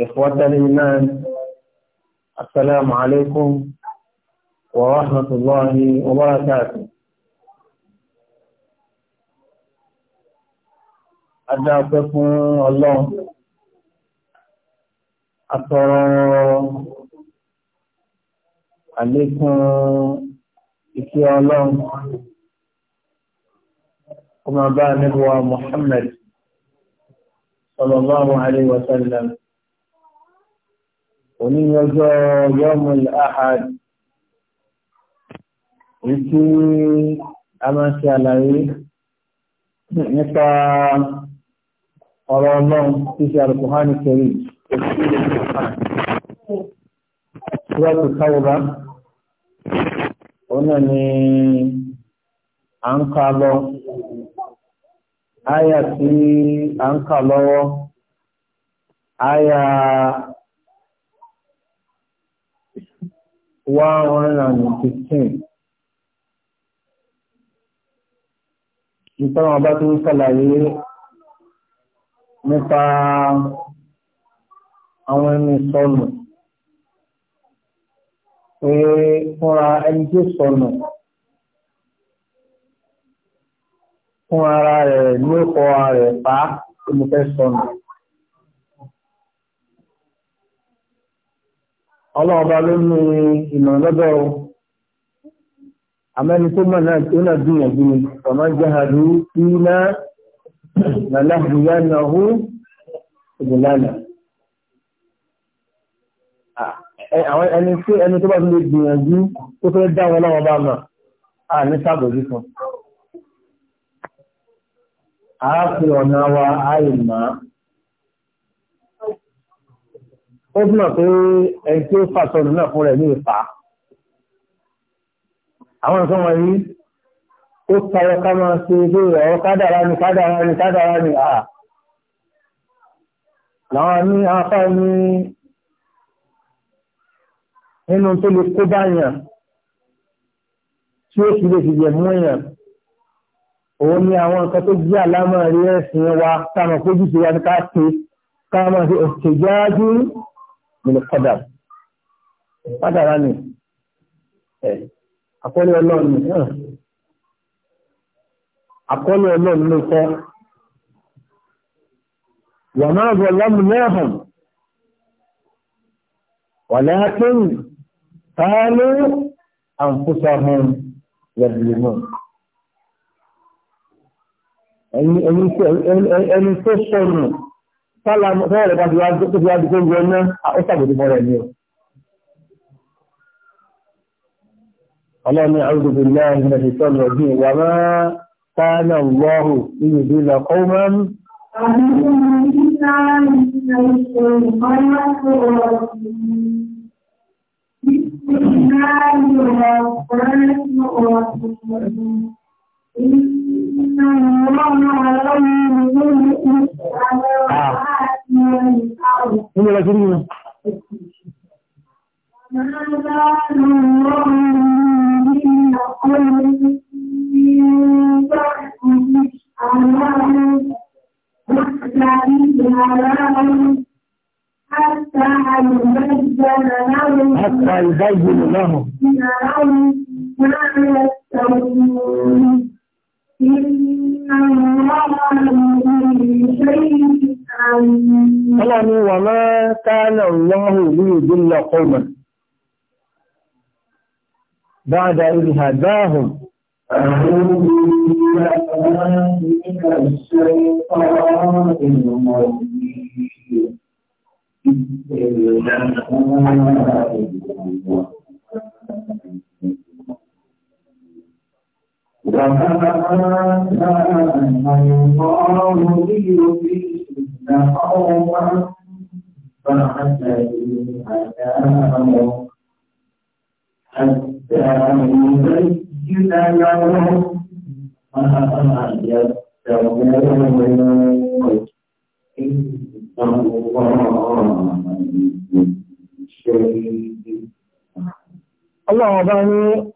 إخوة الإيمان السلام عليكم ورحمة الله وبركاته أدعوكم الله أترى عليكم إكيا الله وما بعد محمد صلى الله عليه وسلم oníyànjọ́ yọ́mùl ahad ìtí a máa ṣe àlàyé nípa ọ̀rọ̀ ọlọ́run tí ṣe alùkùhánì kẹrì ṣúwọ́tù káwọ́bá òun náà ni à ń kà lọ áyà tí à ń kà lọ́wọ́ áyà 115 ìtọ́wọ̀n bá tó ń sàlàyé nípa àwọn ẹni sọnù pé fúnra ẹni tó sọnù fún ara rẹ̀ ní ọkọ̀ rẹ̀ pa tó mú fẹ́ sọnù ọlọ́ọ̀bá ló ní ìmọ̀ lọ́dọ̀ o àmẹ́ni tó mọ̀ náà tó náà gbìyànjú ni ọmọ jáhàdú sí náà làláhùyá náà hú ìgbìlànà ẹni tí ẹni tó bá fi lè gbìyànjú tó fẹ́ dá wọn mọ̀ à ní sábòjú kan àá fi ọ̀nà wa àìmọ̀ ó fi hàn pé ẹni tí ó fà sọnù náà fún rẹ̀ ní ìfà àwọn nǹkan wọ̀nyí ó tayọ ká máa ṣe bí ọ̀rọ̀ kádàrá ni kádàrá ni kádàrá ni à làwọn ní afá ní nínú tó lè kó báyàn tí ó sì lè fi jẹ mú èèyàn òun ni àwọn nǹkan tó jẹ́ àlámọ̀ rí ẹ̀sìn wa táwọn kójú wa ní ká ṣe káwọn ṣe òṣèjáájú nínú kọ́dà kọ́dà rà ní àkọ́lé ọlọ́run ní àkọ́lé ọlọ́run ló kọ́ wà máa bọ̀ lọ́mù lẹ́hàn wà lẹ́hàkín tààlú ẹni tó sọ̀rọ̀ sálà fẹ́rẹ̀ bá ti wá tó fi wá di kóńgbé ọ̀nà ó ṣàbòdì mọ́ rẹ̀ ni o. ọlọ́ni a'udhu billahi minash shaitani rajim wa ma kana Allahu liyudilla qauman. Nínú ẹ̀rọ kìí wọn. حتى يبين لهم ما يستوون Ọlọ́ni wà máa káàlà Allahu ní ìdílọ̀ ọmọ. Báadà ìlú àdáhùn. Thank you. وما كان الله ليضيء قوما بعد هداهم حتى يبين لهم ما يتقون إن الله شيء الله أباني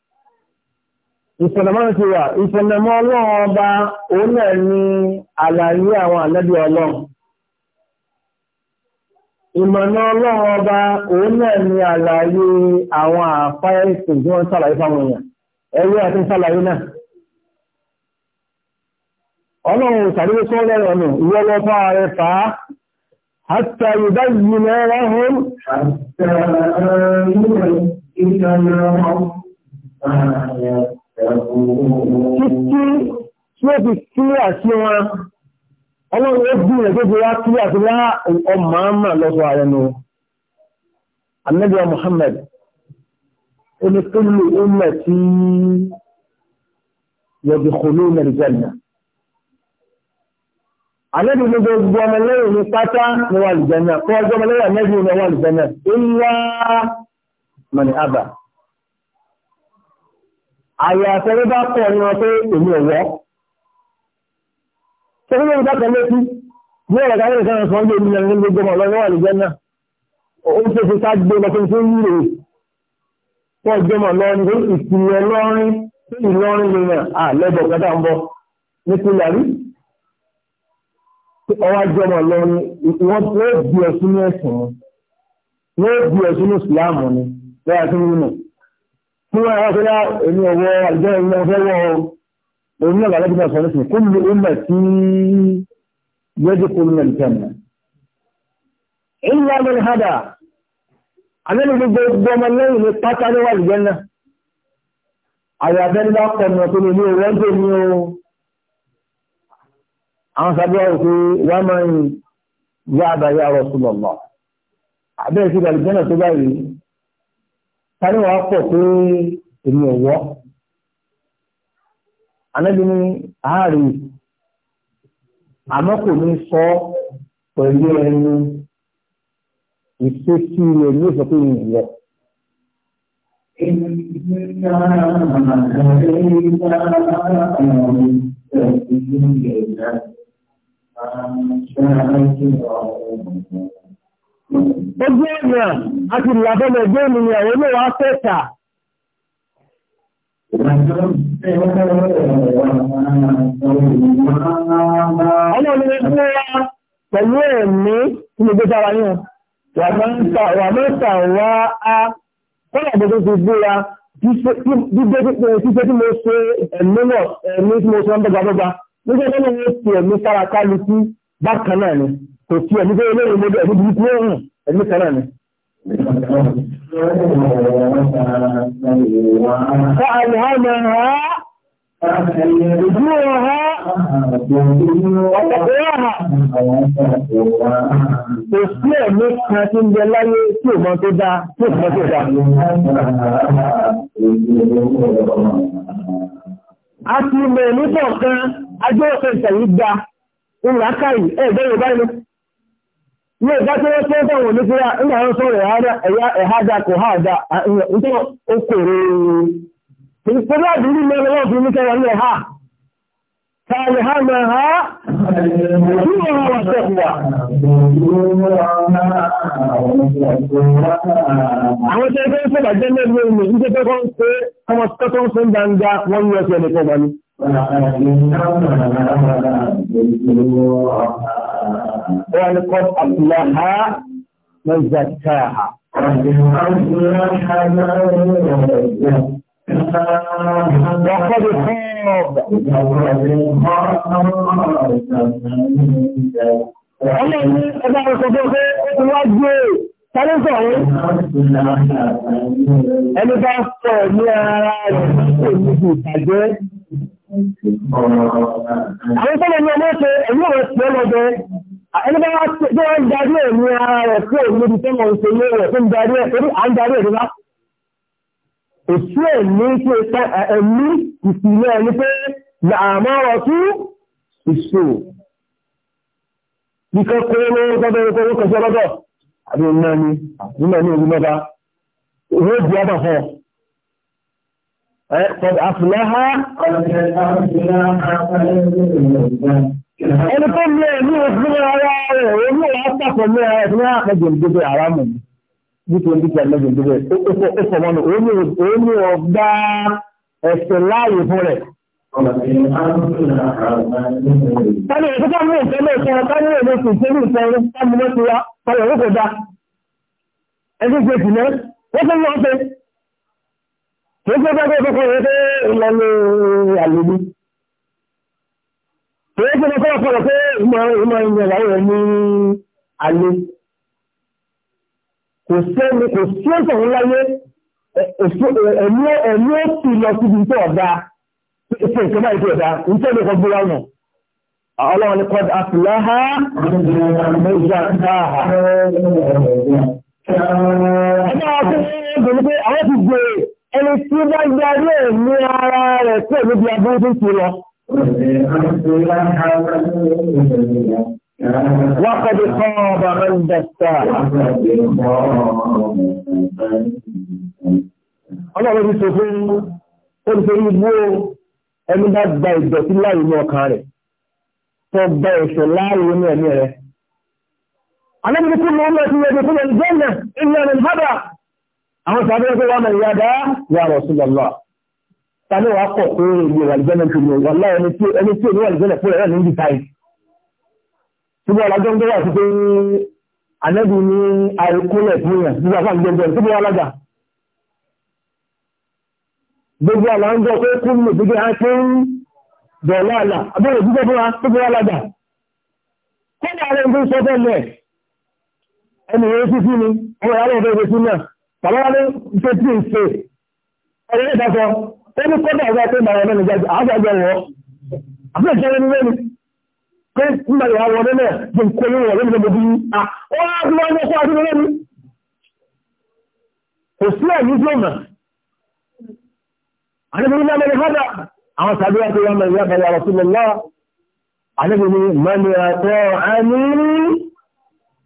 ìfẹ̀lẹ̀mọ́ ti wà ìfẹ̀lẹ̀mọ́ ọlọ́run ọba òun náà ni àlàyé àwọn ànábì ọlọ́run ìmọ̀nà ọlọ́run ọba òun náà ni àlàyé àwọn àfáyà ìsìn tí wọ́n sàlàyé fáwọn èèyàn ẹ̀rí àti sàlàyé náà ọlọ́run ìsàdédé tó lẹ́rọ ọ̀nà ìwé ọlọ́fà rẹ̀ fà á hátà ìdá yìí mẹ́rọ ọ̀hún Àtàrà ààrẹ ìlú ìjọba ọmọ ààrẹ Títí tí ó fi kílẹ̀ àti wọn, ọlọ́run ó bí rẹ̀ tó fi wá kílẹ̀ àti lá ọmọ àmà lọ́sọ ààrẹ nu. Annabiya Muhammad, ó ní kílù ọmọ tí yọ̀bì kòló mẹ́rìjẹ́nà. Àlẹ́bí ní gbogbo ọmọ lẹ́yìn ní pátá ní wà lùjẹ́nà, fún ọjọ́ ọmọ lẹ́yìn ní wà lùjẹ́nà, ó ń wá àbà àyè àfẹ́rẹ́ bá pọ̀ ní wọn pé èmi ọ̀wọ́ tó ní ìgbà kan létí ní ọ̀rọ̀ kan lè sọ̀rọ̀ sọ́jọ́ èmi lẹ́nu gbogbo ọmọ ọlọ́run wà lójẹ́ náà ó ń ṣe fi ká gbé lọ fún fún yìí rèé pọ̀ jọmọ lọ́rin pé ìpìlẹ̀ lọ́rin ìlọrin lè rìn àlẹ́bọ̀ kẹta ń bọ̀ ní pílárì ọwọ́ jọmọ lọ́rin wọ́n bí ẹ̀sùn ní هو هؤلاء إنه هو الجاهل إنه هو وإن الله عليك بأس ونسمه كل أمتي يدخل من الجنة إلا من هدى عمله بالضم الليل القتل والجنة على ذلك أقل نقول له وانتني عن سبعه ومن جعب يا رسول الله عبيه كده الجنة تبعي tani wàá pọ̀ pé èmi ò wọ́ anábì ní ààrẹ àmọ́ kò ní sọ pẹ̀lú ẹnu ìṣesí rẹ̀ ní ìsọ pé mi ò wọ́. Thank you. Gbogbo ènìyàn àti ìlàbẹ̀lẹ̀ gbé ènìyàn àwọn olówó afẹ́ta. Ọmọ mi fún wa pẹ̀lú ẹ̀mí tí mo gbé sára ní ọ. Wà mẹ́ta wá á kọ́nà gbogbo ti gbéra dídé pípẹ́ títẹ́ tí mo ṣe ẹ̀mí náà ẹ̀mí tí mo ṣe ń dọ́gbàdọ́gbà. Nígbà tí wọ́n ti ẹ̀mí sára kálukú bákan kò tí ẹni tó lórí mo bẹ̀rẹ̀ níbi tí ó ẹni kan náà ni. Fáàlì hàmà ha, ìdúró ha, ọ̀pọ̀pọ̀ ha. Kò sí ẹ̀mí kan tí ń bẹ láyé tí ò mọ tó dáa, tí ò mọ tó dáa. A ti mọ̀ ní kọ̀ọ̀kan, ajọ́ ọ̀sẹ̀ ìtẹ̀yí gba, ń làákàyè, ẹ̀ẹ́dẹ́rẹ̀ báyìí ní ìgbà tí wọ́n tẹ́ fẹ́wọ̀n ní fúra nígbà wọn sọ̀rọ̀ ẹ̀yà ẹ̀hádà kò háàdà nítorí okòrò pẹ̀lú àdúrí mẹ́rin wọ́n fi ní kẹwàá ní ẹ̀há tààlẹ̀ ha mẹ́ ha tí wọ́n wà sẹ́kùwà àwọn tẹ́ fẹ́ fẹ́ bàjẹ́ mẹ́rin ní ìjẹ́ fẹ́ kọ́ wọ́n ní kọ́ àfìláhá ló zàkà á. وقد خاب ọlọ́run ẹgbẹ́ àwọn ọ̀sọ̀gbọ́n pé ó wá gbé sáré sọ̀rọ̀ ẹni bá sọ̀rọ̀ ní ara rẹ̀ ó Àwọn tó lè ní ọmọ ṣe ẹ̀yí ọ̀rọ̀ ṣe lọ́dẹ, ẹni bá wá tó wá ń darí ẹ̀ ní ara rẹ̀ tó níbi tó mọ̀ ṣe ní rẹ̀ tó ń darí ẹ̀ torí à ń darí ẹ̀ nípa. Èsú ẹ̀mí ṣe ẹ̀mí ìsìnlẹ̀ ẹni pé làmọ́ ọ̀rọ̀ tú ìṣò. Bíkọ́ kó ló ń gbọ́dọ̀ ẹ̀kọ́ ló kọjá lọ́dọ̀. Àbí ìmọ̀ ni, ìmọ̀ ni òun mẹ́ta. Ìwé ìdí قد أفلها ẹni tó lé ní òfin ara rẹ̀ olú àtàkọ̀ ní ẹ̀fún àgbẹ̀gbẹ̀ àrámù nítorí ti àgbẹ̀gbẹ̀ ìfọ̀mọ́nù olú ọgbà ẹ̀sẹ̀ láàyè fún rẹ̀ Tọ́lá ìfúkọ́ mú ìfẹ́lẹ̀ ìfẹ́ ọ̀tá ní èdè kìí ṣe ní ìfẹ́ ọ̀tá mú mọ́ ti wá, tọ́lá ìfúkọ́ dá. Ẹgbẹ́ ìfẹ́ ìfẹ́ tó gbé bá gbé fún ẹgbẹ́ ìlànà àlèmí tó gbé bá fún ọ̀pọ̀lọ̀ pé ìmọ̀ ìyẹn láwọn ní alé kò sẹ́ni kò sí ọ̀sẹ̀ ńláyé ẹ̀mí ó ti lọ síbi tó ọ̀dá ṣe ìṣẹ́bá ìṣẹ́ ọ̀dá ìṣẹ́ ìṣẹ́ ọ̀gbọ́n lọ́nà ọlọ́run ni kọ́d àfìláhá ìjà àhà ẹgbẹ́ àwọn tó ń gbé àwọn ti gbèrè e ẹni tí ó bá gbá ilé ní ara rẹ̀ tí èmi bí abúrú tó ti lọ. Wọ́n kọ́dé kan ọba rẹ̀ dẹ̀ta. Ọlọ́run ti sọ fún olùsọ̀rí ibú ẹni bá gba ìdọ̀tí láàyè ní ọkàn rẹ̀. Tó gba ẹ̀ṣọ́ láàyè ní ẹ̀mí rẹ̀. Alẹ́bìnrin tí mo ń lọ àwọn sàbẹ̀ pé wọ́n mọ̀ ìyá dá ya Rasulullah tani wàá kọ̀ pé èmi wà lùjẹ́ náà kìlọ̀ wà láì ẹni tí ẹni tí èmi wà lùjẹ́ náà fún ẹ̀rọ ní ibi táyì. Ṣùgbọ́n ọ̀làjọ́ ń gbọ́dọ̀ àti pé ànẹ́bí ní àìkúnlẹ̀ fún yàn nígbà fún àgbẹ̀gbẹ̀ tó bí wọ́n lága. Gbogbo àlà ń gbọ́ pé kún pé ń dọ̀ọ̀lá àlà fún wa tó wọ́n lága. ń gbé sọ Bàbáwálé ṣe tí ń ṣe ọ̀rẹ́ ní ìdájọ́ ó ní kọ́dà ọ̀gá pé màá wọlé nìjọ́ àájọ́ wọ̀ àbúrò ìṣẹ́ ní lẹ́nu pé nígbà ìwà wọlé náà jẹ́ kó ní wọlé nìjọ́ bí a ó wá bí wọ́n ní kó àti lẹ́nu. Kò sí ẹ̀mí tó mà. Àdébí ní mẹ́rin yá bẹ̀rẹ̀ àwọn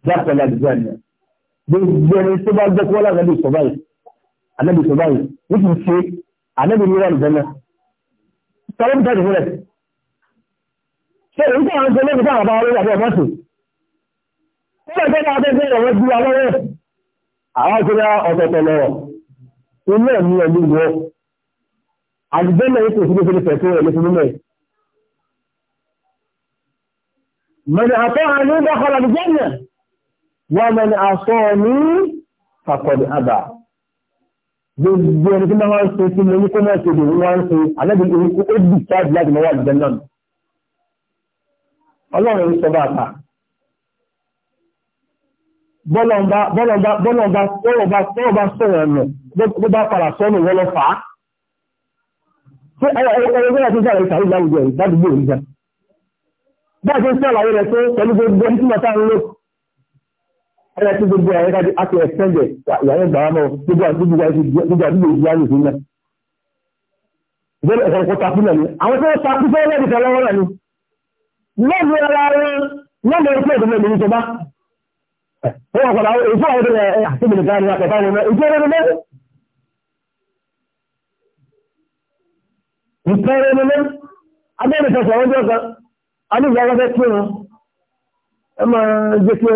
sílẹ̀ lọ́wọ́ gbogbo ẹni tó bá gbọ́ kọ́lá ànábì sọ báyìí ànábì sọ báyìí wọ́n ti ṣe ànábì ní wà lùjẹ́ náà sọ́wọ́ bí táyì fúnlẹ̀ ṣe èyí tó àwọn ìṣẹ́lẹ̀ nípa àwọn ọlọ́run àti ọmọ sùn nígbà tó bá tẹ́ sẹ́yìn ọ̀rọ̀ ju alọ́rẹ́ àwọn ìṣẹ́lẹ̀ ọ̀tọ̀ọ̀tọ̀ lọ́rọ̀ inú ẹ̀mí ẹ̀mí wọ àdìjẹ́ náà ètò ìṣẹ́lẹ̀ fẹ́lẹ̀ fẹ́lẹ̀ fẹ́lẹ̀ fẹ́lẹ̀ fẹ́lẹ̀ mọ̀nà àtọ́ àánú bá kọlà àdìjẹ́ náà wọ́n mọ̀ ní aṣọ ní fàkọ̀dì àbà gbogbo ẹni tí wọ́n máa ń ṣe tí mo ní kó mọ̀ ṣe lè wọ́n ń ṣe àlẹ́bí orúkú ó bì káàdì láti mọ́wọ́ àgbẹ̀ náà ọlọ́run sọ bá ta bọ́lọ̀mbá sọ̀rọ̀ ẹ̀nà bó bá padà sọ́nù wọ́n lọ fà á tí ẹgbẹ́ra tí sàrẹ̀ ìsàrí ìlàwùjọ ìdádúgbò ìjà bá ti sàlàyé rẹ̀ tó pẹ̀lú gbogbo ẹni tí màtá ń lò ẹ̀rẹ́ tí gbogbo ẹ̀rẹ́ kájí àti ẹ̀sẹ̀ǹdẹ̀ ìyàwó gbàrà náà gbogbo àti gbogbo àti gbogbo àti gbogbo ìyá nìkan náà. ìbẹ̀rẹ̀ ẹ̀sẹ̀ kò takú àwọn tó takú tó lẹ́ẹ̀dì kan lọ́wọ́ náà ni. lọ́ọ̀dù ara wọn lọ́ọ̀dù ẹ̀kú ẹ̀dùn ẹ máa jẹ́ kí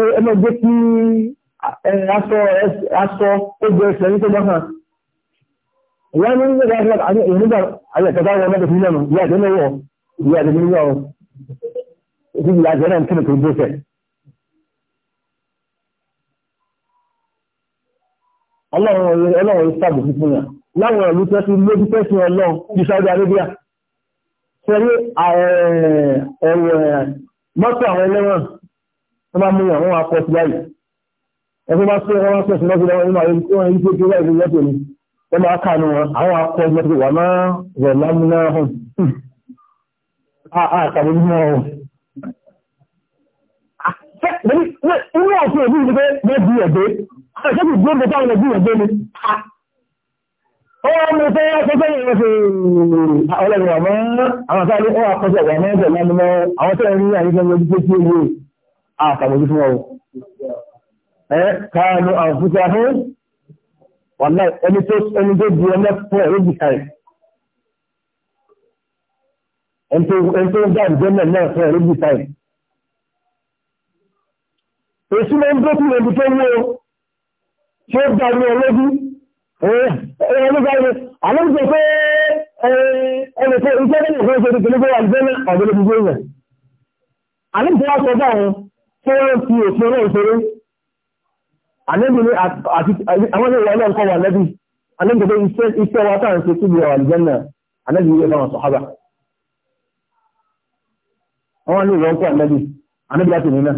aṣọ ojú ẹsẹ̀ ní tó bá hàn ìyá ní nígbà nígbà àyẹ̀kẹta wọn mẹ́ta sílẹ̀ mọ̀ ìyá àjẹ́mẹ́ wọ̀ ìyá àjẹ́mẹ́ wọ̀ ìdí ìyá àjẹ́mẹ́ ń tẹ̀lé tó gbé fẹ̀. ọlọ́run ọlọ́run sábò mọ́tò àwọn ẹlẹ́wọ̀n wọ́n bá wọ́n wá pọ̀ sí báyìí ẹgbẹ́ bá sọ wọ́n sọ sínú ọdún ọdún àwọn ẹgbẹ́ yìí tó kéwàá ìlú yẹtò ni wọ́n máa wọn àwọn akọ ọdún wà máa rẹ̀ lámúná àtàbójú fún ọwọ́ ẹ́ káàlù àfúta fún wàlá ẹni tó ẹni tó di ọmọ fún ẹ̀rọ jìkà ẹ̀ ẹni tó ń dá ìjọ́mọ̀ náà fún ẹ̀rọ jìkà ẹ̀ èsì máa ń bó kí ẹni tó wó tí ó dá ní ọlọ́dún Àlọ́gbẹ̀ pé ẹni tó ìjẹ́ ìrìnàjò ìgbẹ̀lẹ́gbẹ̀ wà ní ọ̀dọ́lẹ́gbẹ̀rẹ̀. Àlọ́gbẹ̀ wá sọ bá wọn, tí wọ́n fi òfin ọlọ́run ṣeré àlébì ní àwọn ilé ìwà ọlọ́run kọ́ wà lẹ́bí àlébì pé iṣẹ́ wa táà ń ṣe síbi ọ̀rọ̀ àlùjẹ́nà àlébì yóò fáwọn sọ̀hábà àwọn ilé ìwà ọkọ̀ àlébì àlébì láti nínà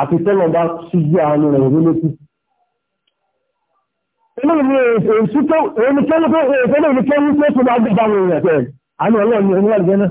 àti tẹ́lọ̀ bá ṣíjú àwọn rẹ̀ ní létí inú mi èsì tó èmi kẹ́lú pé èsì tó èmi kẹ́lú pé tó bá gbé bá mi rẹ̀ tẹ̀ àánú ọlọ́run ní oníwàlùjẹ́ náà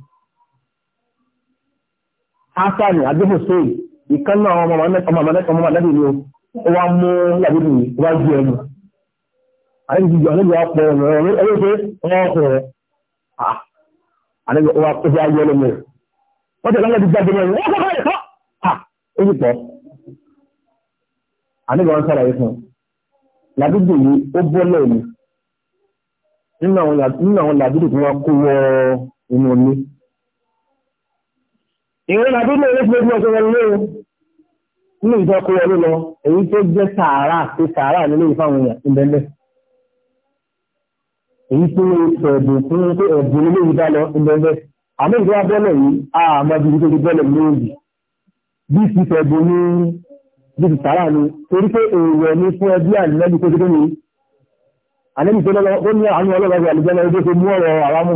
Hassan àbí Hussein ìkan náà ọmọ ọmọ àlẹ́bì ni ó wá mú yàgbébì wájú ẹnu. Àlẹ́bì ti jọ àlẹ́bì wá pọ̀ ọ̀rọ̀ ẹ̀rọ pé wọ́n kọ̀ ọ́. Àlẹ́bì wá pé wá yẹ lọ́mọ. Wọ́n tẹ̀lé àlẹ́bì jáde mọ́ ẹ̀rọ ọ̀rọ̀ ẹ̀kọ́. Ó yí pọ̀. Àlẹ́bì wọn sára yìí fún. Làbíbì yìí ó bọ́ lẹ́yìn. Nínú àwọn làbíbì tí ìwé làdúgbò ló fi gbogbo ọ̀sẹ̀ wọlé o nínú ìjọ kó wọlé lọ èyí tó jẹ́ sàárà pé sàárà nílé ìfáwọn èèyàn ìbẹ̀lẹ̀ èyí tó lè sọ ẹ̀bùn fún pé ẹ̀bùn nílé ìdá lọ ìbẹ̀lẹ̀ àmì ìjọ abẹ́lẹ̀ yìí àmọ́ ibi tó ti bẹ́lẹ̀ lóòjì bí ti fẹ̀bùn ní bí ti sàárà ni torí pé èèwọ̀ ni fún ẹbí àlẹ́bí tó ti tó ní àlẹ́bí tó lọ́wọ́ ó ní àwọn ọlọ́wọ́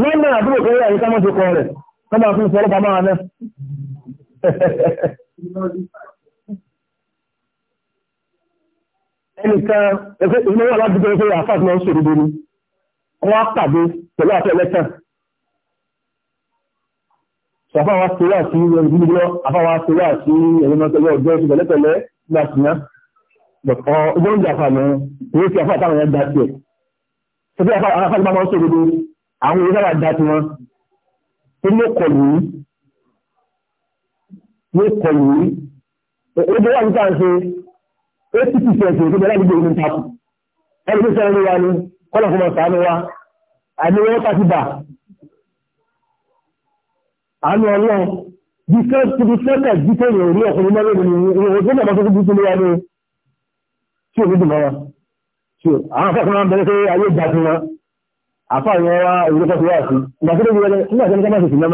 lọ́nà àdúgbò tó yẹ àyíká mọ́tò kan rẹ̀ tó máa fi sọ́rọ́ pamọ́ àná. ẹnìkan ẹgbẹ́ ìlú wà ládùúgbò tó yẹ àfáàtì máa ń sòrò lórí wọn á pàdé pẹ̀lú àti ẹlẹ́tàn. sàfà wa ṣe wá sí ẹni bí lọ àfà wa ṣe wá sí ẹni máa tẹ̀lé ọjọ́ ìṣẹ̀lẹ̀ pẹ̀lẹ́pẹ̀lẹ́ gbà sí náà. Bọ̀kọ́ ọgbọ́n ìjà àfààní ìwé ti àfáàtì àwọn ẹ̀dá tiẹ̀. Sọ àwọn ìrẹ́wà dá tí wọ́n tó ló kọlù ní ló kọlù ní ojú wà nípa ṣe 80% tó bẹ̀rẹ̀ gbogbo ìrìn takù ẹni tó sọ ẹni wa ni kọ́lọ̀ fún ọ̀sán ni wa àmì wọ́n tàbí bà àánú ọlọ́run bí sẹ́ẹ̀tì bí sẹ́ẹ̀tì bí sẹ́ẹ̀tì orí ọkùnrin mọ́lẹ̀ ni ìròyìn tó mọ̀ tó bí sílé wa ni tí ò ní dùn mọ́ wa tí ò àwọn afẹ́kùnrin bẹ̀rẹ̀ pé ayé ìjà fún wọn àfáàrí wọn ọlọ́run torí ẹ̀dọ́ tó ọlọ́run ló mọ ẹni rẹ̀ ọlọ́run ló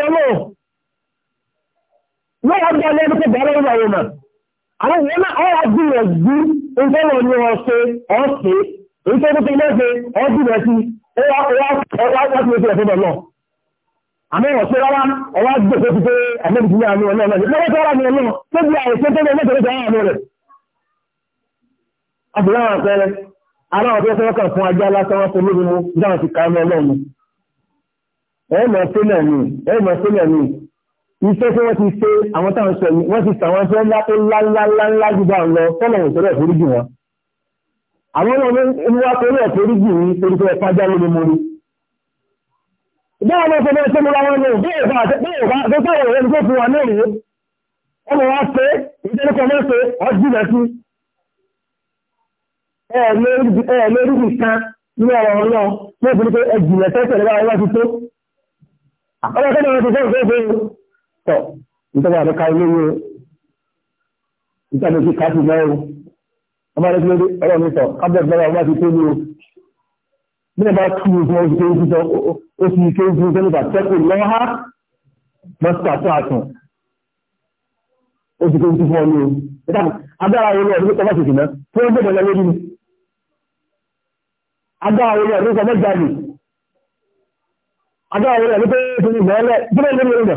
mọ ẹni rẹ̀ bó lọ́wọ́ bí alẹ́ ẹgbẹ́ bẹ̀rẹ̀ ìwà yẹn náà àwọn ìwọ̀n náà ọ̀rọ̀ gbìyànjú ìfẹ́lẹ̀ ní ọ̀ṣẹ́ ọ̀ṣẹ́ èyí tó tó lẹ́sẹ̀ ọ̀gbìyànjú ọwọ́ ti lè fi ẹ̀fẹ́ bọ̀ lọ. àmọ́ ọ̀ṣẹ́ rárá ọwọ́ gbèsè ti pé àmẹ́bìtì ní àmì ọ̀nà ọ̀nà lọ́wọ́ tó rà ní ọ̀nà tó bí àìsẹ́ tó lẹ́sẹ̀ lẹ́sẹ̀ àmì rẹ̀. àbúrò àwọn àpẹẹrẹ ara ọ̀tọ́ tó kàn fún ajá lásán wọn tó lórí mu dáhùn ti ká ọmọ ọlọ́run. ẹ̀ẹ́mọ̀ sílẹ̀ ni ẹ̀ẹ́mọ̀ sílẹ̀ ni iṣẹ́ tí wọ́n ti ṣe àwọn táwọn sọ yìí wọ́n ti sàwọn iṣẹ́ ńlá tó ńláńláńlá jù bá ń lọ tọ́lọ̀ ìṣẹ́lẹ̀ torí jù wọn àwọn ọmọ ìwà torí ẹ̀torí jù ní torí pé ẹ̀ka jáde ní mo rí bẹ́ẹ̀ náà fẹ́ẹ́ tó múra wọn ní bẹ́ẹ̀ bá tó tó ọ̀rẹ́ ní tó fún wa ní òrìwé ọmọ wa pé ìjẹ́lẹ̀ kan náà pé ọ jìnà lórí nìkan ní ọ̀rọ̀ ọlọ́ ti tó ọmọ kẹ́ni wọn tọ́ nítorí àdọ́ka olówó ìtàdé sí káàpì mẹ́rin ọmọ rẹ̀ lórí ọ̀rọ̀ mi tọ̀ kábẹ̀ bẹ́rẹ̀ ọmọ ti tó ní o bí ẹ bá tú ní fún oṣù kéjì tọ́ oṣù kéjì tó nípa tẹ́kù lọ́ha mọ́sítà tó àtún oṣù kéjì fún ọ ní o ìtàkùn agbára olú ọdún tó bá ṣe tó ń gbọ́dọ̀ lórí ni agbára olú ọdún tó bá jáde agbára olú ọdún tó ń gbọ́dọ̀ ni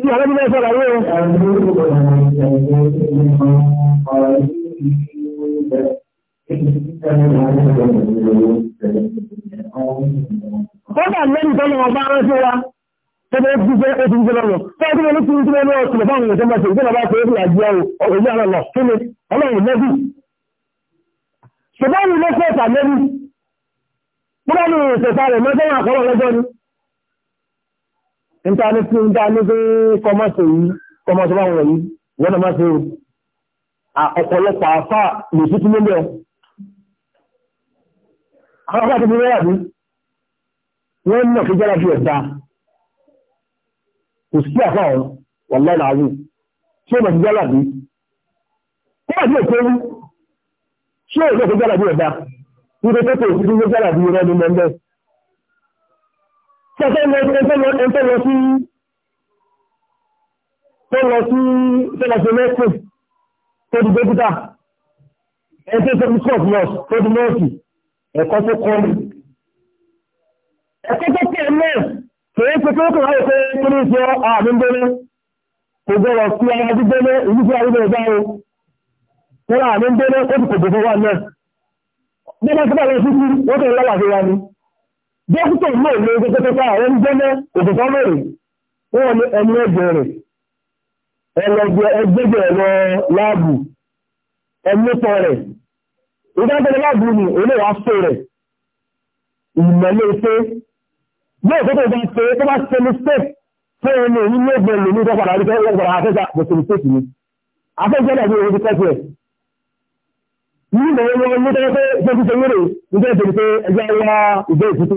Ilé ọ̀rẹ́ nílẹ̀ sọ́rọ̀ ayé wọn. Kọ́dà lẹ́nu tọ́lọ ọba rán sí wa, tọ́bẹ̀ níta ní tí níta ní pé kọmọ́sọ̀ yìí kọmọ́sọ̀ bá wọ̀nyí lọ́nà máa ṣe ọ̀pọ̀lọpọ̀ àfà lè ṣí tún lélẹ̀ àwọn àfà tó fi rẹ́yà bí wọ́n mọ̀ kí jára fi ẹ̀dá kò sí àfà ọ̀hún wọ̀lá ìlàrí ṣé mọ̀ sí jára bí ó wà sí èkó rú ṣé èkó jára bí ẹ̀dá ní pé kò sí jára bí ẹ̀dá ní mẹ́mbẹ́ Tọ́tọ́ lọ sí tọ́lọ sí tọ́lọ sí mẹ́sìn tó di dókítà. Ẹgbẹ́ tó di court nurse tó di nọ́ọ̀sì ẹ̀kọ́ tó kọ́ ni. Ẹ̀kọ́ tó kẹ́ náà kìí ṣe tó kọ̀ láyé pé kí ní ṣe àmì gbóná. Kò gbọ́dọ̀ sí ara gbígbóná ìlú sí àríwá ẹ̀dá o. Wọ́n àmì gbóná ó ti kò gbogbo wà náà. Bí wọ́n ti bá lọ sí wọ́n kẹ́ lọ́wọ́ àfihàn ni dókítà náà ló ń gbé pé àwọn gbẹ́nà òkùnkàn mẹ́rin wọ́n ní ẹni ẹgbẹ́ rẹ̀ ẹlẹgbẹ́ ẹgbẹ́gbẹ́ ẹ̀rọ láàbù ẹmúpọ̀ rẹ̀ ìdájọ́ láàbù ni olóòwà fẹ́ rẹ̀ ìmọ̀lẹ́ pé yóò tó tó bá ṣe tó bá ṣe mistake fún ẹni èyí ló gbẹ lè ní ìjọba àríkẹ́ ìjọba àfẹ́jà kò ṣe mistake ni afẹ́jẹ́ náà ní orí kẹ́kẹ́ rẹ̀ nínú ìwọ̀n ló tẹ́lẹ́ pé ṣé ti ṣe wéré nígbà ìbẹ̀rẹ̀ pé ẹgbẹ́ ẹ̀yà ìgbẹ́ ìfútú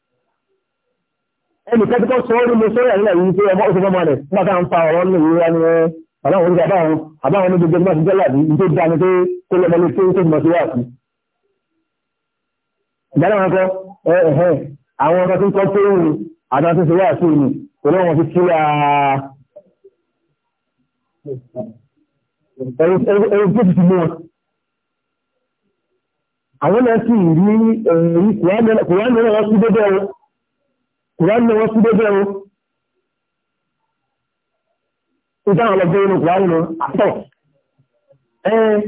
ẹnì kẹ́kẹ́ tó sọ orí mo sọ́rọ̀ ìlẹ̀ yìí tó ọmọ òṣèlú ọmọ rẹ̀ nígbà tá à ń fa ọ̀rọ̀ ní ìwúra ni àbáwọn oníṣẹ́ àbáwọn àbáwọn oníṣẹ́ gbogbo máa ti jẹ́ láàbí ní tó dá ni pé kó lọ́mọ lè tó tó mọ̀ sí wà sí. ìdáná wọn kọ ẹ̀hẹ́ àwọn ọmọ tó ń kọ́ pé òun àtàwọn tó ṣe wà sí ni kò lọ́ wọn fi kí wa. ẹ̀rù tó ti mú wọn. àwọn náà sì rí ẹ̀rí kùránì náà wọ́n sí dédé wọn kùránì ni wọ́n sí dé bẹ́ẹ̀ o ó dáhùn lọ bẹ́ẹ̀ ní kùránì ni àtọ̀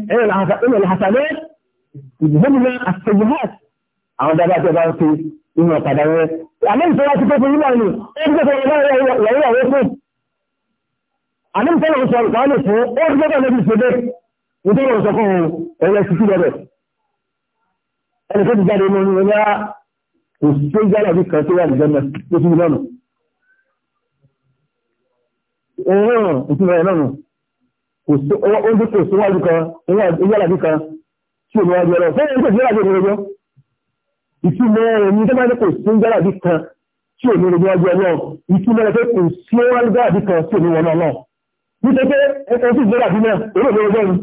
ẹ̀rẹ̀ làhàtàlẹ́ ìdìbòmìnà àtẹ̀jùmọ́t àwọn dáadáa tó bá ń fi inú ọ̀kadà rẹ̀ àmì ìfẹ́ra ti pẹ́pẹ́ nílò ní ẹgbẹ́ tó wọ́n lọ́wọ́ ìyàwó fún àmì ìfẹ́ra ń sọ ìpàánù fún ó rí kò sí tó jẹ́ àbí kan tó wà ní jẹ́mẹ̀ tó tún lọ́nà ọ̀rọ̀ ìtumọ̀ ẹ̀ lọ́nà kò sí oúnjẹ kò sí wájú kan oúnjẹ àbí kan tí ò ní wájú ọ̀rọ̀ fẹ́rẹ̀ tó jẹ́ àbí ìrọ̀jọ́ ìtumọ̀ ẹ̀ ní tó bá ní kò sí oúnjẹ àbí kan tí ò ní wájú ọ̀rọ̀ ìtumọ̀ ẹ̀ pé kò sí wájú àbí kan tí ò ní wọ́n náà nítorí pé ẹ̀kọ́ sí ìjọba àbí náà èrò ìrọ̀jọ́ ni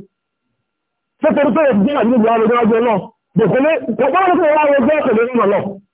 fẹ́tọ̀rọ̀ tó yẹ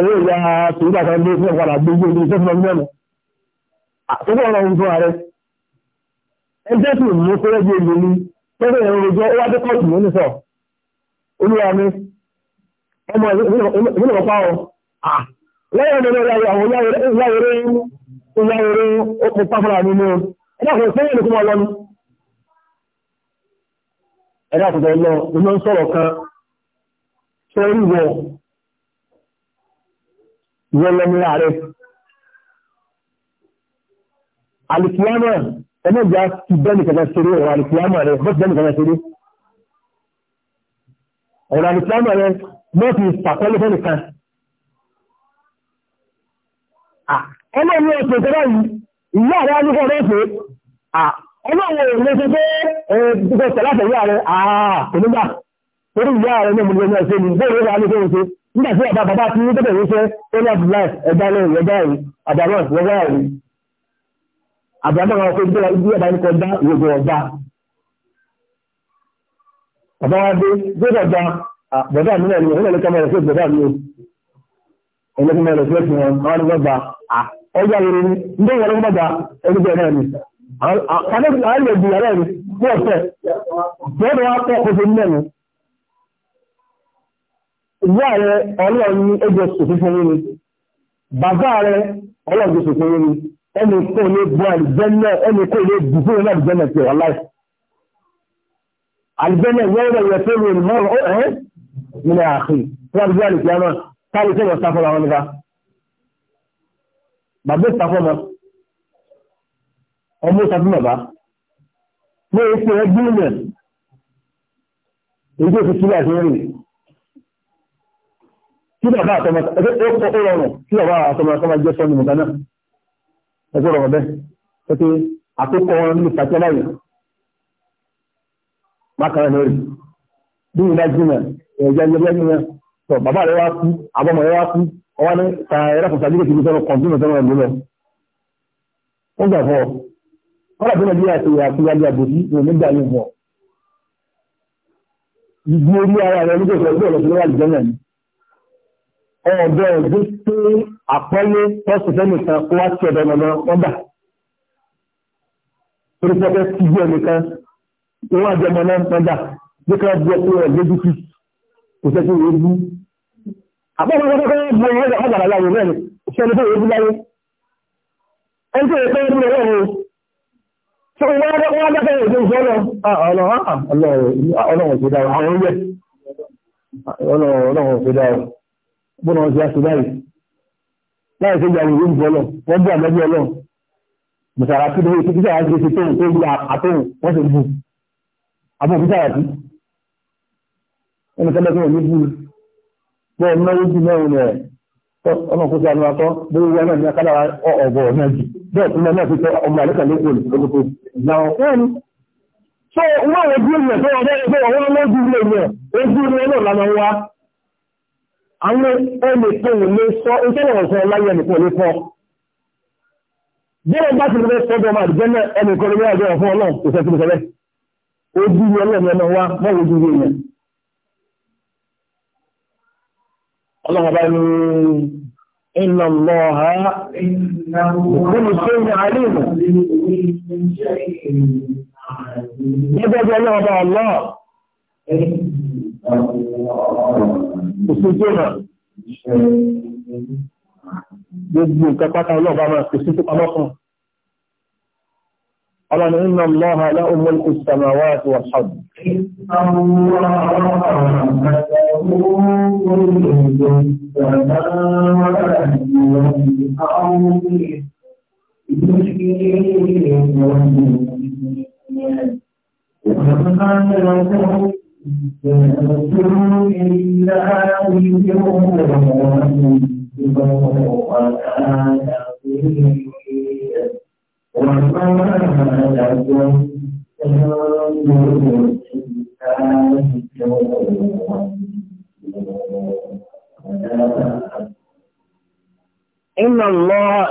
owó ìyá tòwúdà kan lé fún ọ̀padà gbogbo ilé iṣẹ́ fún ọmọ àkókò ọ̀rọ̀ ohun fún ààrẹ ẹjẹ́ tí òun ló fẹ́rẹ́ bí èlò ní pẹ́rẹ́ ẹ̀rọ ìjọ ó wá dé kọ́ọ̀tù ní sọ olúwa ọmọ ìbílẹ̀ ọ̀pá ọ lẹ́yìn ọmọ ìlú ayé àwọn ìyáwèrè ìyáwèrè okùn pápára nínú ìwọ́lọ́mí ààrẹ. Alìkìyàmọ̀ ẹlẹ́gbà ti bẹ́ẹ̀ni kẹta ṣeré ọ̀rọ̀ alìkìyàmọ̀ rẹ̀ bọ́ ti bẹ́ẹ̀ni kẹta ṣeré. Ọ̀rọ̀ alìkìyàmọ̀ rẹ̀ mọ́ ti pàtẹ́lẹ́ fẹ́ nìkan. Ẹlẹ́ni ọ̀pẹ̀ tẹ́lá yìí, ìyá rẹ̀ alúkọ̀ rẹ̀ pé, ọlọ́wọ̀ lè ṣe pé ẹgbẹ́ tẹ̀lá tẹ̀lá rẹ̀ àà kò nígbà. Torí ìyá rẹ̀ náà mo lè ní ọ̀sẹ̀ ní rẹ̀ alúkọ̀ rẹ̀ nígbà tí ọba bàbá tí ó bẹ̀rẹ̀ wíṣẹ́ owner of life ẹ̀dá náà ìyẹ́dá yìí àbámọ́ ìwọ́gbà yìí àbámọ́ àwọn ọkọ̀ ìgbéra ibi ọba nìkan dá ìwògbò ọba bàbá wa dé gbọ́dọ̀ gba bọ̀dá mi náà ni òun lẹ́kọ̀ọ́ mẹ́rẹ̀ sí bọ̀dá mi ẹlẹ́kọ̀ọ́ mẹ́rẹ̀ sí ẹ̀sìn wọn àwọn ọmọ gba ọjà ìrìn ní ìwọ̀n ọmọ gba ẹgbẹ́ náà ni àwọn ọmọ gba ẹgbẹ́ náà ni ìyá rẹ ọlọ́run ní ẹjọ́ sòfin fún mi bàbá rẹ ọlọ́run tó sòfin mi ẹnì kò lè bu àlùjẹ́nà ẹnì kò lè bù fún ìlú àlùjẹ́nà ti wà láì àlùjẹ́nà yẹn rẹ̀ yẹ fẹ́ rẹ̀ mọ́ ẹ́ nílẹ̀ àkè tí wọ́n bí àlùjẹ́ náà táàlù sáfọ́ làwọn nípa bàbá ìsáfọ́ mọ́ ọmọ ìsáfọ́ bàbá ní èsì ẹgbẹ́ ìlẹ̀ èyí tó sílẹ̀ àti rìn kí bàbá àtọmọ ó rọrùn kí bàbá àtọmọ àtọmọ jẹ́ sọ́nù nìkan náà ẹgbẹ́ rọrùn bẹ́ẹ̀ pé pé àkókò wọn ní ìfàjẹ́ láyé mákàrà lórí bí ìlà jìnà ẹ̀jẹ̀ ẹ̀jẹ̀ jìnà tọ bàbá rẹ wá kú àbọ̀mọ̀ rẹ wá kú ọwọ́ ní ta ẹ̀rọ fún sàdíkè kìí sọ́nù kọ̀ǹtínù sọ́nù ẹ̀ lọ́lọ́ ó gbà fọ́ kọ́lá tó nàìjíríà ti yà ọ̀dọ̀ ẹ̀gbẹ́ pé àpọ́lé pọ́sùfẹ́ nìkan kó wá sí ọ̀dọ̀ ọ̀nà ọ̀gbà torí pẹ́pẹ́ sí bí ẹnìkan wọ́n wá jẹmọ náà pẹ́dà bí ká jẹ́ pé ẹ̀gbẹ́ dúkì kò sẹ́ sí ìwé bú àpọ́lé pẹ́pẹ́ bú ọ̀rọ̀ ọ̀gbà láyé rẹ̀ ni ṣe ẹni tó ìwé bú láyé ẹni tó ìwé bú láyé ni ṣe wọ́n dákẹ́ ìwé bú ọlọ́run ọlọ́run ah, ọlọ́run ọlọ́run ọlọ́run bọ́nà ọ̀sẹ̀ àti báyìí láì ṣe ìyàwó ìwé ìbò ọlọ́ wọ́n bí àmọ́bí ọlọ́ mùsàrà tí ó ti kíkà láti ṣe tóun tó gbé àtòun wọ́n sì bù àbọ̀ òkúta àti ẹnì kẹ́lẹ́kẹ́ òní bù bọ́ náwó jù náà rẹ̀ ọmọ òkúta àmì akọ́ bóyá wọn náà ní akádára ọ̀gọ̀ náà jù bẹ́ẹ̀ tí wọn náà fi tọ́ ọmọ àlẹ́kà lóko lóko náà wọ́n ni so wọ́n wọ́n ojú ilẹ̀ tó wọ́n àwọn olùkóhùn lè sọ ìtẹ́lẹ̀ ọ̀sán láyé ẹnìkan lè fọ́ bẹ́ẹ̀ bá ti lè sọ́dọ̀ máa jẹ́ náà ẹnìkan lè rẹ́ ọ̀fún ọlọ́run kò sẹ́kùn sẹ́lẹ̀ ojú òfin tó hàn gbogbo nǹkan pátá ọlọ́ọ̀bá máa pèsè tó pamọ́ fún ọlọ́ni iná lọ́ha aláwọ̀ ìsànà wá àti wàṣàdù Ìgbésí Iná lọ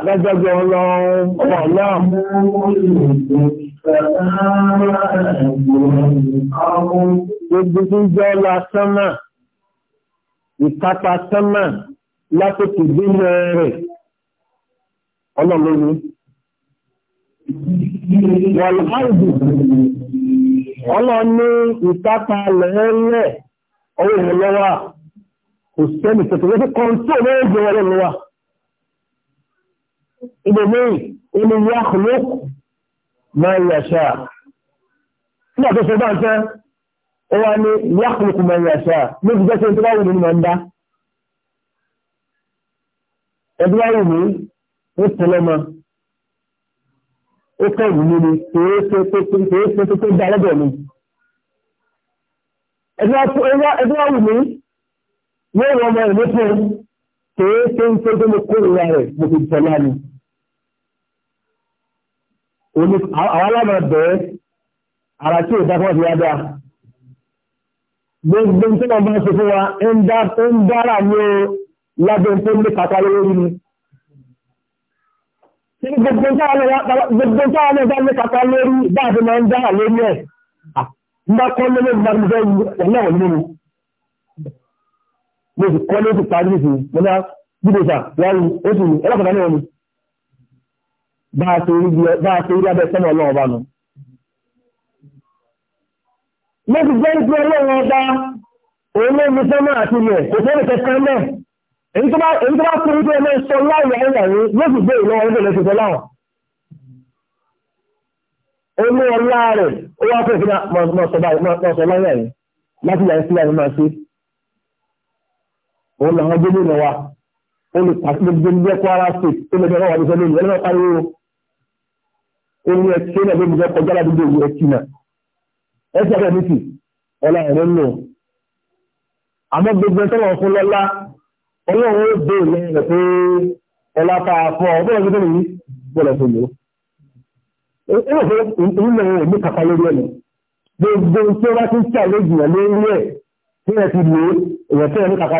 lájọ́jọ́ ọlọ́run, ọmọ ọlọ́run. Gbogbo tí ń jẹ́ ọlá sánmà, ìkápa sánmà látòkè gbínú rẹ̀, ọlọ́lọ́ni. Wọ̀láìdì, ọlọ́ni ìkápa lẹ́ẹ̀lẹ́ ọwọ́ ìrìnlọ́wà, kò sẹ́mì tẹ̀tẹ̀ lọ́fẹ́ kọ́ntí ọmọ ìjọ máa ń yàṣà nígbà tó ṣe bá ń tẹ́ ó wá ní yàkùnkùn máa ń yàṣà ní ìfijẹ́ sí tó bá wù nínú ọ̀dá ẹbí wá wù mí ó tẹlẹmọ ó kọ ìwú mi ni kìí ṣe tó ìlú fún kìí ṣe ń tó tó mo kó ìwà rẹ̀ mo fi tẹ̀lé ni òní àwọn aláàmà bẹ̀ẹ́ ara tí ò dákọ̀ ti yáda gbogbo tí wọ́n bá ṣe fún wa ń dára ní o lábẹ́ tó ní kàkà lórí ni gbogbo táwọn ẹ̀dá ní kàkà lórí bá a ti máa ń dára lórí ẹ̀ mbá kọ́ lórí ìgbà tó fẹ́ ọ̀nà òní ni mo sì kọ́ lórí ti bá a ṣe rí abẹ́ sọ́mọ̀ ọlọ́run ọba nù. mo ti gbé ìpín ọlọ́run ọba òun ló ní sọ́mọ̀ àti ilẹ̀ kò sẹ́ni kẹsàn-án náà èyí tó bá fún ìpín ọlọ́run sọ láàyè ayélujára yóò sì gbé ìlọ́wọ́ ọdún lẹ́sìn sọ láwọn. olú ọlá rẹ̀ ó wá fẹ́ fún ó ní ẹtí náà ló ń bẹ kọjá ládùúgbò ìwé ẹtí náà ẹtí ẹgbẹ́ mi sì ọlá ẹ̀rọ ń lò àmọ́ gbogbo ẹtọ́ wọn fún lọ́lá ọlọ́run ó bèèrè lẹ́yìn rẹ̀ pé ọlá ta fún ọ bọ́lá gbogbo yìí gbọ́dọ̀ tó lò ó rò pé òun náà ò ní kàkà lórí ẹ̀ gbogbo tí ó bá ti ń tà lójú ẹ̀ lórí ẹ̀ tí ẹ ti lò ó èèyàn tí ẹ ní kàkà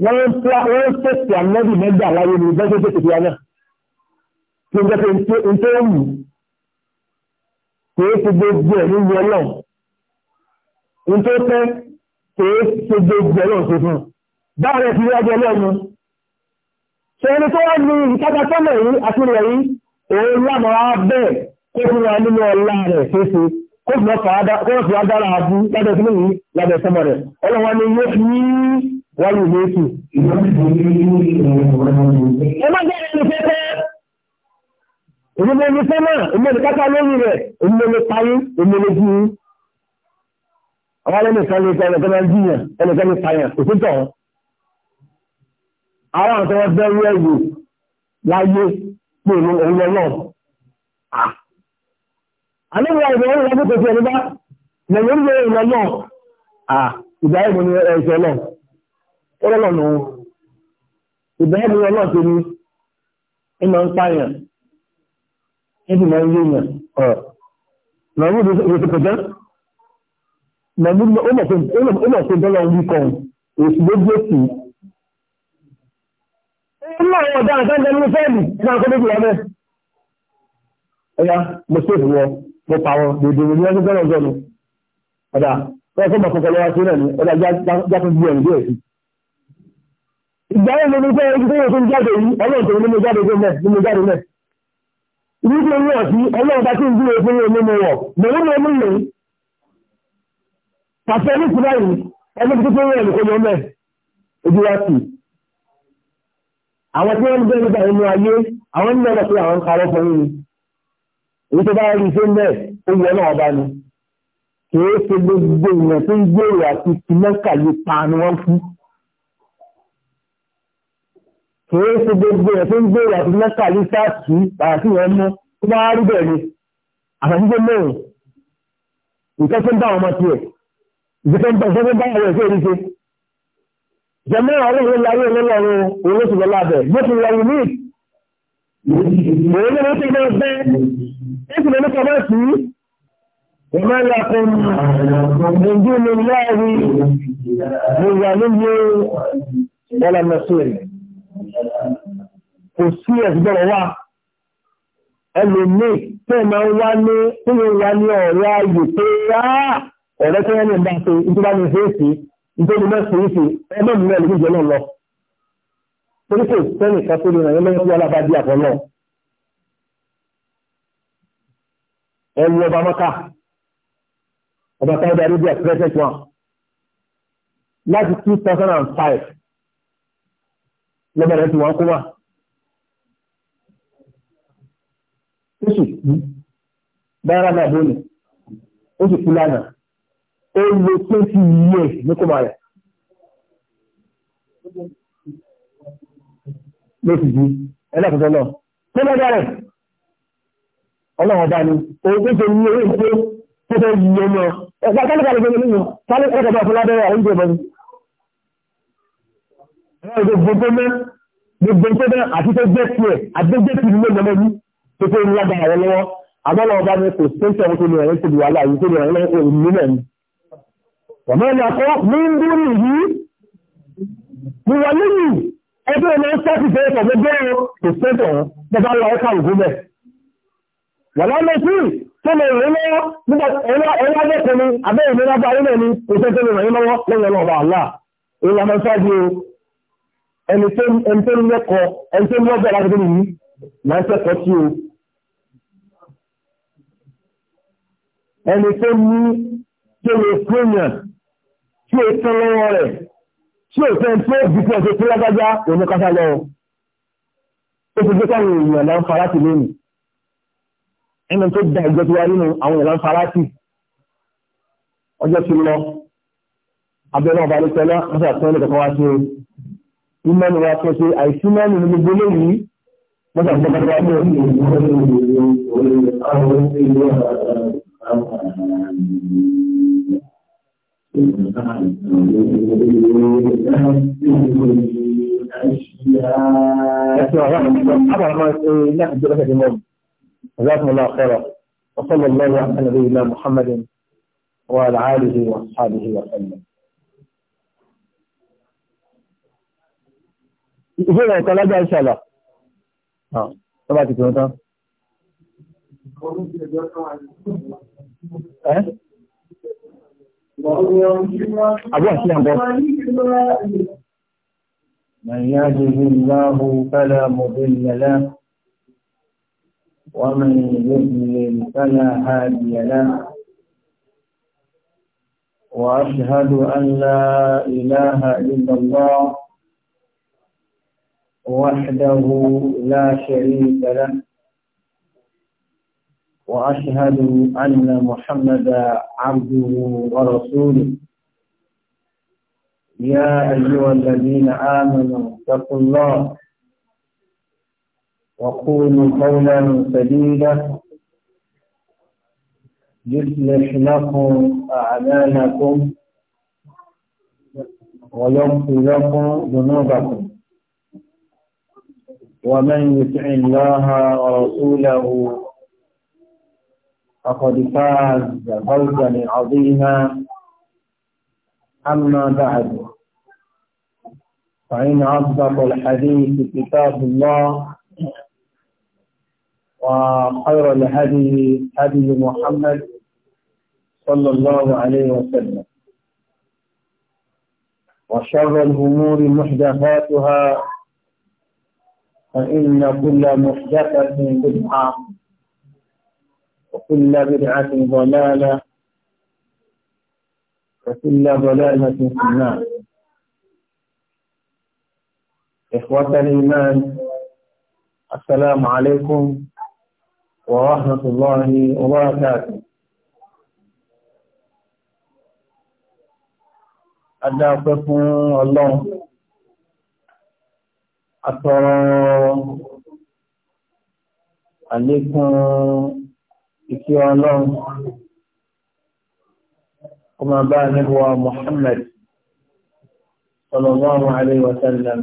wọ́n ń tẹ̀sí ànábì mẹ́gbà láyé ní ìbẹ́jọ́ tó ti fi ọmọ tí ó jẹ́ pé ń tó ń wù kìí ṣe gbogbo ẹ̀ nínú ọlọ́run ń tó tẹ́ kìí ṣe gbogbo ọlọ́run tó fún báwọn ẹ̀ fi wájú ọlọ́run ṣe ẹni tó wá ní ìkájà sọ́mọ̀ yìí àti rẹ̀ yìí òun lámọ̀ á bẹ́ẹ̀ kó fún wa nínú ọlá rẹ̀ ṣeéṣe kó fún wa dára abú lábẹ́ sọ́mọ̀ rẹ̀ ọlọ́run wa ni yóò wọ́n lè léèkù. ẹ má jẹ́ ẹni pẹ́pẹ́ èmi ní fẹ́ náà èmi ní kápá lórí rẹ̀ èmi ní parí èmi ní jú àwọn ẹlẹ́nìkan ní ìtọ́ ẹnìkan máa ń jiyàn ẹnìkan ní payàn òtútọ̀ àwọn àti wọn bẹ́rú ẹ̀wò láyé pé òun ọlọ́ náà àníwọ̀ ìwọ̀ òun lọ́dún kò sí ẹni bá lẹ́yìn ìwọ̀ ìlọ náà ìgbà ẹ̀mọ̀ ni ẹ̀ṣẹ̀ náà ọlọ́lọ́ ló wù ìbẹ́ẹ̀ni ọlọ́ọ̀ tó ní ẹ máa ń pààyàn ẹ sì máa ń yéèyàn ọ̀ lọ́wọ́ ìrètí kọjá màmú ó mọ̀ pé dọ́là ń wí kan èsì ló gbé sí i ó láwọn ọ̀daràn tó ń dẹnu fẹ́ẹ̀lì náà kó méjìlá mẹ́ ẹ̀yà mo ṣèlú wọn mo pa wọn dèdè ní ọdún gbọ́dọ̀ gbọ́dọ̀ ọ̀dà wọ́n fẹ́ mọ̀ kọ́kọ́ lọ́wọ́ sí náà ní ọ̀dà jákèjì ẹ̀rù díẹ̀ sí i ìgbàlẹ̀ ló ní pé ibi tó yẹ kó ń jáde yìí ọlọ́run tó ní mo jáde tó mẹ́ ní mo jáde mẹ́. ibi tó ń wọ̀ sí ọlọ́run bá tí ń dúró fún mi mo wọ̀ mẹ́rin mo mú yẹn. pàṣẹ ní kúrẹ́ yìí ẹni tó tó yẹ kó yọ mẹ́ ojú wa sì. àwọn tí wọ́n ń bẹ́ẹ̀ nígbà nínú ayé àwọn ń lọ́dọ̀ pé àwọn ń karọ́ fún mi. èyí tó bá rí i ṣe ń bẹ́ẹ̀ ó yẹ náà bá ní. kì í ṣe gbogbo ìmọ̀ tó ń gbèrò àti tìmọ́kà yìí pa ni wọ́n fún kìí ṣe gbogbo ẹ̀ tó ń gbé ìyàtọ̀ mẹ́ta ní sáàtì àti ìwọ̀n mú tó bá rí bẹ́ẹ̀ ni àtàkùnjẹ mẹ́rin nǹkan tó ń bá ọmọ tiẹ̀ ìgbésẹ̀ ń bá ìṣẹ́ tó bá ọ̀rọ̀ ìṣe ìṣe jẹ́mọ́ ọ̀rọ̀ ìwé láyé olólọ́run olóṣùlọ́ lábẹ́ bó ti lọ́rùn ní ìwé ló ti lọ bẹ́ ìṣẹ̀lẹ̀ nípa bá sí ìmọ̀ ìyàkùn ìdí mi láàrin ìyàlóye wọ́n lọ́mọ sí rẹ̀ kò sí ẹ̀sùgbọ́rọ̀ wà ẹlòmíì tó máa ń wá ní tó ń wá ní ọ̀rẹ́ ayò pé ọ̀rẹ́ tó yẹn ní ìgbà tó ń tó bá ní fèsì nítorí mẹ́sàn-án ìfì ẹgbẹ́ mi náà ló ń jẹ náà lọ torí pé sẹ́ni kan tó lè ràn yín lọ́wọ́ yálà bá dí àpọ̀ náà ẹ wú ọba mọ́ta ọba táwọn darí bí i àpẹẹrẹ tẹ̀sán láti two thousand and five lọ́bẹ̀rẹ̀ tí wọ́n kó wà ó sì kú dára náà bóyá ó sì kú lánàá ó lo pé sí iye ní kó máa rẹ̀ ló sì di ẹlẹ́kùnjẹ́ náà tó lọ́dọ̀ rẹ̀ ọlọ́run ọba ni òun tó ṣe ní owó ìpé tó fẹ́ yí ọmọ ẹ̀ka kálíkà lè gbé nínú kálíkà lè gbé nínú kálíkà lè gbé wọ́n gbogbo tó mẹ́ gbogbo tó mẹ́ àti tó gbé tiẹ̀ àdégbé tì nílé lọ́mọ yìí tó tó ń lágbára rẹ lọ́wọ́ àmọ́ lọ́wọ́ bá mi kò sí tẹ́sí ọ̀hún tó ní ọ̀rẹ́ tóbi wàhálà yìí tó ní ọ̀rẹ́ lọ́wọ́ òun nílẹ̀ ni. ọ̀mọ́ ẹni àkọ́ ní ń dúró nìyí mo wà lẹ́yìn ẹgbẹ́ ọmọ sáfì fẹ́ ọ̀gbẹ́ bẹ́ẹ̀ kò sẹ́tọ̀ ọ̀hún bẹ́ẹ̀ lọ ọ̀ka ògùn bẹ́ẹ̀. wà lọ́mọ sí tó lè rìn lọ́wọ́ nígbà ẹ̀rọ abẹ́kùnrin abẹ́yẹ̀mí lábẹ́ ayé náà ni kò sẹ́tọ̀ ẹni tó ń lẹ́kọ̀ọ́ ẹni tó ń lọ́gbẹ̀ láti gbẹ̀mí yìí máa ń kẹ́kọ̀ọ́ sí o ẹni tó ní tó lè fúnyàn tí ó tán lọ́wọ́ rẹ̀ tí ó fẹ́ tí ó bí pọ̀ tó tó lágbájá òun kásá lọ ó ti gbé káwọn èèyàn náà ń fara sí lónìí ẹni tó da ìjọ tó wá nínú àwọn èèyàn náà ń fara ọjọ́ ti lọ abẹ́rẹ́ ìmọ̀nù wa tó ṣe àìsí ní gbogbo lórí mọ́ta ní جزاكم الله خيرا وصلى الله على نبينا محمد وعلى اله وصحبه وسلم ìbéèrè ẹ̀kọ́ lágbà ìṣàlá tó bá ti tòun tán. من يهده الله فلا مضل له ومن يضلل فلا هادي له واشهد ان لا اله الا الله وحده لا شريك له وأشهد أن محمدا عبده ورسوله يا أيها الذين آمنوا اتقوا الله وقولوا قولا سديدا يصلح لكم أعمالكم ويغفر لكم ذنوبكم ومن يطع الله ورسوله فقد فاز فوزا عظيما أما بعد فإن أصدق الحديث كتاب الله وخير الهدي هدي محمد صلى الله عليه وسلم وشر الأمور محدثاتها فإن كل محدثة بدعة وكل بدعة ضلالة وكل ضلالة في النار إخوة الإيمان السلام عليكم ورحمة الله وبركاته أدعوكم الله atọrọ àlékún ìkẹ́ ọlọ́run kó máa bá níbuwa Muhammad sallallahu alaihi wa sallam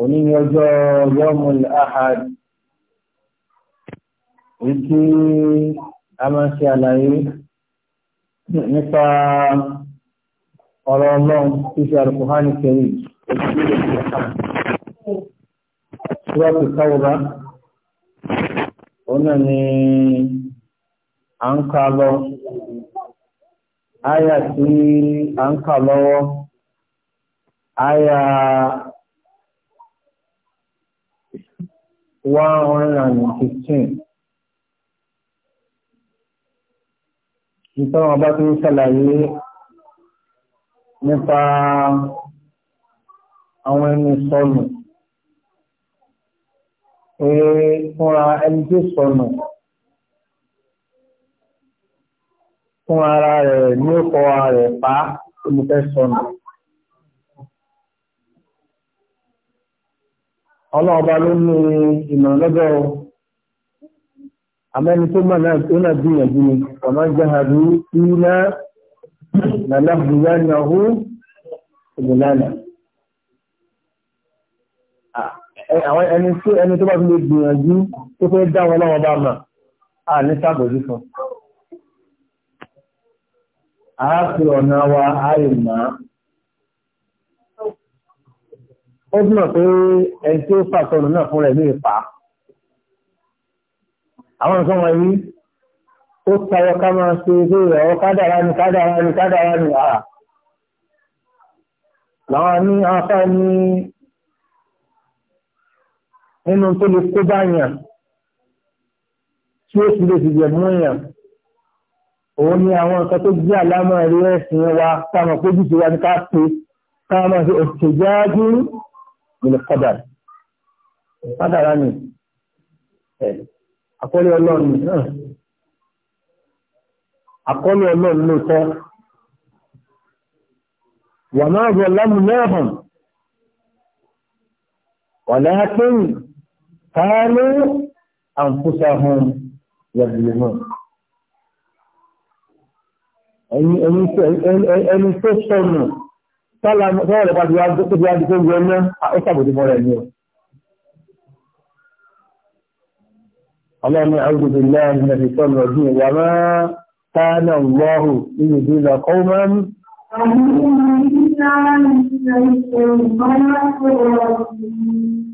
òní ní ọjọ́ yọmul ahad ìkí a máa ṣe àlàyé nípa ọ̀rọ̀ ọlọ́run tí ṣe Al-Qur'an Karim. Súrọ́tù Tawba, òun náà ni à ń kà lọ. Áyà tí à ń kà lọ́wọ́, áyà 115. Ìtọ́wọ̀n bá tún ṣàlàyé nípa àwọn ẹni sọnù eré fúnra ẹni tó sọnù fún ara rẹ̀ ní ọkọ̀ rẹ̀ pa olùfẹ́ sọnù ọlọ́ọ̀bá ló ní ìmọ̀ lọ́gọ́ àmẹ́ni tó mọ̀ náà tó náà gbìyànjú ni ọ̀nà jáhàdú ilẹ̀ lálàbùyá náà hù ìgbìlànà àwọn ẹni tó ẹni tó bá fi lè gbìyànjú tó fẹ́ dá wọn lọ́wọ́ bá mà á ní sàbòjú fún a fi ọ̀nà wa ààrẹ máa ó dúnà pé ẹni tó fàtọ̀nù náà fún rẹ̀ ní ìpa àwọn nǹkan wọ̀nyí ó tayọ ká máa ṣe pé ọ̀rọ̀ kádàrá ni kádàrá ni kádàrá ni àrà làwọn ní afá ní nínú tó lè kó bá yàn tí ó sì lè fìyẹ̀ mú yàn òun ni àwọn nǹkan tó jẹ́ àlámọ̀ ẹ̀rí ẹ̀sìn wa táwọn pé jùsù wa ní ká pé káwọn máa ṣe òṣèjáájú ìlú padà padàrá ni àkọlé ọlọ́run àkọlé ọlọ́run ló tọ́ wà náà rọ̀ lámù náà hàn wà láàpẹ́yìn kánú àǹfùsàhùn yàgbìmọ̀. ẹni tó sọnù tọ́lá rẹ̀ bá ti wá tó ti wá di tó ń gbẹ náà ó sàbòdì mọ́ rẹ̀ ni o. اللهم أعوذ بالله من الشيطان الرجيم وما كان الله ليضل قوما أعوذ بالله من الشيطان الرجيم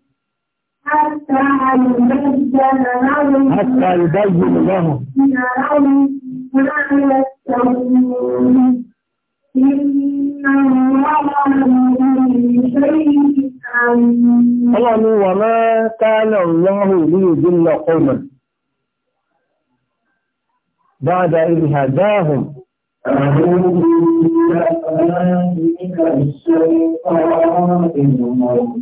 حتى يبين لهم قالوا وما كان الله ليذل قوما بعد إذ هداهم أعوذ بالله من الشيطان الرجيم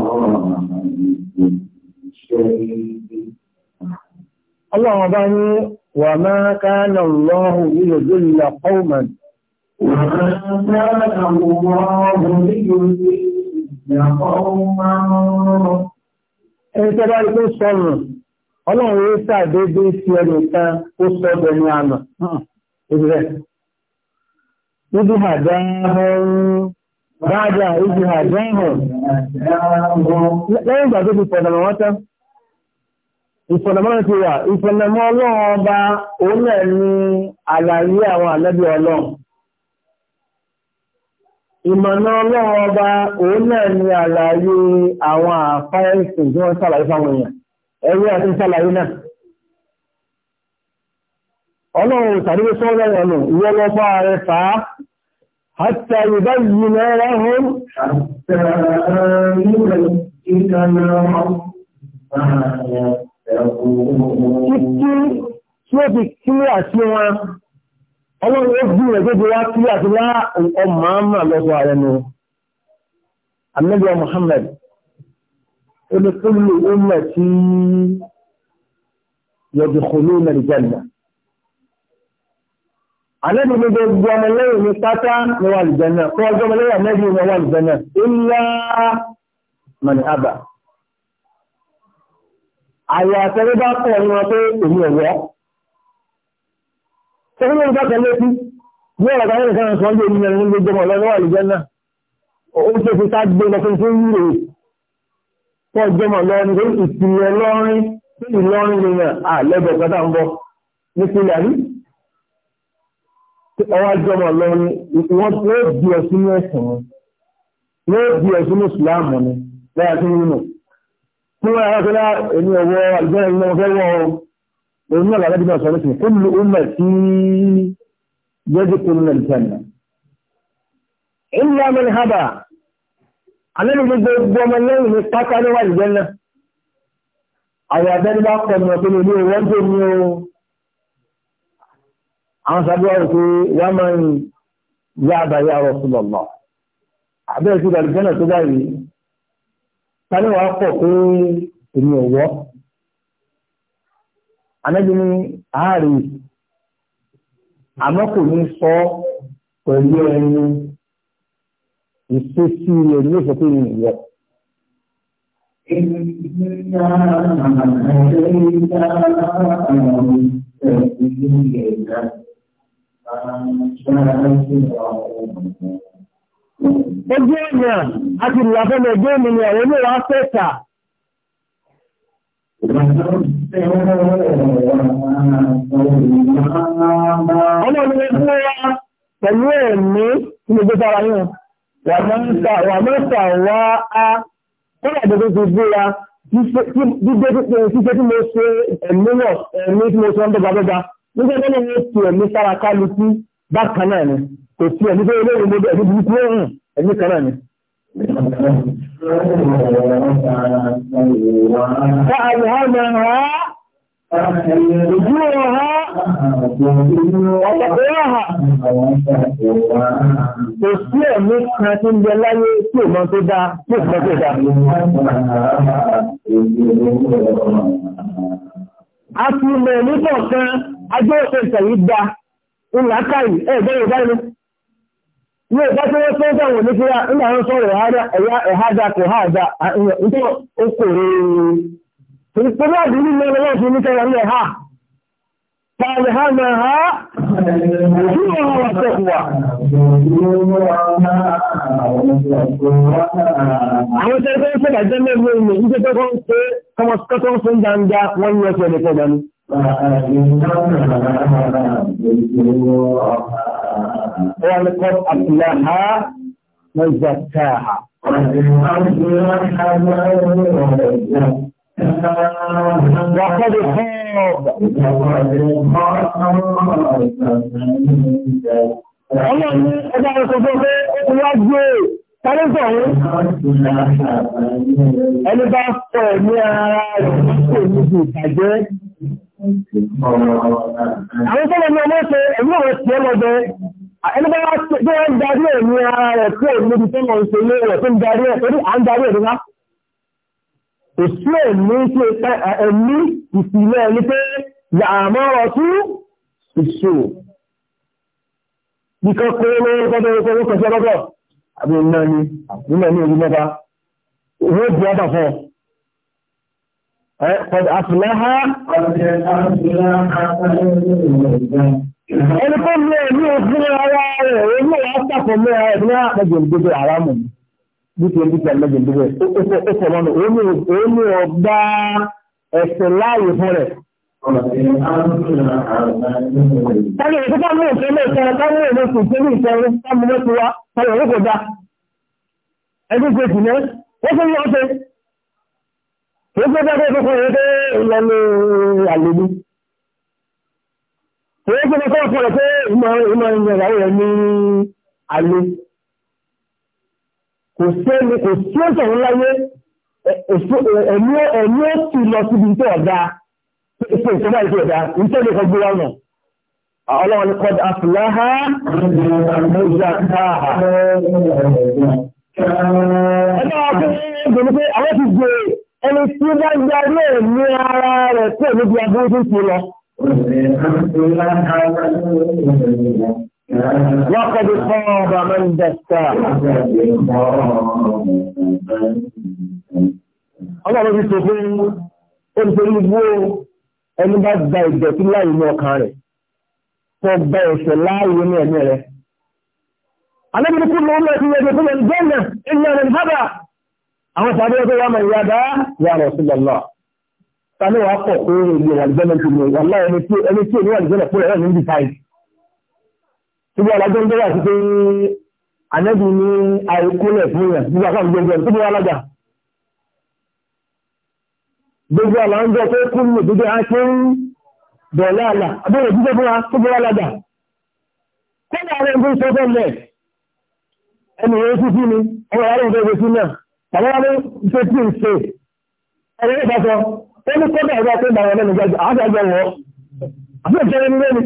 Ọlọ́run bá ní wà máa káàlọ̀ lọ́rùn ilẹ̀ lórílẹ̀ Coleman. Ẹni tẹ́lá ikú sọ́rùn, ọlọ́run rí sàdédé sí ẹni kan ó sọ́dọ̀ ní àmà. Ìbẹ̀rẹ̀. Níbi àdá ọrún Rájá ìjì ha jẹ́hùn. Lẹ́yìn ìgbà tó ti fọ̀dàmọ̀ wọ́n tán, ìfọ̀dàmọ̀ ti wà, ìfọ̀dàmọ̀ ọlọ́run ọba òun náà ni àlàyé àwọn àlẹ́bí ọlọ́run. Ìmọ̀nà ọlọ́run ọba òun náà ni àlàyé àwọn àfáẹ́sì tí wọ́n sàlàyé fáwọn èèyàn. Ẹ̀rí àti sàlàyé náà. Ọlọ́run ìsàdúgbò sọ́ọ́lọ́run ọ̀nà ìwọ́lọ́pàá rẹ̀ fàá حتى يبين لهم حتى يبين لهم ما ó fi kílẹ̀ àti wọn ọlọ́run ó bí rẹ̀ gbogbo wá kílẹ̀ àti lá ọmọ àmà lọ́sọ ààrẹ ni amẹ́bíà Muhammad olùkúlù ọmọ tí yọ̀dùkúlù mẹ́rìndínlẹ̀ Àlẹ́bí ní gbogbo ọmọ lẹ́yìn ní pátá ní wà lùjẹ́ náà, fún ọjọ́ ọmọ lẹ́yìn àmẹ́bí ní wà lùjẹ́ náà, ilá mọ̀nì àbà. Àyà àtẹ́rẹ́ bá kọ̀ ní wọn pé èmi ọ̀wọ́. Ṣẹ́yìn ló ń bá tẹ̀lé sí, ní ọ̀rọ̀ kan nìkan sọ ọ́n lórí ẹni gbogbo ọmọ lọ́wọ́ lùjẹ́ náà. Ó ọjọ́ ọwọ́ ajọ́mọ̀ lọ́wọ́ wọ́n di ẹ̀sùn ní ẹ̀sùn ni wọ́n di ẹ̀sùn ní ìsìláàmù ni lẹ́yà tí nínú tí wọ́n yára kọ́lá èmi ọ̀wọ́ àgbẹ̀rẹ̀ ní ọmọ fẹ́wọ́ òun náà lábẹ́ bíbá sọ̀rọ̀ sí kó lu ọmọ tí yẹ́dí kó lu nàìjíríà nà. ìlú amẹ́ni hábà alẹ́nu gbogbo ọmọ lẹ́yìn ní pátá níwájú jẹ́ náà àwọn bá kọ́ àwọn sábẹ́ ọ̀rọ̀ pé wọ́n máa ń yá àbáyá ọ̀rọ̀ sí lọ́lọ́ àbẹ́rẹ́ sí ìdàlùjọ́nà tó báyìí tani wàá pọ̀ pé èmi ò wọ́ anábì ní ààrẹ àmọ́ kò ní sọ pẹ̀lú ẹni ìṣesí rẹ̀ ní ìṣẹ́ pé mi ò wọ́. Ìgbésí náà Ojú èèyàn àti ìlàfẹ́lẹ̀ ojú ènìyàn rẹ̀ ní wá fẹ́ta. Ọmọ ìlú fún wa pẹ̀lú ẹ̀mí tí mo gbétara yìí. Wà mẹ́ta wá á, kọ́lá ìdẹ́gbẹ́ ti búra, dídé tí mo ṣe ẹ̀mí wọ̀ ẹ̀mí tí mo ṣe ọ́ndọ́gbàdọ́gbà nígbà tó lóun ti ẹ̀mí sára kálukú bákan náà ni kò sí ẹ̀mí tó lóun mo bẹ̀rẹ̀ níbi tó hàn ẹ̀mí kan náà ni. Fáàlì ha mọ̀ ha, ojú wọn ha, ọ̀pọ̀ wọn ha. Kò sí ẹ̀mí kan tó ń bẹ láyé tí ò mọ tó dáa, tí ò mọ tó dáa. a ti mọ̀ nípọ̀ kan ajé òṣèlú tẹ̀lé gba ńlákàyè ẹ̀gbẹ́ yorùbá ni ní ìgbà tí wọ́n tẹ́jọ́ wò ní kíra ńlá ń sọ̀rọ̀ فألهمها فجورها وتقوى àwọn tẹ́ tẹ́ fẹ́lẹ̀ jẹ́mẹ́ ìwé ìmẹ̀ ìjẹ́ tẹ́ kọ́ ń pé kọmọ̀síkọ́ tó ń fún dáńdá wọ́n ní ọ̀sẹ̀ lẹ́kọ́ dání wọ́n kọ́ àtìláhá mọ́zàkáà وقد خاب Ọlọ́run ní ọjọ́ ìṣòfò pé ó wá gbé tàbí sọ̀rọ̀. Ẹni bá pọ̀ ní ara rẹ̀ kò ní bí ìtàjẹ́. Àwọn sọ́lọ̀ ní ọmọ ṣe ẹ̀mí ọ̀rọ̀ tí ó lọ́dẹ. Ẹni bá wá darí ẹ̀ ní ara rẹ̀ kò ní bí tọ́lọ̀ ìṣòlé rẹ̀ tó ń darí ẹ̀ torí à ń darí ẹ̀ kò sí ẹ̀mí tí ẹ̀mí ìfìlẹ̀ ẹni pé yàmọ́rọ̀ tú ìṣò nìkan kó lórí kọ́tọ́ ìṣòro kọ̀ṣẹ́ lọ́tọ̀ àbí iná ni nílẹ̀ ní orí mẹ́ta owó di ọ̀dà fún ẹ kọ̀dà àfìlẹ́há ẹni tó lé ẹ̀mí òfin ara rẹ̀ orí ọ̀pọ̀ mẹ́ra ẹ̀mí àpẹjọ ìgbésẹ̀ àrámù ni dúkìá dúkìá lẹ́gbẹ̀ẹ́ dúkìá ó fọ̀ lọ́nà ó ní ọgbà ẹ̀sẹ̀ láàyè fún rẹ̀. Táyọ̀ ìfúnpá mú òfin lè sọ̀rọ̀ ká mú èdè kò sí ní ìṣẹ̀rẹ̀ ká mú lẹ́sùn wa táyọ̀ ló kò dá. Ẹbí ṣe sì ní wọ́n fún yóò ṣe. Kì í ṣe bẹ́ẹ̀ tó kọ́ ìrètí ìlànà àlèlú. Kì í ṣe bẹ́ẹ̀ tó kọ́ ìrètí ìmọ̀ ìmọ̀ ìyàwó rẹ̀ ní àlè kò sẹ́ni kò sí ọ̀sẹ̀ ńláyé ẹ̀mí ẹ̀mí ó ti lọ síbi tó ọ̀dà ètò ìṣẹ́lá ìṣẹ́ ọ̀dà ìṣẹ́ lè kọ́ gbówá nù. Ọlọ́run ni kọ́dà àfìláhá ìjàkáhà. Ẹgbẹ́ wa fún ìgbèrú pé àwọn ti gbé ẹni tí ó bá gba ilé ẹ̀mí ara rẹ̀ pé níbi abúlé tó ti lọ. لقد خاب من دساه ọlọ́run ti sọ fún olùsọ̀rí gbó ẹni bá gba ìdẹ̀tí láì ní ọkàn rẹ̀ tó gba ẹ̀ṣẹ̀ láàyè ní ẹ̀mí rẹ̀ alẹ́bìnrin kú ló ń lọ sí ẹgbẹ́ tó lọ jẹ́nà ilẹ̀ rẹ̀ hábà àwọn sàbí ẹgbẹ́ wa máa yàdá ya Rasulullah ta ni wàá pọ̀ pé èmi wà lùjẹ́nà tó lọ wà láì ẹni tí èmi wà lùjẹ́nà pé ẹ̀rọ mi ń dìtáì Síbi alájọ́ ń bẹ̀rẹ̀ àti pé ànẹ́bí ní àìkólẹ̀ fún yẹn nígbà kan gbogbo ẹ̀ síbi alájà. Gbogbo àlà ń jẹ́ pé kú ní òdúdó á ṣe ń bẹ̀rẹ̀ àlà. Abẹ́rẹ̀ jíjẹ́ fúnra tó bọ́ alájà. Kọ́lá rẹ̀ ń gbé sọ fẹ́ ni, ọmọ ìyá rẹ̀ ń gbé sí náà. Bàbá wa ní ṣe tí ń ṣe. Ẹni yẹn sọ, ó ní kọ́dà ẹ̀rọ pé bàbá ọ̀nà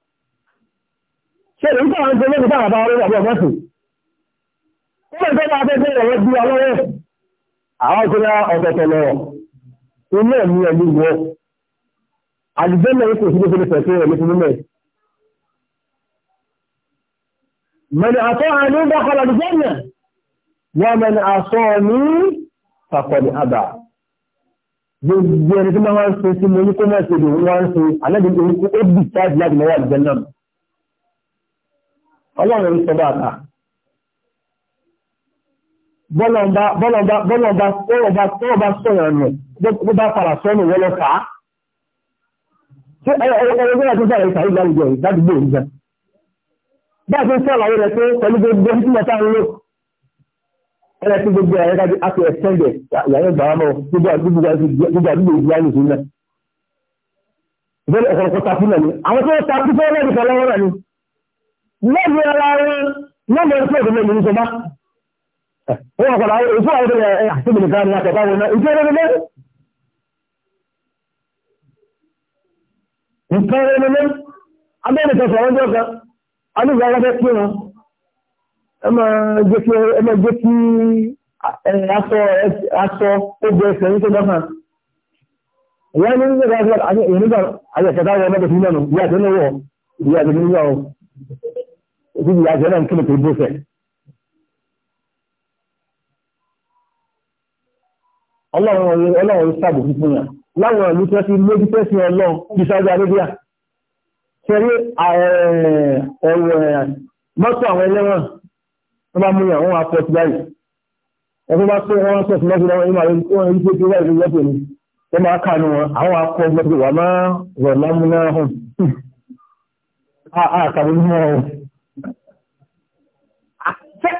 ṣe èyí tó àwọn ìṣẹ́lẹ̀ nípa àbá ọlọ́rọ̀ àbí ọmọ sùn ó lè tó máa tẹ́tẹ́ ìrọ̀lẹ́ bí ọlọ́rẹ́ àwọn ìṣẹ́lẹ̀ ọ̀tọ̀ọ̀tọ̀ lọ inú ẹ̀mí ẹ̀mí wọ àdìgbẹ́lẹ̀ ikú sí àtọ́ àní bá kọlọ̀ dìgbẹ́nà wọ́n mẹ́ni àtọ́ ní pàpọ̀dì àbà gbogbo ẹni tí wọ́n ń ṣe sí mo ní kó mọ̀ lè wọ́n ń ṣe alẹ́ ọlọ́run ń sọ bàtà bọ́lọ̀mbá sọ̀rọ̀ nù bó bá fara sọ́nù ọrụ, lọ fà á ọrụ ẹgbẹ́rẹ́ tó sọ̀rọ̀ ìsàrí ìgbàlùjọ ìdádúgbò ìjẹ báyìí tó sọ̀rọ̀ rẹ̀ pé pẹ̀lú gbogbo tí mọ̀ta ń lò ẹ̀rẹ́ ọrụ gbogbo lẹ́nu ara wọn lọ́nà ẹgbẹ́ ìdílé ìlú ìjọba ó wà padà èso àwọn ìdílé àti ìdílé kan ní àtẹ̀bá wọn náà ìjọ ẹni lẹ́nu nǹkan ẹni lẹ́nu abẹ́rẹ́ kan sọ̀rọ̀ ọjọ́ kan alúgbà alábẹ́ pé wọn ẹ máa jẹ́ kí ẹ máa jẹ́ kí aṣọ aṣọ ó bẹ ẹsẹ̀ ní tó bá hàn ìyá ní nígbà àti ìrìnàjò àti ìṣẹ̀dá wọn ìyá àti oníwọ̀ ìyá àti oníwọ̀ òtún ìyá àjẹ́ náà ń kílò tó bó fẹ̀. ọlọ́run sábò fífún yàn láwọn ìlú tó ti lójú tẹ́ sí ọlọ́run bí sáájú arábíà ṣeré ọ̀rọ̀ mọ́tò àwọn ẹlẹ́wọ̀n tó bá mú yàn wọ́n wá pọ̀ sí báyìí ẹgbẹ́ bá pé wọ́n sọ̀tún lọ́sí lọ́wọ́ ìmọ̀ àwọn ìlú tó ti wá ìlú lọ́pọ̀ ni wọ́n máa kà ní wọn àwọn akọ ọgbọ́n tó wà máa rọ̀ lámúnáhùn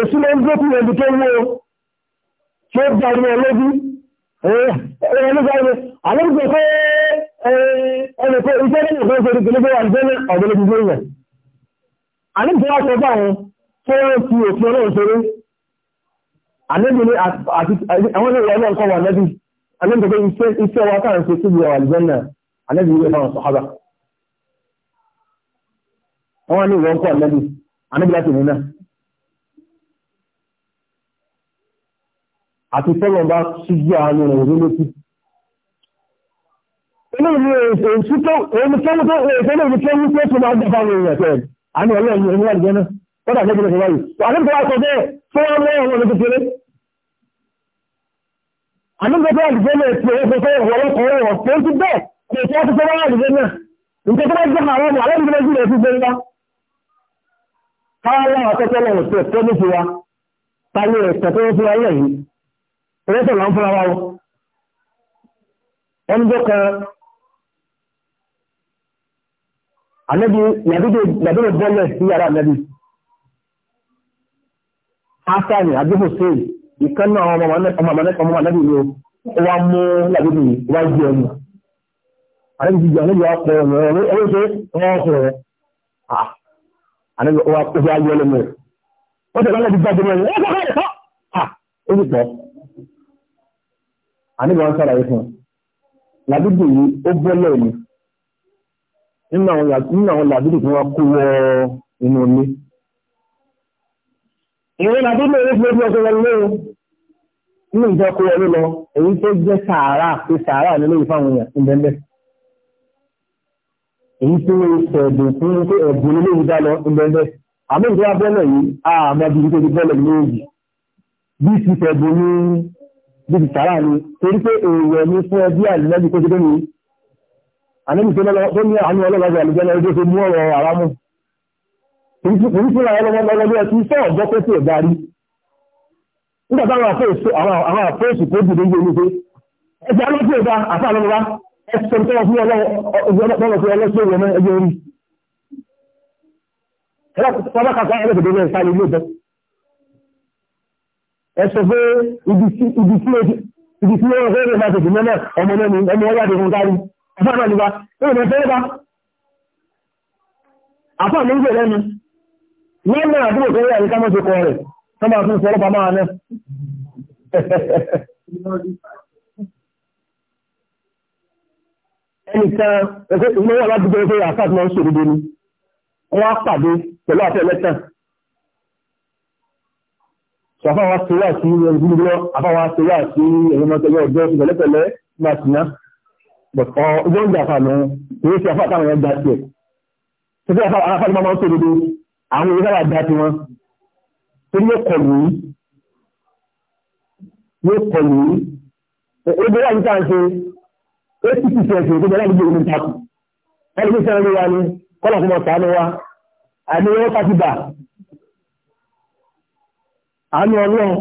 èsì ló ń gbé tí ẹbí tó wó tí ó gba ọdún ọlọ́bí ẹ̀ẹ́dẹ́gbẹ̀rẹ̀ àlọ́gbẹ̀ pé ẹnìkọ́ iṣẹ́ lẹ́yìn tó ń ṣe ìpínlẹ̀ wà jẹ́lẹ̀ ọ̀dọ́lẹ̀ gbogbo rẹ̀ àlọ́gbẹ̀ wá sọ báwọn tó wọ́n fi òfin ọlọ́run ṣeré àlọ́gbẹ̀ àwọn ilé àti tọ́lọ̀ bá ṣíjú àánú rẹ̀ ní lókù. Inú ìlú èsì tó èmi tẹ́lú tó èsì lè tẹ́ wú pé tó máa gbà fáwọn èèyàn tẹ́ àní ọlọ́run ẹni wà lùgbọ́n náà kọ́dà lẹ́gbẹ̀ẹ́ ṣe báyìí. Àdúgbò wa sọ bẹ́ẹ̀ tó wọ́n mọ́ ọmọ ọmọ kékeré. Àdúgbò tó wà lùgbọ́n náà pé ó fẹ́ wọ́n kọ́ wọ́n pé ó ti bẹ́ẹ̀ pé tí wọ́n ti fẹ́ wọ́n lùgbọ́n náà. Nǹkan tó bá jẹ́ àwọn ọmọ alẹ́ ìgbẹ́ ìgbẹ́ ìgbẹ́ ńlá. Káwọn akẹ́kọ̀ọ́ lọ́wọ́ tó tẹ́lẹ̀ fún wa. Tàlẹ́ ẹ̀sẹ̀ tó fún wa lẹ́yìn pẹ̀lẹ́sẹ̀ lọ fún ara wọn ẹni tó kan àlẹ́bí yàdúrò bọ́lẹ̀ sí yàrá àlẹ́bí hasani àdúgbò sèé ìkan náà ọmọ ọmọ àlẹ́bí ni ó wá mú làbíbi wá jẹ ẹnu àlẹ́bí ti jẹ àlẹ́bí wá pọ̀ ọ̀nà ẹ̀rọ ẹ̀rọ ṣe wọ́n sọ rẹ̀ àlẹ́bí wá yẹ lẹ́nu rẹ̀ wọ́n tẹ̀lé àlẹ́bí gbàgbé rẹ̀ ẹ̀rọ ẹ̀rọ ẹ̀rọ àníbà ń sàlàyé fún làbídì yìí ó bọ́lẹ̀ ni nínú àwọn làbídì tí wọ́n kó wọ inú ilé ìwé làbídì yìí fún ọjọ́ ọjọ́ ilé o nínú ìjọ kó wọlé lọ èyí tó jẹ́ sàárà pé sàárà nílé ìfáwọn èèyàn ń bẹ́ẹ̀ èyí tó ṣẹ̀dùn fún pé ẹ̀bùn ilé ìdá lọ ń bẹ́ẹ̀ àmì ìjọba bọ́lẹ̀ yìí àmọ́ bí i tó ti bọ́lẹ̀ lóòjì bí ti ṣẹ̀dùn ní bíbi tààrà ni torí pé èèyàn ní fún ẹbí àlùmẹ́bí kó jẹ́ ní àníbi tó ní àánú ọlọ́gbàgbà àlùjẹ́lẹ́ ojú tó mú ọ̀rọ̀ àrámù torí fún àwọn ọlọ́gbàgbà ẹ̀kú iṣẹ́ ọ̀gbọ́ pé sí ẹ̀gbà rí nígbà táwọn àfẹ́ẹ̀sì tó dìde ní olùgbé ẹgbẹ́ alọ́gbà ẹ̀dá àti àlọ́gbà ẹ̀sẹ̀ tó wọ́n fún ọlọ́gbà ẹ̀lẹ́sẹ̀ ẹ sọ pé ibi tí wọ́n fẹ́ rẹ̀ láti ìdìmọ́ náà ọmọ náà ni ọmọ ọlá àti ìfúnkárí afáàmà nípa ẹ̀rọ mẹ́fẹ́ rẹ̀ bá afáàmà ń gbé lẹ́nu lọ́nà àdúgbò tó rẹ̀ àríkámọ́ ti kọ rẹ̀ tó máa fún ìfọ́lọ́pàá máa náà ẹnìkan ẹgbẹ́ ìmọ̀wọ́ aládùúgbò ẹgbẹ́ àfáàmà ń ṣòdodo ni wọ́n á pàdé pẹ̀lú àfẹ́ ẹlẹ́tàn so afáwa ṣe wá sí ẹni gbogbo afáwa ṣe wá sí ẹni mọ́tẹ́lẹ́ ọjọ́ pẹ̀lẹ́pẹ̀lẹ́ máa sì ná bọ̀tọ̀ ọjọ́ ń jà fàánù kìí ṣe afá táwọn ẹgbà tiẹ̀ tó fẹ́ afáàlú máa ń tó dodo àwọn ìwé sábà dá ti wọn torí yóò kọlù yìí yóò kọlù yìí ebi wà níta ṣe eighty percent tó bẹ̀rẹ̀ àdúgbò ìlú takù ẹni tó sẹ́yìn ló wá ní kọ́lọ̀ fún ọ̀sán ló wá àdéhùn ó àánú ọlọ́run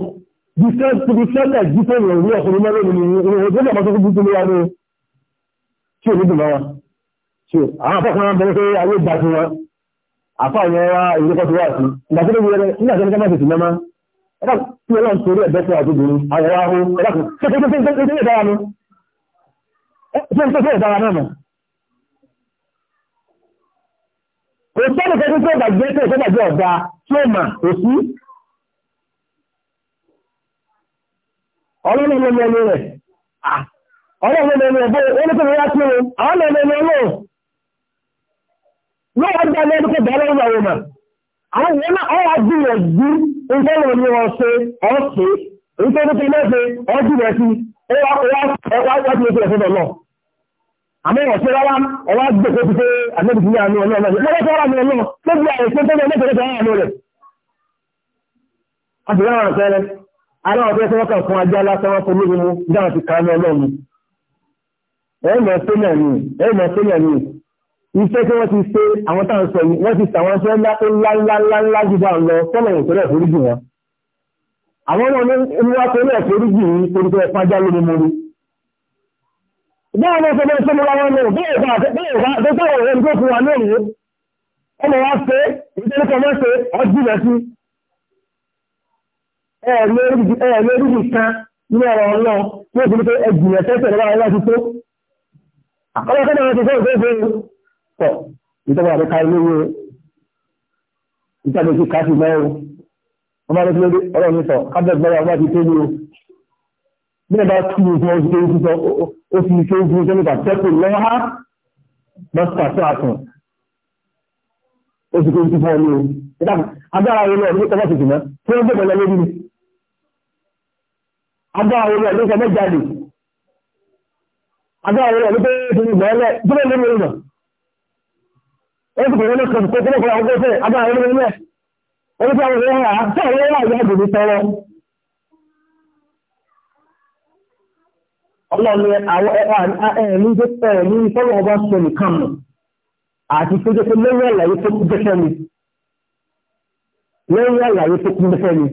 jíṣẹ́ tó fi ṣẹ́lẹ̀ jíṣẹ́ ìrọ̀ ìwé ọkùnrin mẹ́rin ni ìròyìn tó lọ́pọ̀ tó fi jíṣẹ́ lóra ní tí ò ní dùn máa tí ò àwọn afọ́kùnrin máa ń bẹ̀rẹ̀ pé ayé ìgbà tí wọn afọ́ àwọn ẹwà ìrẹ́kọ́ tó wà sí ìgbà tó lè wọlé nígbà tó ní kámẹ́sì sí mẹ́má ẹ̀dá tí ọlọ́run torí ẹ̀bẹ́ fún àtúbìnrin àyẹ̀wò ahun ẹ̀dá ọlọ́run ló mẹ́ni rẹ̀ ọlọ́run ló mẹ́ni rẹ̀ bó olókùnrin yá kí wọn àwọn ló mẹ́ni ọlọ́run yóò wá gbà lẹ́nu kó bẹ̀rẹ̀ ìwà wọn mà àwọn ìwé náà ọwọ́ gbìyànjú nǹkan lọ ní wọn ṣe ọ̀ṣẹ́ nǹkan tó fi lẹ́sẹ̀ ọ̀gbìn ẹ̀sìn ẹwà wá wá ti lè fẹ́ lọ àmọ́ ọ̀ṣẹ́ rárá ọwọ́ gbèsè ti pé àmẹ́bìtì ní àánú ọlọ́run lọ́wọ́ tó rà mí ọlọ́run tó gbé àìsàn tó lọ lẹ́sẹ̀ lẹ́sẹ̀ àánú rẹ̀ aláwọ̀ bẹ́ẹ̀ sọ́wọ́ kan fún ajá lásán wọn fún níbi mu dáhùn ti kàánú ọlọ́run ẹ̀mọ̀ sílẹ̀ ni ẹ̀mọ̀ sílẹ̀ ni iṣẹ́ tí wọ́n ti ṣe àwọn táwọn sọ yìí wọ́n ti sàwọn iṣẹ́ ńlá tó ńlá ńlá ńlá ńlá jùlọ lọ sọ́lọ̀ ìṣẹ́lẹ̀ foríjì wọn àwọn náà ní wá sọ́lẹ̀ foríjì yìí torí pé ẹ̀fọn ajá lórí mori bẹ́ẹ̀ náà sọ́lẹ̀ sọ́lẹ̀ wọn lọ bẹ́ẹ̀ bá bẹ́ẹ̀ bá tó ẹ̀ẹ̀lórí nìkan ní ọ̀rọ̀ ọlọ́ yóò fi pé ẹgbìyà tẹ́sẹ̀ lọ́wọ́ àwọn láti tó ọlọ́ tẹ́lẹ̀ wọn ti fẹ́ ìfẹ́ ìfẹ́ tọ̀ ìjọba àti kárí lówó ìjọba ti káfí mẹ́rin wọn bá lọ́sí lórí ọ̀rọ̀ mi sọ kábẹ́ gbọ́dọ̀ àwọn láti tó ní o bí ẹ bá tún ní ìfún oṣù tó sọ ó fi ṣe ń fún sẹ́mìtà tẹ́kù lọ́wọ́ bọ́sítà tó àtún oṣù tó ń fún ọ ní agbára orí ọ̀rọ̀ ìjọba ti jùmọ́ tí wọ́n gbẹ̀mọ̀ lórí ni agbára orí ọ̀rọ̀ ìjọba jáde agbára orí ọ̀rọ̀ ìjọba ti bẹ̀rẹ̀ gbẹ̀mọ̀ lórí ìmọ̀ ó sì bẹ̀rẹ̀ lọ́kàn tó kọ́kọ́ àwọn gbẹ́sẹ̀ agbára orí ọ̀rọ̀ orí tí àwọn èèyàn rà tí àwọn èèyàn rà yàgò ní tọrọ ọlọ́run àwọn ẹ̀ẹ̀mí tó tẹ̀ẹ̀mí tọ́lọ́ ọba sọ nìkan mọ̀ àti tó jẹ́ pé lórí ẹ̀lẹ́yìn tó kú jẹ́kẹ́ mi lẹ́yìn àyàwó tó kún fẹ́ ni.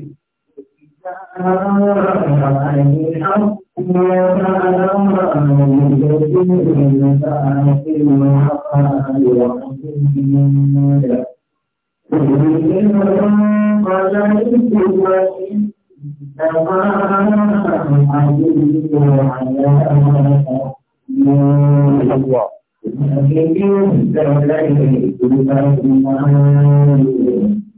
Wow. Thank you.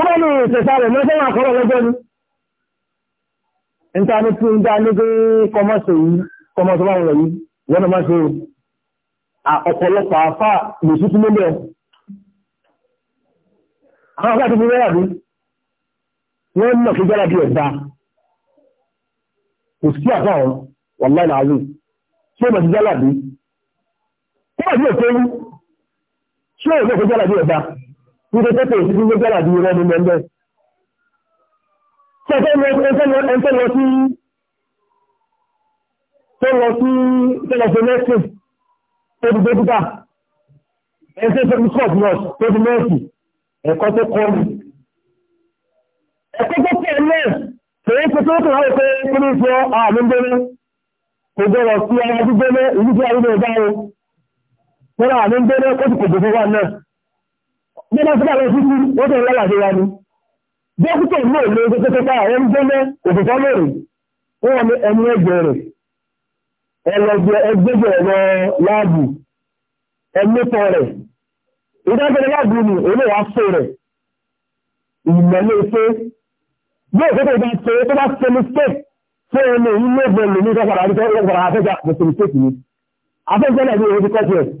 bọ́ọ̀ ní ìṣẹ̀ṣà rẹ̀ lọ́sẹ̀ wà kọ́rọ̀ lọ́jọ́ ni níta ní tí ń dá ní pé kọmọ́sọ̀ yìí kọmọ́sọ̀ bá wọ̀nyí wọ́n máa ṣe ọ̀pọ̀lọpọ̀ àfà lòsù tún lélẹ̀ àwọn afẹ́ àtúntò rẹ̀ àbí wọ́n mọ̀ kí jára bí ẹ̀dá kò sí àfà wọn wàláì làálù tí ó mọ̀ sí jára bí ó mọ̀ Nígbà tó tẹ̀sí ní gbẹ́gbẹ́ àbí irọ́ ni mẹ́mbẹ́. Ṣé ẹ̀fẹ́ lọ sí tọ́lọ sí tọ́lọ sí mẹ́sì tó di dókítà ẹ̀fẹ́ tó di court nurse tó di mẹ́sì ẹ̀kọ́ tó kọ́ mi. Ẹ̀kọ́ tó kọ́ ẹ̀ Tẹ̀yẹ́ tó tó tó ráwọ̀ pé kí ní sọ àmì gbẹ́rẹ́, kò gbọ́rọ̀ sí ara gbígbẹ́rẹ́, ìlú tí a rí ní ọjọ́ o. Tẹ́lá àmì gbẹ́rẹ́, ó ti kò gbogbo wà náà bí wọ́n fúnra wọn títí wọ́n tó ń lọ́wọ́ àṣeyá ni dókítà náà lè ṣe tó ká àwọn gbẹ́lẹ́ òkùnkọ́ lórí wọ́n wọ́n ní ẹnu ẹgbẹ́ rẹ̀ ẹlọgbẹ́ ẹgbẹ́jọ ẹ̀rọ láàbù ẹmẹ́tọ̀ rẹ̀ ìdájọ́ láàbù ni olóòwà fẹ́ rẹ̀ ìmọ̀lẹ́ ife yóò fẹ́ tó bá ṣe tó bá ṣe mistake fún ẹni ilé ìgbẹ̀lẹ̀ ní ìjọba àti ìjọba àfẹ́jà mistake ni afẹ́jọ́ náà ní ìwé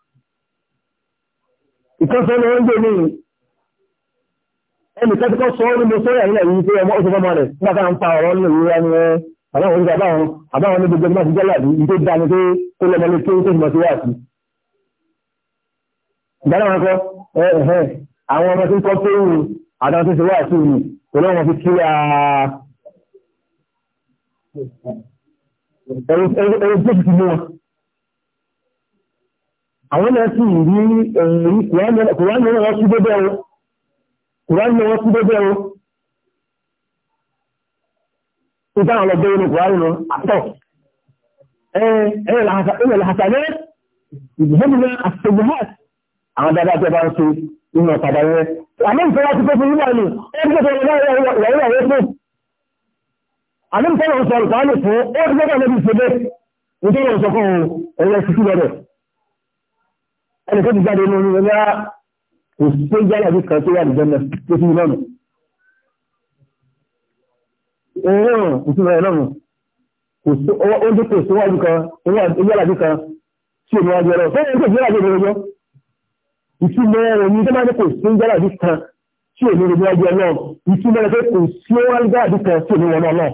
ìkọ́sọ́ ni wọ́n ń gbé ní ẹnì kẹ́kọ́ sọ ọ́ ní mo sọ́yà nílẹ̀ yìí pé ọmọ òṣèlú ọmọ rẹ̀ nígbà tá à ń pa ọ̀rọ̀ nílẹ̀ yìí wá ní ẹ àbáwọn oúnjẹ àbáwọn àbáwọn ní gbogbo ẹgbẹ́ àtijọ́ làbí ìdó dání pé kó lọ́mọ ní kí ó tó mọ̀ sí wá sí. ìdáná wọn kọ àwọn ọmọ tó ń kọ́ pé òun àtàwọn tó ń ṣe wá sí òun kò lọ́wọ́ wọn fi kí a. ẹ̀rù tó ti mú wọn àwọn náà sì rí eh, kùránì náà wọ́n sí bẹ́bẹ́ wọn kùránì náà wọ́n sí bẹ́bẹ́ wọn tó dáhùn lọ bẹ́ẹ̀ ní kùránì náà àtọ̀ ẹ̀rẹ̀ làhàtàlẹ́ ìgbìmọ̀ àtẹ̀gbẹ̀hàt àwọn dáadáa tẹ́ bá ń ṣe nínú ọ̀tàdà rẹ̀ àmì ìfẹ́ láti pẹ́ fún nígbà ní ẹgbẹ̀rẹ̀ láwọ́ ìwà ìwà ẹni tó ti jáde ní orin ọlá kò sí pé jáde àbí kan tó wà ní jẹ́nà tó fi lọ́nà òun kò sí lọ́nà kò sí oúnjẹ kò sí wájú kan oúnjẹ àbí kan tí òun wájú ọlọ́ fẹ́rẹ̀ tó jáde ní ọjọ́ ìtumọ̀ ẹ̀rọ ní tó máa ní kò sí oúnjẹ àbí kan tí òun ní wájú ìtumọ̀ ẹ̀rọ kò sí oúnjẹ àbí kan tí òun wọ́n ọlọ́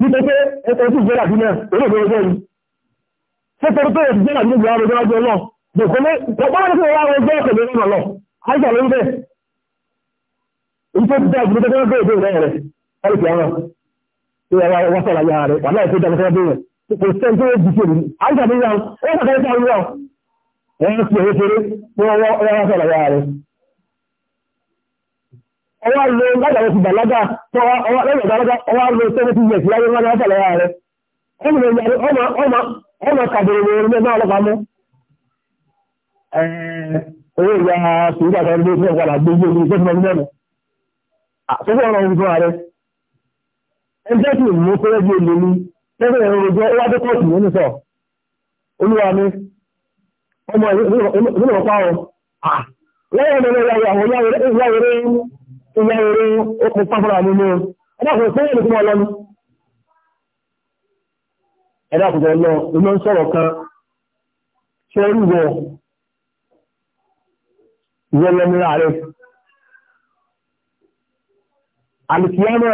nítorí ẹ̀kọ́ sí ìjọba àbí náà òun ò Bùkúnlé, tọ́gbọ́n ní kí wọ́n wá ọjọ́ ìpẹ̀lú ìrìnà lọ, àìsà ló ń bẹ̀. Ìjọ dá ìgbìmọ̀ tọ́gbọ́n bẹ̀rẹ̀ bẹ̀rẹ̀ rẹ̀, ọ̀rẹ́kì àwọn ìwà wọ́n sọ̀rọ̀ ayá rẹ̀, wà láì tó dáa tọ́gbọ́n bẹ̀rẹ̀. Kò sẹ́ni tó jù sí èmi, àìsà ló ń yàn, ó sọ̀rọ̀ ayá rẹ̀ wọ́n fi èrè fèrè wọ́n sọ̀rọ̀ ayá rẹ̀. Ọwọ́ lo lágbàdo ti ọwọ́ owó ìyá sùúrù àtàrí ló fẹ́ padà gbé gbogbo ìgbésí ọ̀rọ̀ ohun fúnra rẹ̀ tí mú fẹ́rẹ́ bí olè ní lẹ́gbẹ̀ẹ́ ìròjọ́ ó ìwọ́lọ́mìnira rẹ̀. Alìkìyàmà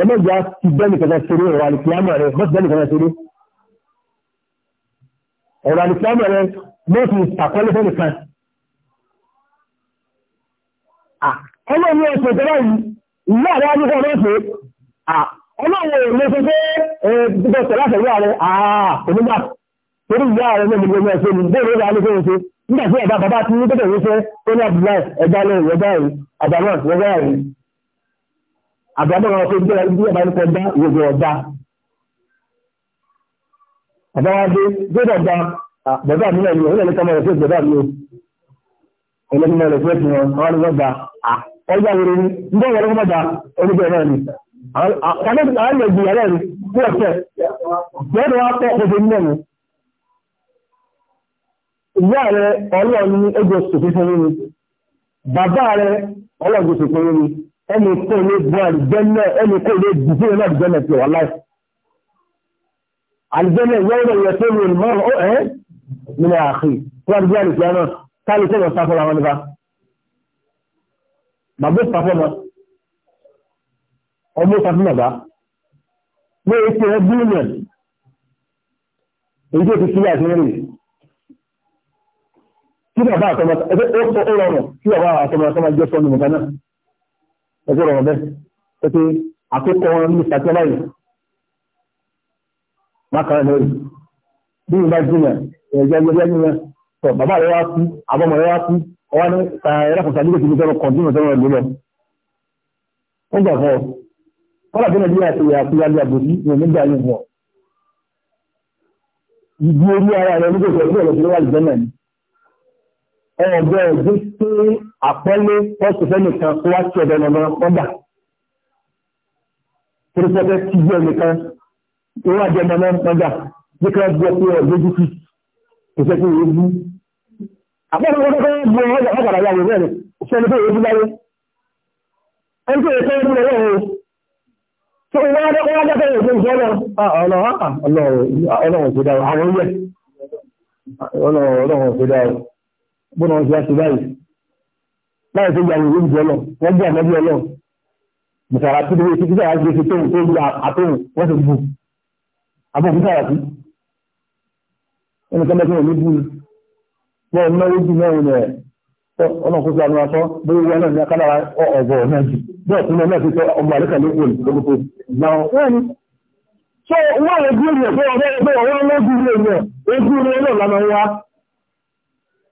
ẹlẹ́gbà ti bẹ́ẹ̀lì kẹta ṣeré ọ̀rọ̀ alìkìyàmà rẹ̀ mọ́sí bẹ́ẹ̀lì kẹta ṣeré. Ọ̀rọ̀ alìkìyàmà rẹ̀ mọ́sí ìsàkọ́lẹ̀ fẹ́lì kan. Ọlọ́run ọ̀sẹ̀ ìjọba yìí, ìyá rẹ̀ á ní kọ́ ọlọ́sẹ̀. Ọlọ́run ò lè fẹ́ bẹ́ẹ̀ bẹ́ẹ̀ sọ̀rọ̀ àṣẹ̀yà rẹ̀, àà, onígbà, torí ìyá rẹ̀ náà nígbà tí ẹ̀dá bàbá tí ní gbẹ́dẹ̀ wíṣẹ́ ó ní àdúrà ẹ̀dá lè wọ́dá rí àdámọ́ wọ́dá rí àdámọ́ wọn tó gbé ibi ẹ̀bá nípa ọ̀dá gbogbo ọ̀dá àbáwádé gbọ́dọ̀ da bàbá mi náà ni òun lẹ́nu kọ́mọ rẹ̀ fún bàbá mi o ẹlẹ́nu náà rẹ̀ fún ẹ̀sìn wọn àwọn ọmọ da ọjà wẹrẹ ni nígbà wẹrẹ ọmọ da oníbẹ̀ náà ni àwọn ẹgbẹ̀rún ni wọ́n fẹ́ ìyá rẹ ọlọ́run ní ẹgbẹ́ òṣèlú fún mi bàbá rẹ ọlọ́run ní òṣèlú fún mi ẹni kó lè bu àlùjẹ́nà ẹni kó lè dùbú ẹni àlùjẹ́nà ti wà láì àlùjẹ́nà ìyá bàbá ó ọmọ ọmọ ó sàfún tí ẹ bí ènìyàn èyí tó ti sílẹ̀ àti mẹ́rin kí bàbá àtọmọ ẹgbẹ́ ó sọ ó rọrùn kí bàbá àtọmọ àtọmọ jẹ́ sọ́nù nìkan náà ẹgbẹ́ rọrùn bẹ́ẹ̀ pé pé àkókò wọn ní ìsàkẹ́ báyìí mákàrá lórí bí ìgbà jìnà ẹ̀jẹ̀ ẹgbẹ́ jìnà tọ bàbá rẹ wá kú àbọ̀mọ̀ rẹ wá kú ọwọ́ ní ẹ̀rọ̀kùnrin sàdúgbò tí mo fẹ́ràn kọ̀ jìnà tẹ́wọ̀n lólọ. ó gbà fọ kọ́lá bí nàìjíríà ti yà kú yálé àbòsí ìwọ̀n nígbà yìí wọ̀ ìdí orí ara rẹ nígbà tó ẹgbẹ́ rẹ ti wá ìgbẹ́ ọ̀gbẹ́ ẹ̀gbẹ́ sí àpọ́lé ọ̀sùnfẹ́ nìkan kó wá sí ọ̀dọ̀ ọ̀nà ọ̀gbà pẹ̀lúpẹ̀lẹ́ tí gbé nìkan tó wá jẹ ọ̀nà ọ̀gbà bí kan gbé pé ọ̀gbẹ́ jùkú kò sẹ́ pé ìwé bú àpọ́lé ọ̀gbẹ́ kan bú ọ̀gbà ọ̀gbà yà wọ̀ rẹ̀ ṣe ẹni pé ìwé bú láyé ẹni pé ìwé bú láyé o tó wá wá dákẹ́ ìwé bú ọ̀nà ọ̀nà ọ̀nà ọ̀nà ọ̀nà ọ̀nà bọ́nà ọ̀sẹ̀ àti báyìí láì tó gbà ìwé ìjọ lọ wọ́n gbà mẹ́bí ọlọ́ bùkàrà tó dé títí sára ti fi tóun tó gba àtòun wọ́n ti bù àbọ̀ òkúta àti ẹnì kan bẹ́ẹ̀ tó ní bù wọ́n náwó jù náà ní ẹ̀ ọ̀nà òkúta àwọn aṣọ bóyá wọn náà ní akádára ọ̀bọ̀ náà jù bẹ́ẹ̀ tó náà ti sọ ọmọ àríkà ní ìwé ìgbókòtò náà wọ́n ni so wọ́n lè gbé ìrìn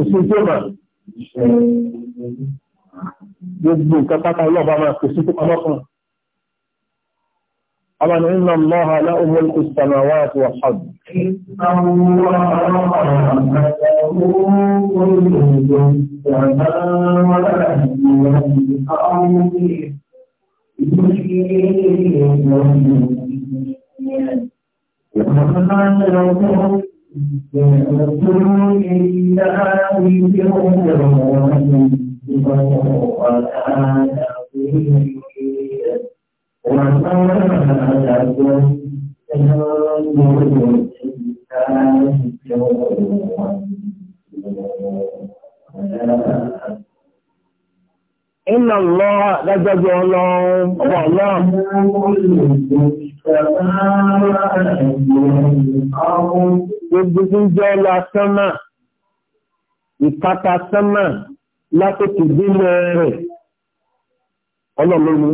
kò sí tí ó mà gbogbo nǹkan pátá ọlọ́ọ̀bá máa kò tó pamọ́ fún un. أمن إن الله له ملك السماوات والأرض Thank you. يقول إلا وما لكم تنظرون Iná lọ lágbàjọ ọlọ́run ọmọ ọlọ́run. Àwọn olùgbò ìgbà máa ń rà ẹ̀gbọ́n àwọn gbogbo tó ń jẹ́ ọlá sánmà ìkàtà sánmà látòkè délẹ̀ rẹ̀ ọlọ́lọ́mú.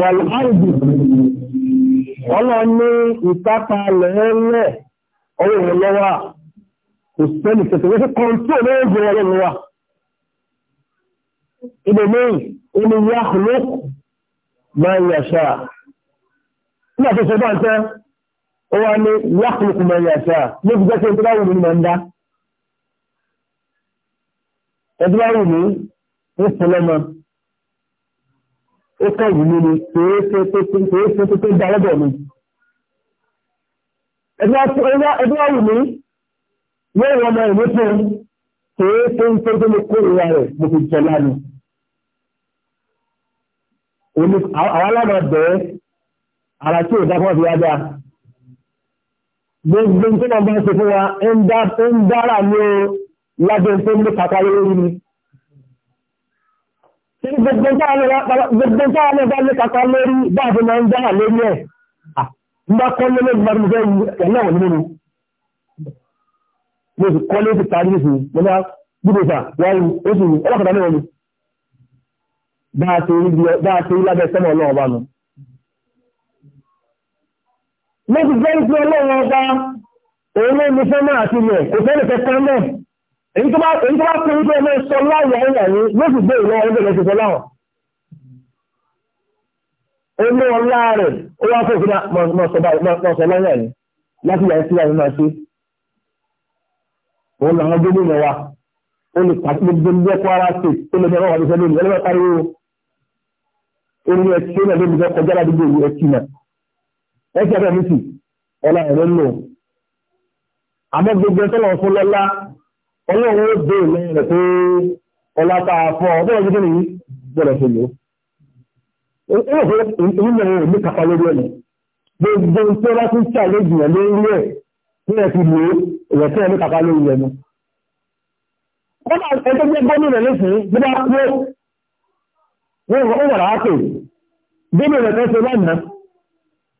Wàlúhàìdì ọlọ́ni ìkàtà lẹ́ẹ̀lẹ̀ ọwọ́ ìrànlọ́wà kò sẹ́lì tẹ̀tẹ̀ wọ́n kọ́ntó lóògùn ọlọ́lọ́wà. Ibẹ̀ mẹ́rin, ó ní yá ó wá ní yàkùnkùn mọ̀ yàtọ̀ ní ìgbẹ́ tí ẹ̀tọ́ bá wù ní mọ̀ ń dá ẹ̀tọ́ bá wù ní ó fọlọ́mọ ó kọ̀ wù ní ni kìí ṣe tó tó dá lọ́dọ̀ mi ẹ̀tọ́ bá wù ní yóò wọ́n mọ̀ ìwé fún kìí ṣe ń tó tó lè kó ìwà rẹ̀ mo fi jẹ lánàá àwọn alámọ̀ bẹ́ẹ̀ ara tí gbogbo tó máa bá ń ṣe fún wa ń dára ní o lábẹ́ tó ní pàtàkì lórí ni. Gbogbo táwọn náà bá ní kàkà lórí bá àfi máa ń dára lórí ẹ̀. Mbá kọ́lé lórí bá nígbà ẹ̀lẹ́ wọ̀n nínú. Mo sì kọ́lé ti parí sí mo bá gbúdọ̀ sà wọ́n ní oṣù ọlọ́kadà náà ni. Bá a ti rí lábẹ́ sẹ́mọ̀ ọlọ́ọ̀bá nù mo ti gbọ́ ìpín ọlọ́run ọba òun ló ní sọ́mọ́ àti ilẹ̀ kò fẹ́lẹ̀ kẹta mẹ́ èyí tó bá kún wípé ọmọ sọ láàyè ẹ̀yà ni ló sì gbé ìlọ ọdún lọ sí sọ láwọn olú ọlá rẹ̀ ó wá fún ìfúnná mọ̀sọ̀ lọ́yà ni láti yà sí àwọn máa ṣe òun làwọn gómìnà wa ó lè pàṣẹ gbogbo ní ẹ̀kọ́ ara ṣe ó lè bẹ̀rẹ̀ wà ní sẹ́lẹ̀ ní ẹlẹ́wọ̀n pariwo ó ní ẹtí ó lè lè kọjá ẹ̀kẹ́ bẹ́ẹ̀ mi sì ọlá ẹ̀rọ ń lò àmọ́ gbogbo ẹ̀tọ́ lọ́wọ́ fún lọ́lá ọlọ́run ó dé lẹ́yìn rẹ̀ pé ọlá tá a fọ́ ọ bẹ́ẹ̀ gbogbo yìí gbọ́dọ̀ ṣe lò ó ó fẹ́ èyí mẹ́rin ò ní kàkà lórí ẹ̀ gbogbo tó bá tún ṣàlejò ẹ̀ lórí ẹ̀ tí ẹ ti lò ó ìrẹ̀ tí ẹ ní kàkà lórí ẹ̀ nu. kọ́nà ẹgbẹ́ jẹ́ gómìnà lẹ́sìn bí wọ́n wọ́n wọ̀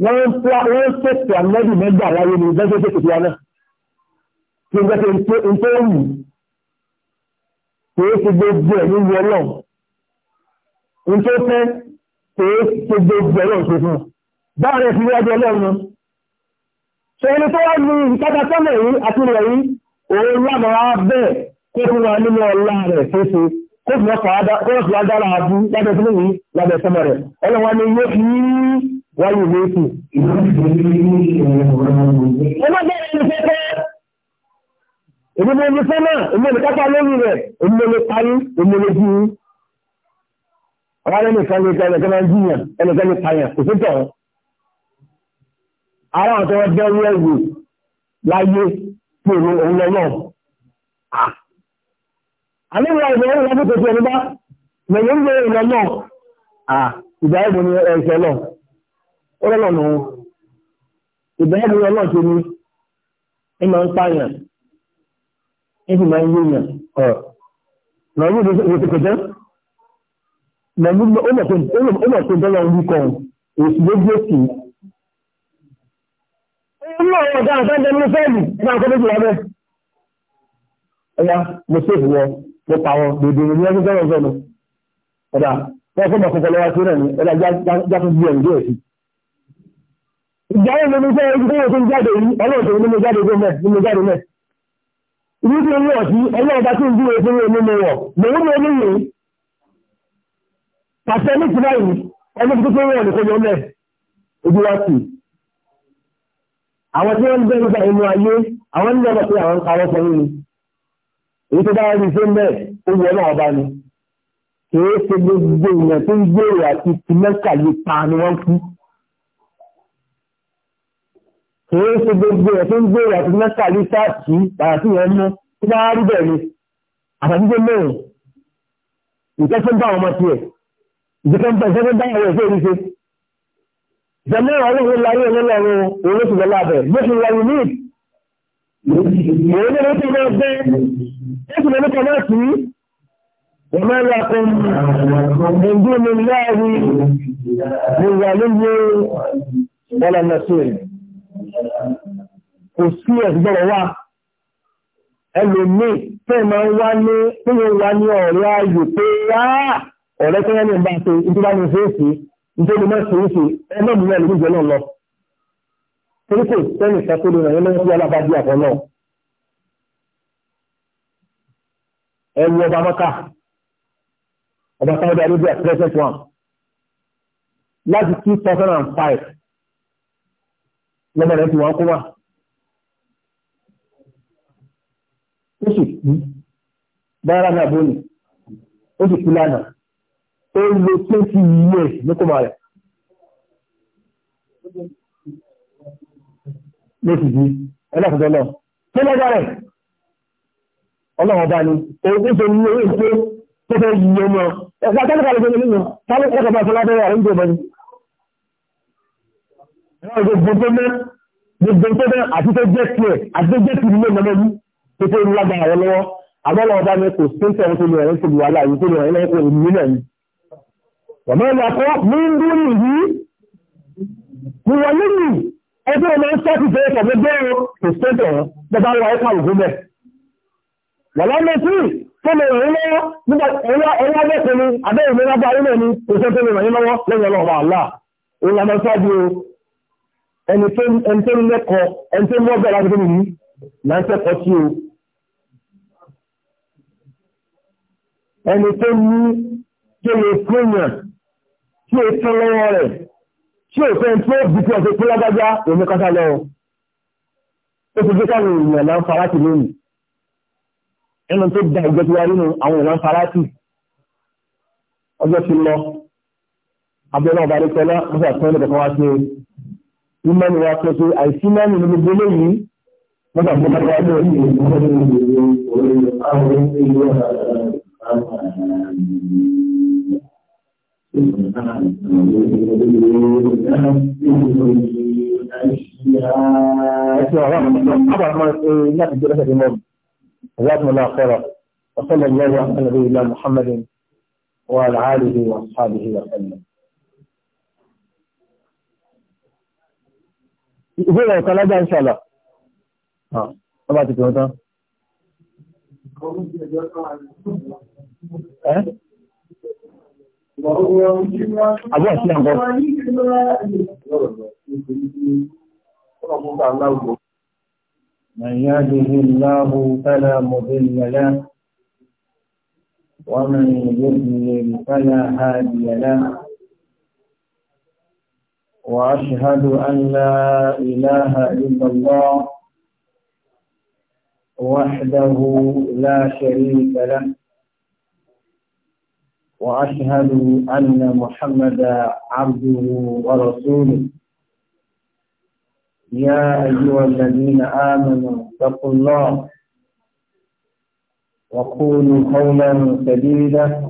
wọ́n ń pèsè àmọ́dì mẹ́gbà láyé ní ìgbẹ́jọ́ tó kìí wọn kí n gbẹ́sẹ̀ ń tó wù kò é ṣe gbogbo ẹ̀ nínú ọlọ́run ń tó fẹ́ kò é ṣe gbogbo ẹ̀ lọ́run tó fún báwọn ẹ̀ fi wájú ọlọ́run ṣe ẹni tó wá ní ìkáta sọ́mọ̀ yìí àti rẹ̀ yìí òun lámàá bẹ́ẹ̀ kó fún wa nínú ọlá rẹ̀ tó ṣe kó fún wa dára abú lábẹ́ sọ́mọ̀ rẹ̀ ọlọ́run wa ni yóò fi wáyé méjì. Mo má bẹ̀rẹ̀ ní fẹ́fẹ́. Èmi mo ní fẹ́ náà, èmi ò ní kápá lórí rẹ̀, èmi mo lè parí, èmi mo lè jí. Àwọn alẹ́ nìkan lè ta ẹnìkan máa ń jiyàn, ẹnìkan lè pààyàn, kò sí tọ̀. Ara àwọn tọwọ́ dẹ́rú ẹ̀wò láyé tí òun òun lọ náà. Àlẹ́ ìwà ìwà ìwà ìwà ìwà ìwà ìwà ìwà ìwà ìwà ìwà ìwà ìwà ọlọ́nà nù ìbẹ̀rẹ̀ lórí ọlọ́run ṣe ní ẹ máa ń pààyàn ẹ sì máa ń yéèyàn ọ̀ lọ́wọ́ yóò fi ṣe kẹ̀kẹ́ lọ́wọ́ ó mọ̀ pé dọ́là ń wíkọ̀ èsì ló gbé sí i. Ilé ọ̀rọ̀ ọ̀gá àtàndẹ̀ ní fẹ́ẹ̀lì ẹgbẹ́ akọ́ méjìlá bẹ́ẹ̀. Ẹ̀yà mo ṣèfù wọ, mo pa wọn, dèdè ní ẹgbẹ́ fẹ́ràn fẹ́ràn. Ọ̀dà, wọ́n fẹ́ mọ̀ kọ̀kọ̀ lọ́wọ́ sí rẹ̀ ní ọ̀dà jáfẹ́ bí ẹ̀ ń gbé ẹ̀sìn. ìgbà yẹn lómi jẹ́ ibi tó ń jáde yìí ọlọ́ọ̀tọ̀ ní mo jáde gbé mẹ́ ní mo jáde mẹ́. ìlú tí ń wọ̀ sí ẹlẹ́yìn bá tí ń dúró fún mi mo wọ̀ mò ń lo pàṣẹ ní ti báyìí ẹni tó tó wọ̀ nìkan yọ mẹ́ ojú wa sì. àwọn tí wọ́n ń bẹ́ẹ̀ nígbà inú ayé àwọn nílò ọ̀pọ̀ pé àwọn ń kawọ́ sọ yìí èyí tó bá rí sí mẹ́ ó ṣe gbogbo ìyẹn tó ń gbèrò àti tìmẹ́kà yìí pa ni wọ́n kú. kìí ṣe gbogbo ẹ̀ tó ń gbé àti mẹ́ta lé sáàtì tààrà sí ìyẹn mú tí wọ́n á rí bẹ́ẹ̀ ni àtàkùnjẹ mẹ́rin ìkẹ́sẹ̀ ń bá ọmọ tiẹ̀ ìjẹ́kẹ́ ń bá ìṣẹ́kẹ́ bá ọ̀rọ̀ ìṣe ìṣe ìṣẹ́lẹ̀ ọlọ́run láyé ọlọ́run òun ló ti lọ lábẹ́ ló ti ní ìwé ló ti lọ bẹ́ ti lọ kò sí ẹ̀sùgbọ́rọ̀ wá ẹlòmí tẹ́ ma ń wá ní pínlẹ̀ wá ní ọ̀rẹ́ ayò pé ráà ọ̀rẹ́ tẹ́yẹ́ ní ìbá ṣe ìdí bá ní fèèsì nítorí mọ́ sí ìṣe ẹgbẹ́ mi náà lóúnjẹ náà lọ torí kò sẹ́ni ìṣàkóso rẹ̀ nínú ìwé alábàájú àkọ́ náà ẹwu ọba mọ́ká ọba sáwọ́dà ló bí at present one láti two thousand and five lọ́mọ rẹ̀ ti wá kó wà. ó sì kú bára náà bóni ó sì kú lánàá ó lo twenty years ní kó máa rẹ̀. ló sì di ẹlẹ́kùnjẹ́ náà kí lọ́jọ́ rẹ̀ ọlọ́run ọba ni òun tó ṣe ní orí ìpé tó fẹ́ yí ọmọ ẹ̀ka tẹ́lifà lè ṣe nínú tálẹ́kọ̀ọ́ bá fọlá bẹ́rẹ̀ àrùn jẹ́ ọmọ ni. Wọ́n gbogbo tó mẹ́, gbogbo tó mẹ́ àti tó jẹ́ tiẹ̀, àti tó jẹ́ tìrì mẹ́rin lọ́mọ́ yìí, tó tó ń lágbára wọn lọ́wọ́. Àmọ́ lọ́wọ́ bá mi kò sí ń sọ̀rọ̀ tó lè rẹ̀ ń tóbi wàhálà yìí tó lè rẹ̀ ń lọ́wọ́ èmi nílẹ̀ yìí. Wàmọ́ ẹ̀lọ́ akọ́ mi ń dún nìyí. Mo wà lẹ́yìn ẹgbẹ́ ọmọ ń sọ́ọ̀tì fẹ́ ẹ̀kọ́ bẹ́ẹ̀ kò sẹ́dọ̀ bẹ́ẹ̀ wà ẹ̀ka ògùn bẹ́ẹ̀. Wàlá mẹ́tì tó lè rìn lọ́wọ́ nígbà ẹ̀yà bẹ́ẹ̀ ni àbẹ́yẹ̀ mi lágbára ní kò sẹ́dọ̀ lè rìn lọ́wọ́ lẹ́yìn ọlọ́ọ̀bà àlá. Òun làmọ́ sáájú ẹni tó ń lẹ́kọ̀ọ́ ẹni tó ń mọ́ bẹ́ẹ̀ láti fún mi là ń kẹ́kọ̀ọ́ sí o ẹni tó ní tó lè fúnyàn tí ó tán lọ́wọ́ rẹ̀ tí ó fẹ́ tí ó bí tí ọ̀sẹ̀ tó lágbájá òun kásá lọ ó ti gbé káwọn èèyàn náà farati lónìí ẹnu tó da ìjọ ti wá nínú àwọn èèyàn farati ọjọ́ ti lọ ìmọ̀ni eh, wa sọ pé àìsí mọ́ni ní gbogbo léyìí mọ́ta tó bá wà ní جزاكم الله خيرا وصلى الله على نبينا محمد وعلى اله واصحابه وسلم ìbéèrè ọ̀kan lájà ń ṣàlà ọ bá ti pè wọ́n tán. àbọ̀ sí àgọ́. من يهده الله فلا مضل له ومن يضلل فلا هادي وأشهد أن لا إله إلا الله وحده لا شريك له وأشهد أن محمدا عبده ورسوله يا أيها الذين آمنوا اتقوا الله وقولوا قولا سديدا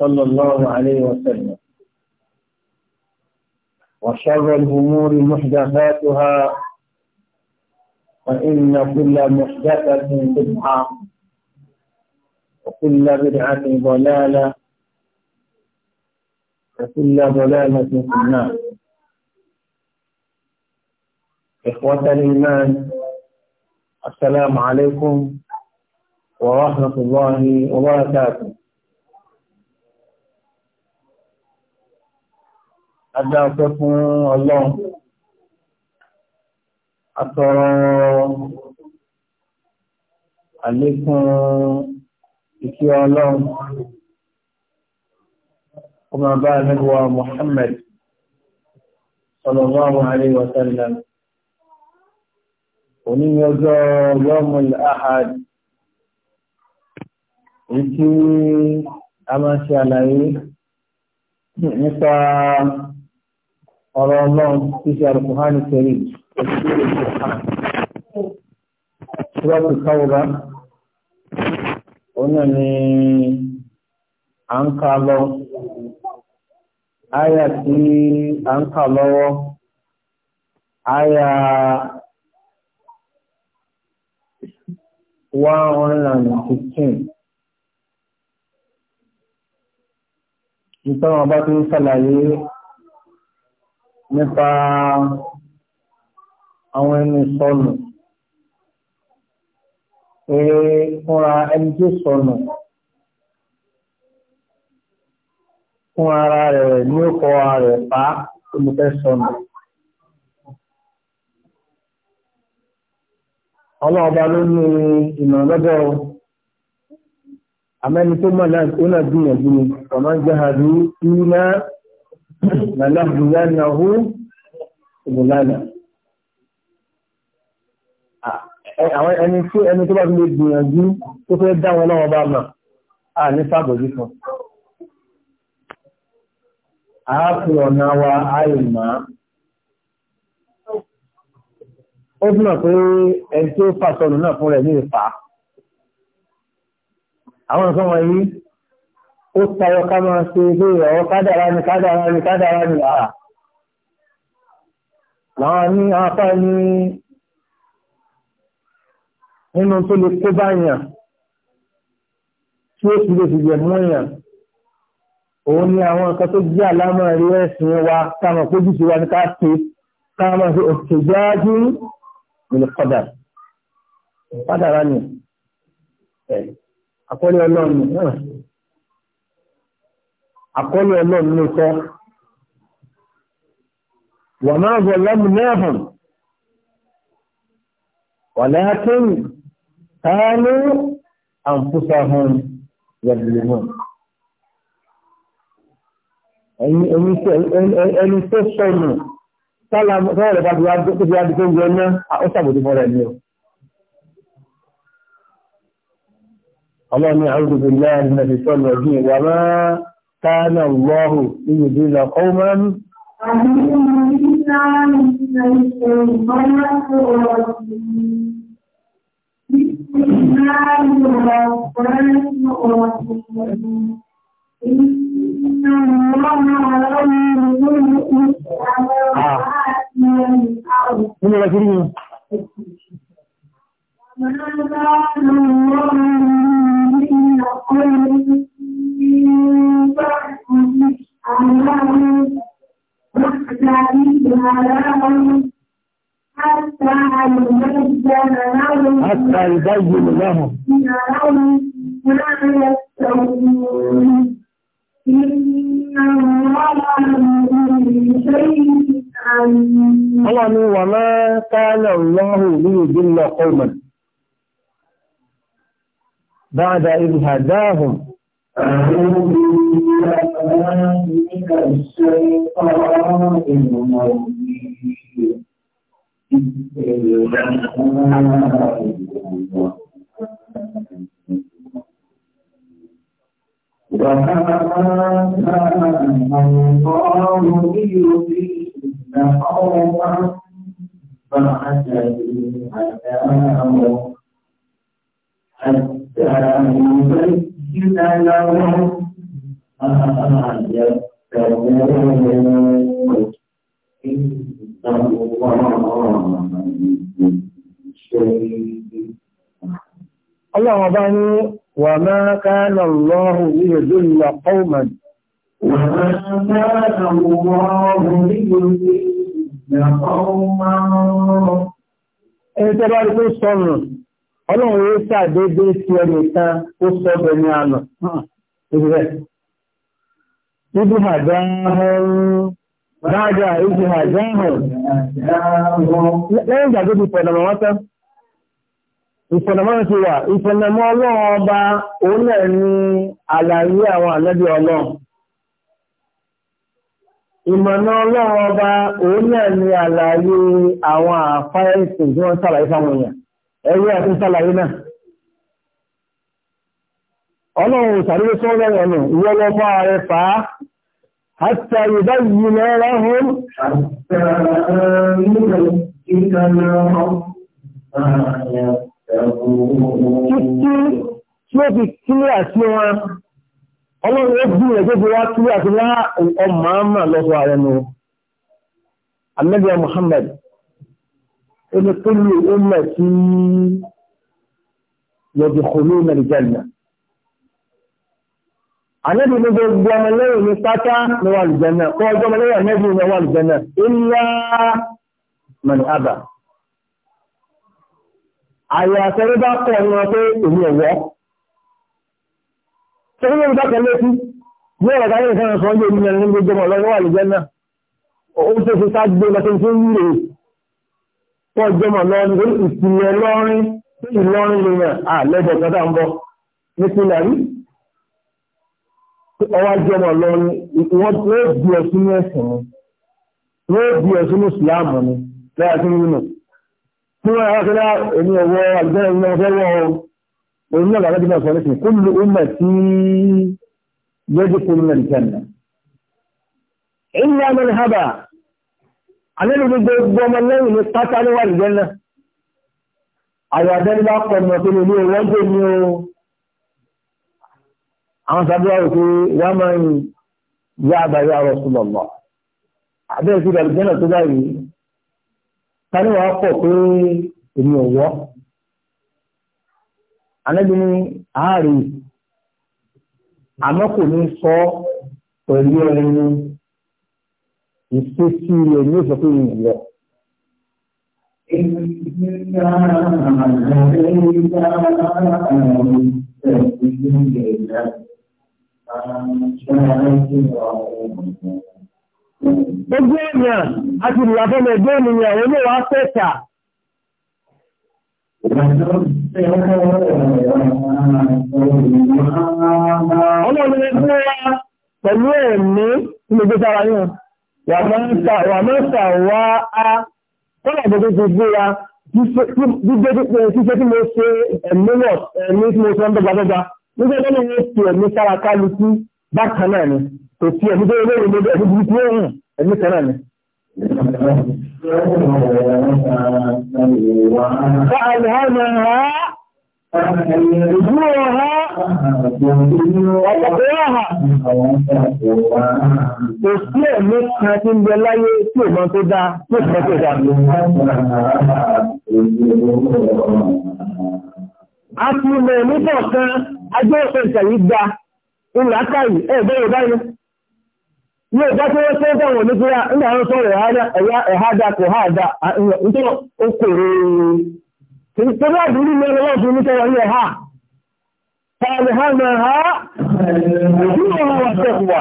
صلى الله عليه وسلم وشر الأمور محدثاتها فإن كل محدثة بدعة وكل بدعة ضلالة وكل ضلالة في النار إخوة الإيمان السلام عليكم ورحمة الله وبركاته adá ọpẹ́ fún ọlọ́run atọrọ àlékún ìkẹ́ ọlọ́run ọmọ bá nígbà Muhammad sallallahu alaihi wa sallam òní ni ọjọ́ yọ́mùl ahad èyí a máa ṣe àlàyé nípa ọ̀rọ̀ ọlọ́run títí alùpùhánì kẹrì ìṣẹ́lẹ̀ ìṣẹ́lẹ̀ ṣúrọ́pù káwọ́bá ọ̀nà ni à ń kà lọ áyà tí à ń kà lọ́wọ́ nípa àwọn ẹni sọnù eré fúnra ẹni tó sọnù fún ara rẹ̀ ní ó rẹ̀ pa olùfẹ́ sọnù. ọlọ́ọ̀bá ló ní ìmọ̀ lọ́dọ̀ àmẹ́ni tó mọ̀ náà gbìyànjú lọ́lọ́bùlánàhú ìbùlánà àwọn ẹni tí ẹni tó bá fi lè gbìyànjú tó fẹ́ dáwọn náà bá mà á ní sábòjú kan a fi ọ̀nà wa àìmá ó dúnà pé ẹni tó fàtọ̀nù náà fún rẹ̀ ní ìfà àwọn nǹkan wọ̀nyí ó tayọ ká máa ṣe ilé ìrọ̀wọ́ kádàrá ni kádàrá ni kádàrá ni àrà. Ah. Àwọn ní apá ní nínú tó lè kó bá yàn tí ó sì lè fi jẹ̀ mú yàn. Òun ni àwọn nǹkan tó jẹ́ àlámọ̀ rí ẹ̀sìn wa káwọn péjú sí wa ní ká ṣe káwọn ṣe òkè jáájú ìlú kọ́dà. Kádàrá ni àkọ́lé ọlọ́run náà àkọlù ọlọ́run ló sọ wà máa bọ̀ lọ́mù náà hàn wà láàkín tààlú àǹfúsà hàn yàgbìlì hàn ẹni tó sọnù sọ́ọ̀rẹ̀ bá ti wá di ọlọ́run ni àwọn olùgbèlè àrùn ẹ̀sìn sọ́ọ̀nù ọdún ìwà máa كان الله يذل قوما Thank you. بعدهم أهلهم محتاجين حتى يبين لهم حتى يبين لهم ما يستوون Allah ni wà máa káàlẹ̀ Allahun ní ìdílọ̀ ọmọ. Báadà ìrìhàdáhùn أعوذ بالله من الشيطان الرجيم بسم الله الرحمن وما كان الله ليضل قوما بعد العذاب حتى يبين إن لهم ما يتقون إن الله شيء الله أباني وما كان الله ليذل قوما وما كان الله ليذل قوما إن تبارك الصلاة ọlọ́run ó ṣàdédé sí ẹnìkan ó sọ́bẹ̀ ní àná ìrẹ́ ibi àdáhùn dáadáa ibi àdáhùn lẹ́yìn ìgbà tó ti pẹ̀lọ̀mọ̀ wọ́n tán ìfẹ̀lọ̀mọ́ ti wà ọlọ́run ọba ní àlàyé àwọn ọlọ́run ìmọ̀nà ọlọ́run ọba ní àlàyé àwọn tí wọ́n fáwọn èèyàn ẹ̀rọ àti sàlàyé náà ọlọ́run ìsàríwé sọ́rọ̀ ọ̀nà ìwọ́lọ́ bá rẹ̀ fàá àtà ìdá yìí lọ́rọ̀ ọ̀hún títí tí ó fi kílẹ̀ àti wọn ọlọ́run ó bí rẹ̀ gbogbo wá kílẹ̀ àti lá ọmọ àmà lọ́sọ̀ ààrẹ nù Muhammad إن كل أمتي يدخلون الجنة أنا بنقول الجملة نفتا نوى الجنة قول الجملة نبي نوى الجنة إلا من أبى àyà àtẹ́rẹ́ bá kọ́ ọ̀nà pé èmi ọ̀wọ́ tẹ́lẹ̀ ìbá kan létí ní ọ̀rọ̀ káyẹ̀ ìfẹ́ràn sọ́jọ́ ìmìnira ní gbogbo ọmọ lọ́wọ́ àlùjẹ́ ó tó fi sáájú lọ́tọ́ tó tó jọmọ̀ lọ́rin pé ìpìlẹ̀ lọ́rin pé ìlọrin lè rẹ̀ àlẹ́bọ̀ kọ́tà ń bọ̀ nípìnlẹ̀ rí ọwá jọmọ̀ lọ́rin wọ́n tó di ẹ̀sùn ní ẹ̀sìn ni wọ́n di ẹ̀sùn ní ìsìláàmù ni lẹ́yà tó nínú tí wọ́n yára kẹ́lá ah, èmi ọ̀wọ́ àgbẹ̀rẹ̀ ní ọ̀fẹ́ wọ́ òun náà làwọn jùlọ sọ nísìn kullu ummati yẹ́dí kúlù náà ìkẹ́nà. ìlànà ìhábà àlẹ́lú gbogbo ọmọ lẹ́yìn ní pátá ló wà nìjẹ́ náà àwọn àdáni bá pọ̀ mọ̀ pé lórí wọ́n gbé ní o àwọn sábẹ́ àwọn òkè wọ́n máa ń yá àbáyé àrọ̀ sùlọ̀ mọ́ àbẹ́ sí ìdàlùjẹ́ náà tó báyìí tani wàá pọ̀ pé èmi ò àlẹ́bí ní ààrẹ àmọ́ kò ní sọ pẹ̀lú ẹni ìṣesí rẹ̀ ní ìsọ pé ìyìn rẹ̀. Gbogbo ènìyàn àti ìlàfẹ́lẹ̀ ẹgbẹ́ ènìyàn àwọn olówó apẹ́ta. Ọlọ́run ẹgbẹ́ wa pẹ̀lú ẹ̀mí ilé gbé sára yóò wà máa ń sà wá á kọ́nà gbogbo ti gbéra gbígbé dípò ṣíṣe tí mo ṣe ẹ̀mílọ̀ ẹ̀mí tí mo ṣe ń dọ́gba dọ́gba nígbà tó ní wọ́n ti ẹ̀mí sára kálukú bákan náà ni kò sí ẹ̀mí tó lórí ẹ̀mí ẹ̀mí burúkú ó hàn ẹ̀mí kan náà ni. Fáàlì hàn máa ń rà á. Ìgbúròha ọha kò sí ẹ̀mí kan tí ń bẹ láyé tí òmọ tó dáa tí òmọ tó dáa. A ti mọ̀ ní kọ̀ọ̀kan ajọ́ ìpẹ̀sẹ̀ yìí gba ìlàkàyì ẹ̀gbẹ́ Ní tí wọ́n Tòbí àdúrí ní ọlọ́wọ́ fún ní tẹ́wọ̀ ilẹ̀ ha. Tààlì ha náà ha, ìlú ọmọ wà tẹ́kùwà.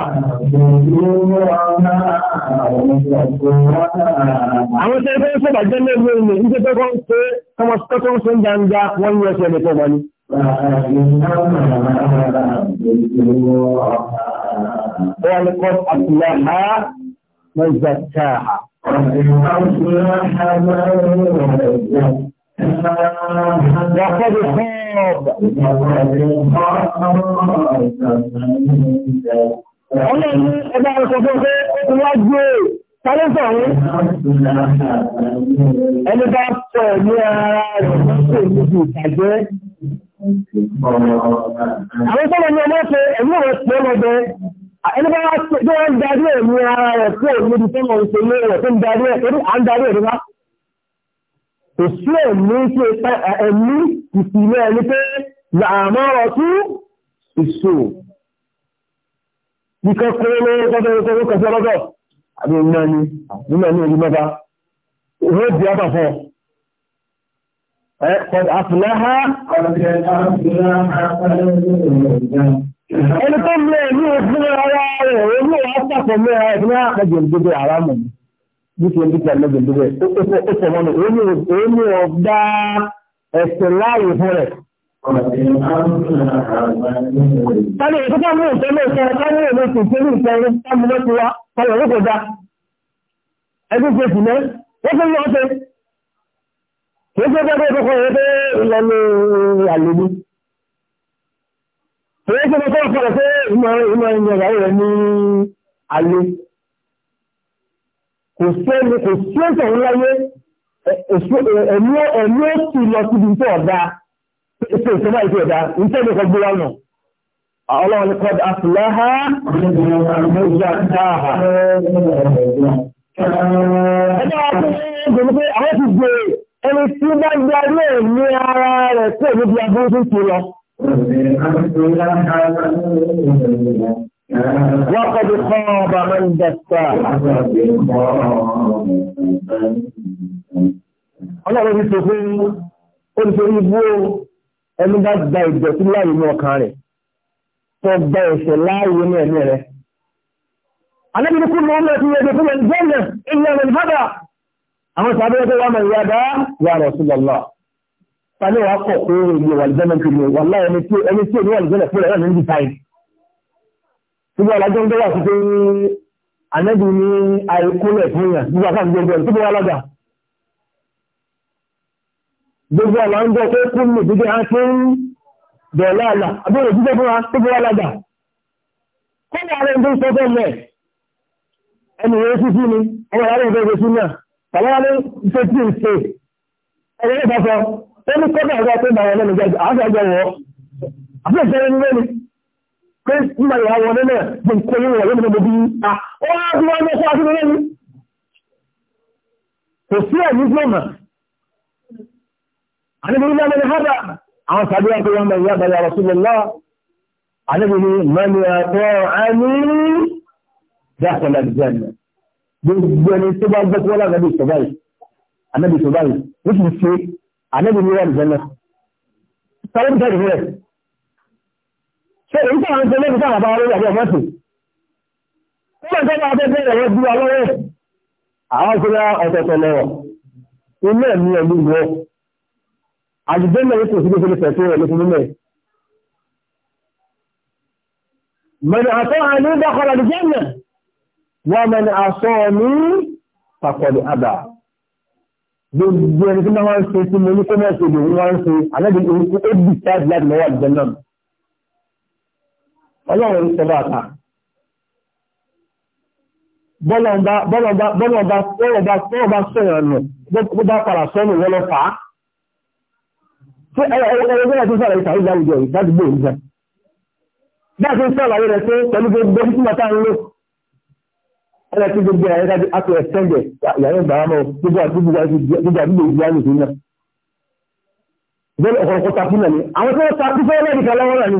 Àwọn tẹ́lẹ̀ fẹ́ sọ́bà jẹ́ lẹ́gbẹ̀ẹ́ ilẹ̀ ní tẹ́tẹ́ kan pé kọmọ tọ́tọ́ sí jàǹjà wọ́n wọ́n ni. Wọ́n ni kọ́ àtìlẹ̀ ha, mọ́ ìzàkà ha. وقد خاب ọlọ́run ẹgbẹ́ ọ̀sọ̀ tó pé wájú tàrífà ní ẹni bá pọ̀ ní ara rẹ̀ lọ́pọ̀ níbi ìtàjẹ́ àwọn tọ́lọ ní ọmọ pé ẹ̀mí ọ̀rọ̀ pọ̀ lọ́dẹ ẹni bá tó wọ́n darí ẹ̀mí ara rẹ̀ pọ̀ níbi tọ́lọ ìṣẹ́lẹ̀ rẹ̀ tó ń darí ẹ̀ kò sí ẹ̀mí tí ẹ̀mí ìfìlẹ̀ ẹni pé làmọ́rọ̀ tú ìṣò nìkan kó ló kọ́tọ́ ìṣòro kẹsẹ̀ lọ́dọ̀ àbí ìmọ̀ ni nínú ẹ̀mí ìlú mẹ́ta ìwé ìdí ọ̀tọ̀ fún ọ. Ẹ̀kọ́ àfìlẹ́há ẹni tó mú ẹ̀mí ìfúnra ara rẹ̀ olú ọ̀pọ̀ mẹ́ra ẹ̀fúnra àpẹjẹ̀ gbogbo àrámù ni dúkìá dúkìá lọ́gbìn dúkìá ó pọ̀ mọ́nà èmi ò dá ẹ̀sìn láàyè fún rẹ̀. Tani ìtọ́jú mú ìtọ́lé ìtọ́ tani èmi kì í ṣe ní ìtọ́ ẹni tá mo lọ ti wá tọ́lọ̀ ló kò dá. Ẹbí ṣe sì mẹ́, ó fi yọ ọ́sẹ̀. Kì í ṣe gbọ́dọ̀ tó kọ́ ẹ̀ pé ìlànà àlèmí. Kì í ṣe gbọ́dọ̀ tó kọ́ ẹ̀ pé ìmọ̀ ìmọ̀ ìyàrá rẹ̀ ní àlè kò sí ẹni kò sí ẹsẹ̀ ńláyé ẹ̀mí ẹ̀mí ó ti lọ síbi tó ọ̀dà ṣe ìṣẹ́lá ìṣẹ́ ọ̀dà ìṣẹ́ ìṣẹ́ gbé wá náà. Ọlọ́run ni kọ́d àfìláhá mọ́jáàtàhà. Ẹni àwọn tó ń gbé àwọn ti gbé ẹni tí bá gbé ayé ẹ̀mí ara rẹ̀ pé níbi abúrú tó ti lọ. وقد خاب من دساه ọlọ́run ti sọ fún oníṣòrí ibú ẹni bá gba ìdọ̀tí láàyè ní ọkàn rẹ̀ tó gba ẹ̀ṣẹ̀ láàyè ní ẹ̀mí rẹ̀ alábìrì kú mọ́ ọmọ ẹ̀sìn ẹ̀dẹ̀ fún ẹni jẹ́nà ilẹ̀ ẹ̀mí fádà àwọn sàbẹ̀ tó wà mọ̀ ìyá dáa yà rọ̀ sí lọ́lá tani wàá kọ̀ pé èmi wà lìjẹ́nà kiri wà láyé ẹni tí èmi wà lìjẹ́nà fún ẹ̀rọ mi ń dìtàyè gbogbo alájọ́ ń bẹ́ wà sí pé anẹ́bì ní àìkúnlẹ̀ fún yàn gbogbo àkáàkiri gbogbo ẹ̀ tó bọ́ wá lọ́jà gbogbo ọ̀la ń bọ́ pé kún lè gbogbo àwọn tó ń bẹ̀rẹ̀ àlà abẹ́rẹ̀ jíjẹ́ fún wa tó bọ́ wá lọ́jà kọ́ ní ààrẹ tó ń sọ bẹ́ẹ̀ ẹni rẹ̀ sí sí ni ọmọ ìyá rẹ̀ bẹ̀rẹ̀ sí náà tàbí wọn ṣe tí ń ṣe ẹni rẹ̀ bá sọ ó ní kọ́ pé nígbà ìwà wọlé náà mo ń kó yín wọ̀ lónìí mo bí a ó wá bí wọ́n mọ́kọ́ àti lónìí kò sí ẹ̀mí gbọ́mà àníbi ní mẹ́rin hábà àwọn tàbí ọkọ̀ yọmọ ìyá bàrẹ̀ àrọ̀sílẹ̀lá àníbi ní mẹ́rin ẹ̀kọ́ ẹni dákọ̀lá ìjẹ́nà gbogbo ẹni tó bá gbọ́kọ́ lára ànábì tó báyìí ànábì ṣe èyí tàbí ṣe lóbi sáà bá orí ọjọ́ mọ́tò nígbà tó máa tẹ́tẹ́ ẹ̀rọ bí wa lọ́wọ́ àwọn tó rá ọ̀tọ̀ọ̀tọ̀ lọ́wọ́ inú ẹ̀mí ẹ̀mí rẹ̀ àdìgbé mẹ́rin kò sí gbogbo fẹ̀tọ́ rẹ̀ lókun mẹ́ mẹ́rin àtọ́ àní dákọ̀rọ̀ àdìgbé mẹ́ wọ́n mẹ́rin àsọ ní pàkọ̀dé àbà gbogbo ẹni tí wọ́n ń ṣe sí mo ní kó mọ́ ṣe lòun wọ́n ń ṣe alẹ́ ọlọ́run ń sọba àtà bọ́lọ̀ba sọ̀rọ̀ nù bó bá padà sọ́nù wọn lọ fà á tí ẹgbẹ́ tó sọ̀rọ̀ ìtàrí láwùjọ ìdádúgbò ìjà bá ti ń sọ̀rọ̀ ayé rẹ̀ pé pẹ̀lú gbogbo tí mọ̀tá ń lò ẹ̀rẹ́ tí gbogbo ẹ̀rẹ́ dájú àti ẹ̀sẹ̀ǹdẹ̀ ìyàwó ìgbàrá mọ́ gbogbo àdúgbò ìjìyà nìkan náà bẹ́ẹ̀ ọ̀kọ̀ọ̀kọ̀ tapú náà ni àwọn tó tapú fẹ́ lẹ́ẹ̀dì kan lọ́wọ́ náà ni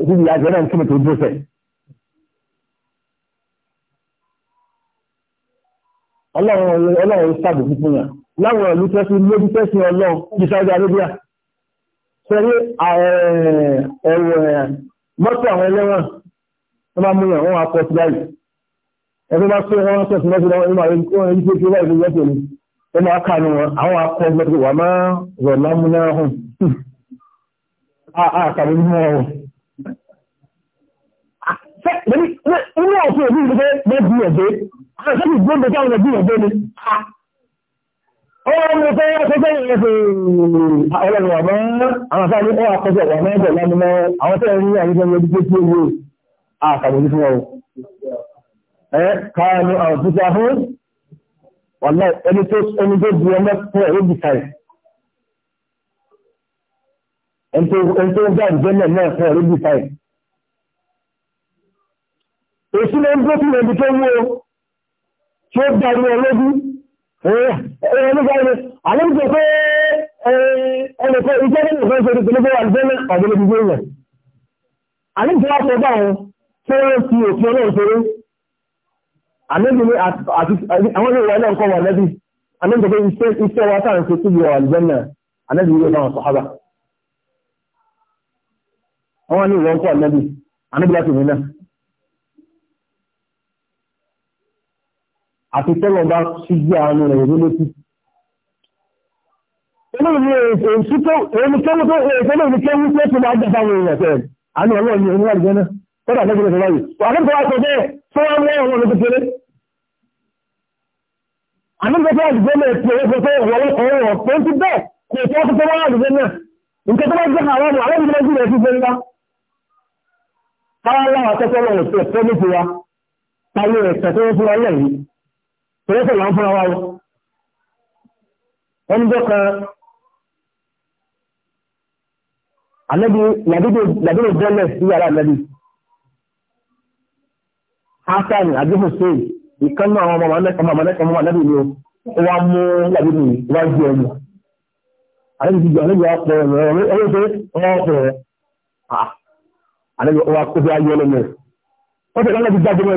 òkú ìyá àjọ náà ń túnbọ̀ tó dúró sẹ̀. ọlọ́run sábò fún yàn láwọn ìlú tẹ́sí lójú tẹ́sí ọlọ́run ní Saudi Arabia sẹ́rí ẹ̀rọ mọ́tò àwọn ẹlẹ́wọ̀n tó bá mú yàn wọ́n wá pọ̀ sí báyìí ẹgbẹ́ bá pé wọ́n pọ̀ sí mọ́tò lọ́wọ́ ìmọ̀ àwọn ìlú tó wáyé lójú ẹ̀sẹ̀ ni wọ́n máa kà ní wọn àwọn akọ mọ́tò wà máa rọ̀ lámúnáhùn àkàrí mọ́ ọ̀hún inú ọ̀fún òbí ìgbẹ́ lẹ́bí ẹ̀gbẹ́ àṣẹ́bí gbóǹdé káwọn ẹ̀bí ẹ̀gbẹ́ ni ọwọ́ mi fẹ́ ọkọ̀ṣẹ́ ìrẹsẹ̀ ọlọ́run ọ̀mọ́ àwọn afẹ́ ní ọwọ́ akọ́ṣẹ́ ọ̀wọ́ mẹ́jọ lánàá àwọn tẹ́ rí àríkẹ́ ní ọdún tó wó àkàbòjú fún ọ ẹ káàánú àwọn tó sá fún wàlá ẹni tó ẹni tó di ọmọ fún ẹ̀rọ bì káì ẹni tó ń gbà ìjẹ́ náà fún ẹ̀rọ bì káì èsì ló ń gbé sí ibi tó wú o tí ó darí ẹ lójú ẹ̀rọ nígbà ẹni àlejò pé ẹnìkan iṣẹ́ nínú ìfẹ́ ṣe ìpínlẹ̀ fún àlùfẹ́lẹ̀ ọ̀gbìn ibi gbẹ̀yìn àlejò wá sọ bá wọn tí wọ́n fi òfin ọlọ́run ṣeré àlejò ní àwọn ìwà náà kọ́ wọn lẹ́bí àlejò pé iṣẹ́ wa sáà ń ṣe síbi àlùfẹ́lẹ̀ àlejò yóò bá wọn sọ hábà wọn ní ìwọ̀n kọ́ lẹ́bí àlejò láti rìn náà àti tẹ́lọ̀ bá ṣígbé àánú rẹ̀ ní létí. Àníbẹ̀tẹ́ àdìgbẹ́mẹ̀ ìpòròfẹ́fẹ́ ọ̀wọ̀lọ́kọ̀ọ́wọ̀ tó ń ti bẹ́ẹ̀ kò tó ọ́kùn tó wọ́n àdìgbẹ́ náà. Nǹkan tó bá jẹ́ àwọn àwọn àwọn ìgbẹ́jú rẹ̀ ti fẹ́ ńlá. Káwọn láwọn akẹ́kọ̀ọ́ pẹ̀lẹ́sẹ̀ là ń fúnra wa wọ́n jọ kan alẹ́bí làbílò dẹ́lẹ̀ sí yàrá lẹ́bí hasan àbí hussein ìkànnà àwọn ọmọ mọ̀lẹ́kọ̀ọ́ ọmọ lẹ́bí ni ó wá mú làbílò wájú ẹnu alẹ́bí ti jọ alẹ́bí wa pọ̀ ẹ̀rọ ẹ̀rọ pé wọ́n pọ̀ ẹ̀ alẹ́bí wa kó fi ayé ẹlẹ́mẹ̀ ó fẹ́ lọ́lẹ́bí jáde mọ́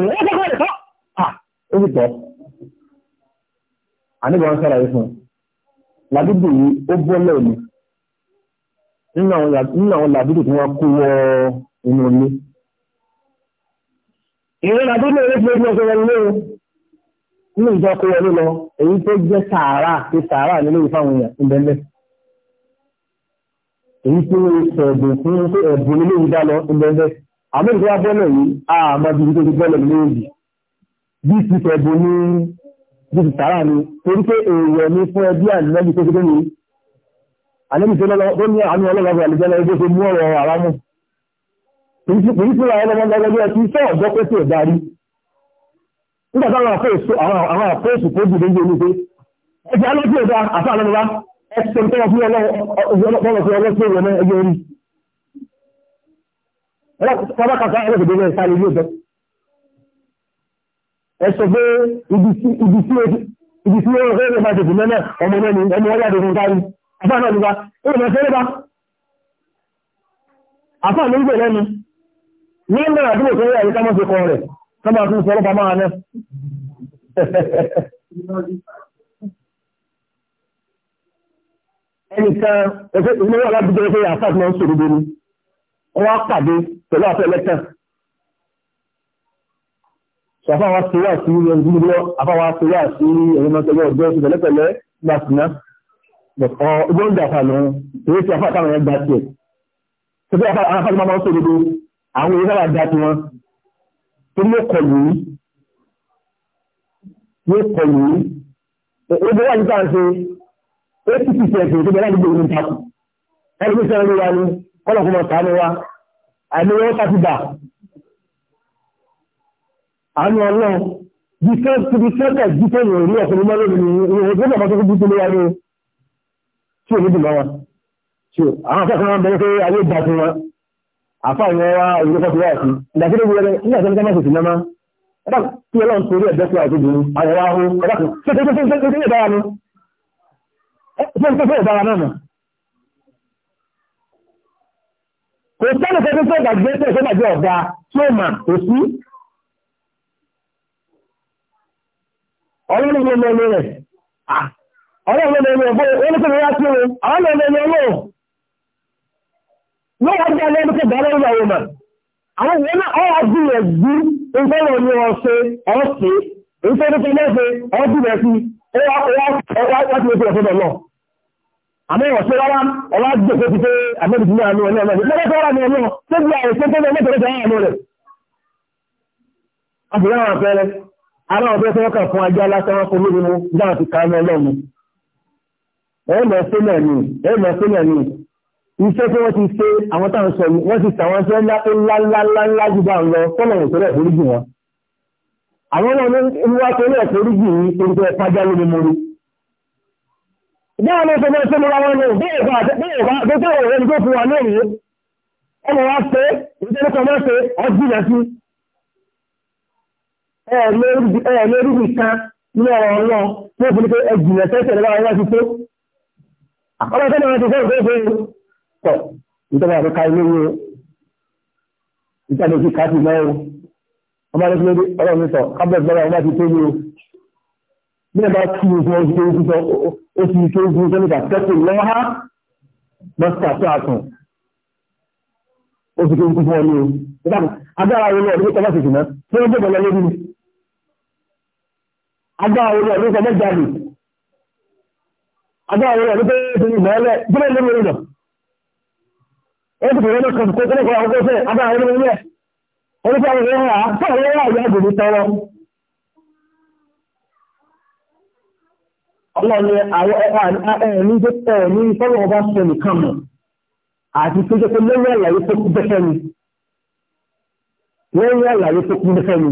ẹ̀rọ ẹ̀ àníbọ̀ wọn sára ìfún làdúgbò yìí ó bọ́lẹ̀ ní nínú àwọn làdúgbò tí wọ́n kó wọ inú ilé ìrìn làdúgbò ilé tí ó fi ọkọ̀ wọlé o nínú ìjọ kó wọlé lọ èyí tó jẹ́ sàárà pé sàárà nílé ìfáwọn èèyàn ń bẹ́ẹ̀ èyí tó ṣẹ̀bùn fún ẹ̀bùn ilé ìdá lọ ń bẹ́ẹ̀ àmì ìjọba bọ́lẹ̀ yìí àmọ́ bí i tó ti bọ́lẹ̀ ní èyí bí ti ṣẹ̀bùn ní bíbi tààrà ni torí pé èèyàn ní fún ẹbí àlẹ́bí tó ṣe ní àlẹ́bí tó ní àánú ọlọ́gbàgbà àlẹ́bí ẹgbẹ́ tó mú ọ̀rọ̀ ara mú torí fún àwọn ọlọ́gbàgbà ẹgbẹ́ tí sọ ọ̀dọ́ pé tí ò darí nígbà táwọn àpẹ́ẹ̀sù tó dìde ní olùgbé ẹgbẹ́ alọ́bí ẹ̀dá àti àlọ́gbà ẹ̀sẹ̀ tó wọ́n fún ọlọ́gbàgbà ẹgbẹ́ orí ẹ sọ pé ibi tí ó rẹ̀ rẹ̀ máa tètè mẹ́lẹ̀ ọmọ mẹ́ni ẹni wọ́n yàtọ̀ fún kárí afá náà nípa ẹni mọ̀ sẹ́rẹ́ bá afá ní ìgbẹ̀ lẹ́nu ní ẹgbẹ̀rẹ̀ àdúgbò tó yẹ àyíká mọ́sí kan rẹ̀ sọ́mà tún sọ lọ́pàá máa náà ẹnìkan ẹgbẹ́ ìlú wọn lábúgbẹ́ pé àfáà ti máa ń sòrò ṣàfáwà ṣe wà sí ẹgbẹ́gbẹ́ afáwà ṣe wà sí ẹgbẹ́mọ́tẹ́gbẹ́ ọjọ́ ìṣẹ́ pẹ̀lẹ́pẹ̀lẹ́ gbàtìná ọgbọ́n ìjàfà lọ èyí tí afá àtàwọn ẹgbà tiẹ̀ ṣẹ́fẹ́ afáàlú máa ń sọ gbogbo àwọn èyí sábà dá tiwọn tó ló kọlù yìí ló kọlù yìí ẹgbẹ́ wà nípa ṣe apc ṣẹ̀ṣẹ̀ tó bẹ̀rẹ̀ àdúgbò ní takù ẹni tó sẹ́rẹ̀ lóra ni kọ́lọ̀ fún ọ àánú ọlọ́run bí fẹ́ ti bí fẹ́ tẹ̀ jí fẹ́yìn orí ọ̀sán mọ́ lórí ìwọ̀n tó bàbá tó kú bútó lóyá ní tí ò ní dùn wọn tí ò àwọn akẹ́kọ̀ọ́ wọn bẹ̀rẹ̀ pé ayé ìgbà fún wọn àfa ìwọ̀n wa ìrẹ́kọ̀ tó wà sí ìdàkídé wọlé nígbà tó ń kẹ́mọ̀ sòsì náà ẹ̀dá tí ọlọ́run torí ẹ̀dẹ́ sí àti ìdùnnú àyẹ̀wò ahó ẹ̀dá kò ṣe tó ṣe tó ṣe ìdára ni ṣe ń tẹ́fẹ́ ìdára náà kò sẹ́ni tó sí ọlọ́run ló mẹ́rin rẹ̀ ọlọ́run ló mẹ́rin ọmọ ẹ̀mẹ́ ọlọ́run yóò wọ́n jẹ́ ẹlẹ́ni tó bẹ̀rẹ̀ ìwà ọmọ àwọn ìwé náà ọ̀rọ̀ gbìyànjú ìfẹ́ràn ní ọ̀ṣẹ́ ọ̀ṣẹ́ ìfẹ́ràn tó lẹ́sẹ̀ ọ̀gbìyàn sí àmọ́ ìwọ̀sẹ̀ rárá ọlá gbèsè ti pé àmẹ́bìtì náà ní ọ̀nà ọ̀nà ìpínlẹ̀ aláwọ̀ bí wọ́n kàn fún ajá lásán wọn fún mi nínú dáhùn ti kàánú ọlọ́run ẹ̀ẹ́mọ̀ sílẹ̀ ni ẹ̀ẹ́mọ̀ sílẹ̀ ni iṣẹ́ tí wọ́n ti ṣe àwọn táwọn sọ yìí wọ́n ti tàwọn ṣe ńlá ńlá ńlá jù bá ń lọ tọ́lọ̀ wò tọ́lọ̀ ìforí jù wọn. àwọn náà ní wá tọ́lọ̀ ìforí jù yìí torí pé ẹ̀ka jáwé ni mo rí. báwọn ọmọ ṣe mọ́ra wọn ni bí ìgbà bí ìgbà tó tẹ̀wọ̀ rẹ̀ ni tó fún wa lónìí ọmọ wa ṣe ìṣẹ́ni kan máa ṣe ọjọ́ ìyẹn sí ẹ̀ẹ̀lérí nìkan ní ọ̀rọ̀ ọlọ́run tó fi ní pé ẹgbìyàn tẹ́sẹ̀ lọ́wọ́ ẹwà ti tó ọlọ́run tẹ́lẹ̀ wọn ti fẹ́ ìfẹ́ ìfẹ́ tọ̀ nítorí àti ka ilé wo ìtàlẹ̀ sí káàtì mẹ́rin ọmọ ẹgbẹ́ lórí ọlọ́run mi sọ kábẹ́ ìgbọ́ra ọmọ ti tó ní o bí ẹ bá kí ní fún oṣù tó sọ ó ti tó fún sọ nípa tẹ́sẹ̀ lọ́wọ́ ha mọ́sítà tó àtàn ó ti tó fún ọ ní o agbára ilé ọdún tó bá ti jùlọ tí wọ́n gbé agbaa orí ẹ̀ ló sọ mẹ́jà àwọn ọ̀rẹ́ ọ̀rẹ́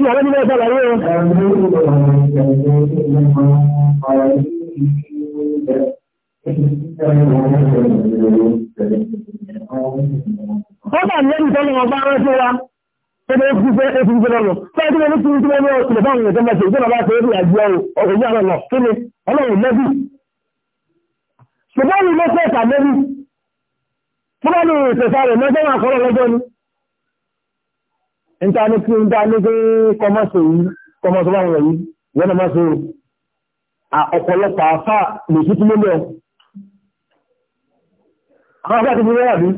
Ní àwọn ilé ẹ̀bá làrí ẹ̀. Ọba lẹ́yìn tó lọ́wọ́ bá rẹ́ fún wa, tó bẹ́ kú fẹ́ ẹkùn fẹ́ lọ́nà. Fẹ́ tí wọ́n ní kúrú tí wọ́n ní ọkùnrin bá wọn níta ní kí níta ní kí kọmọ́sọ̀ yìí kọmọ́sọ̀ bá wọ̀nyí wọ́n náà máa so ọ̀pọ̀lọpọ̀ àfà lè sí tí lélẹ̀ àwọn àfà ti fi wọ́n àbí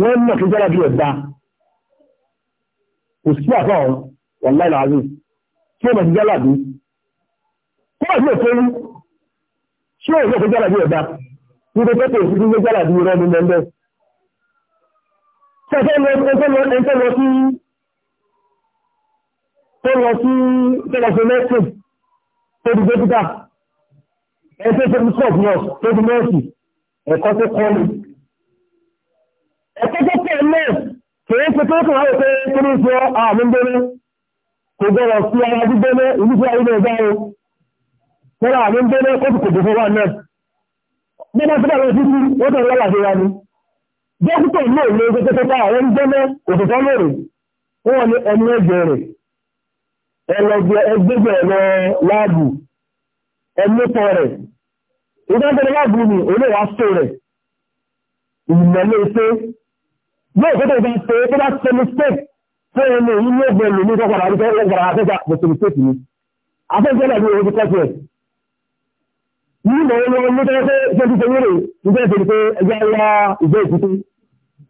wọ́n mọ̀ kí jára bí ẹ̀dá kò sí àfà ọ̀hún wọ́n láì láàrí tí ó mọ̀ sí jára bí kó wà sí òfin ṣé òfin jára bí ẹ̀dá nítorí pé kò sí jára bí ẹ̀dá Tẹ́tẹ́ lọ sí tẹ́lọ sí tẹ́lọ sí mẹ́sìn tó di dókítà. Ẹgbẹ́ tó di sọ́ọ̀bù náà tó di mẹ́sì ẹ̀kọ́ tó kọ́ ni. Ẹ̀kọ́ tó tẹ̀ náà kìí ṣe tó kàn áwọ̀ pé kí ní sọ àmì gbẹ́rẹ́ kò gbọ́rọ̀ sí ara gbígbẹ́rẹ́ ìlú sí ayé ẹ̀dá o. Tẹ́lá àmì gbẹ́rẹ́ kó kò dùn fún wa náà. Bí wọ́n ti bá wọn sí wọ́n tẹ̀ lọ́wọ́ àṣeyà ni dókítà náà ló ń tẹ́tẹ́ pa àwọn gbẹ́nà òṣìṣẹ́ lórí wọ́n ní ẹni ẹgbẹ́ rẹ̀ ẹlẹgbẹ́ ẹgbẹ́gbẹ́ ẹ̀rọ láàbù ẹmúpọ̀ rẹ̀ ìdájọ́ láàbù ni olóòwà sọ rẹ̀ ìmọ̀lẹ́ iṣẹ́ yóò tó tẹ̀sán pé tó bá ṣe mistake fún ẹni èyí ní ẹgbẹ́ lòmí tó padà wípé ó gbàrà afẹ́fẹ́ àpòṣe mistake ni afẹ́fẹ́ náà ní orí ti kọ́sẹ̀ ní ìmọ̀ ẹni ọmọ ní tẹ́lẹ̀ pé ṣe ti ṣe wúrò ìjẹ́ ìṣèlú pé ẹgbẹ́ ńlá ìjẹ́ ìṣèlú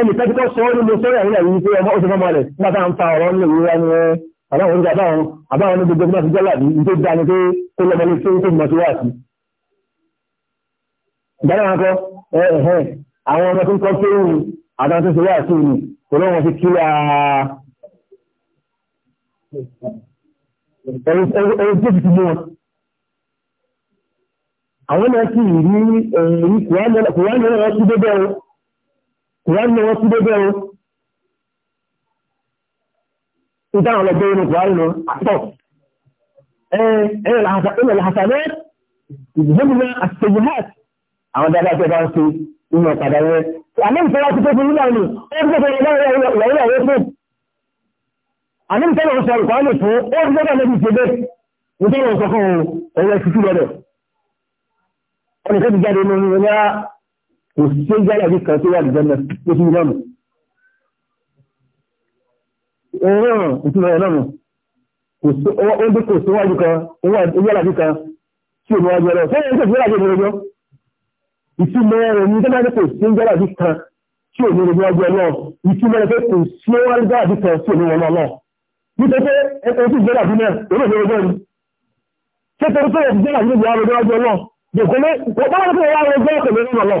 ẹni tẹ́tí tó sọ nínú sọ́rọ̀ ìrìnà yìí pé ọmọ oṣù fọ́mọ́lẹ̀ látà ń fa ọ̀rọ̀ ní ìwúra ní àwọn oúnjẹ àbáwọn àbáwọn níbi gbogbo ti jọ́là bí tó dá ní pé kó lọ́mọ ní tó tó mọ̀ sí wà sí. ìdáná wọn kọ ẹ̀hẹ́ àwọn ọmọ tó ń kọ́ sóhùn àtàwọn tó ṣe wà sí ni kò lọ́wọ́ fi kí ẹ̀rùn tó ti mú wọn. àwọn náà sì rí ẹ̀rí kùwá kùránì ni wọ́n kú dé bẹ́ẹ̀ o níta àwọn ọlọ́gbẹ́ inú kùránì lọ àtọ̀ ẹ̀rẹ̀ làhàsàmẹ́ ìgbẹ́mìnà àtẹ̀yìnhàt àwọn dáadáa tẹ́ bá ń ṣe inú ọ̀kadà yẹn àmì ìfẹ́lá ti tó fún nílà ni ó ń gbẹ́sẹ̀ ìlàwọ̀ ìwọ̀ fún àmì ìfẹ́lá ń sọ ìkọ́lẹ̀ fún ó ń gbẹ́sẹ̀ lẹ́bi ìṣẹ́ bẹ́ẹ̀ nítorí ọ̀sọ̀ fún ẹ̀rẹ́ tuntun lọ́dọ̀ ẹnìkan ti jáde nínú ẹ̀rẹ́ kò sí ṣe yára bí kan tó wà lùjọ́ náà ló fi lọ́nà ọ̀rọ̀ ìtumọ̀ ẹ̀ lọ́nà kò sí ó dé kò síwájú kan ó yára bí kan tí ò ní wájú ọlọ́ fẹ́rẹ̀ ń tẹ̀síwájú ọjọ́ ọjọ́ ìtumọ̀ ẹ̀ ní tẹ́lá kò sí yára bí kan tí ò ní wájú ọlọ́ ìtumọ̀ ẹ̀ kò sí yára bí kan tí ò ní wọn lọ́lọ́ nítorí ẹ̀kọ́ tí ìgbéra bí náà òun ò ní ọjọ́ ni ṣé torí pé ẹ̀kọ́ ìgbéra bí náà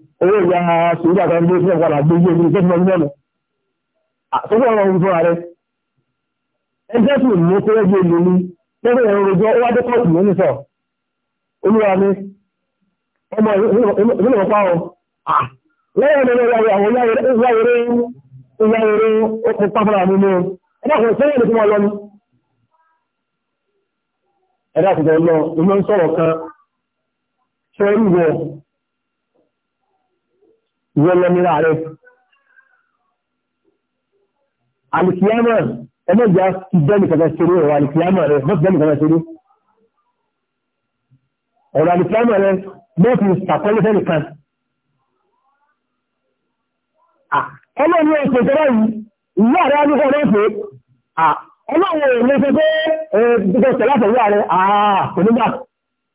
owó ìyá sùúrù àtàwọn ilé iṣẹ́ ìwọ̀n àgbéjì omi tó fún ọdún àtúntò ọ̀rọ̀ ohun fún ààrẹ ẹgbẹ́ sì mú kó rẹ́gbẹ́ ìlú ní lọ́dọ̀ ẹ̀rọ rojọ́ ó wá dé kọ́ọ̀tù lónìí sọ olúwa ni ọmọ ìlú ọ̀pá ọ lẹ́yìn ọmọ ìyá àwọn ìyáwèrè ìyáwèrè okùn pápára mi ní o ẹgbẹ́ àwọn ìṣẹ́yìn ìlú tí wọ́n lọ ní ẹ̀dá àtúntò lọ ìmọ̀ ń sọ̀rọ̀ kan ṣẹ́rí wọ̀ ìwọ lọ nira rẹ. Àlìkìyámà ẹlẹ́jà ti bẹ́ẹ̀ni kankan ṣeré ọ̀rọ̀ àlìkìyámà rẹ mọ́tì bẹ́ẹ̀ni kankan ṣeré. Ọ̀rọ̀ àlìkìyámà rẹ mọ́tì ṣàkọ́lé fẹ́ẹ̀ni kan. Ọlọ́run ẹ̀sẹ̀ tẹ́lá yìí, ìyá rẹ̀ á ní kọ́ lọ́sẹ̀. Ọlọ́run ẹ̀ lè ṣe pé ẹ̀ẹ́dẹ́gbẹ̀sẹ̀ láti ìyá rẹ̀ àà kò nígbà.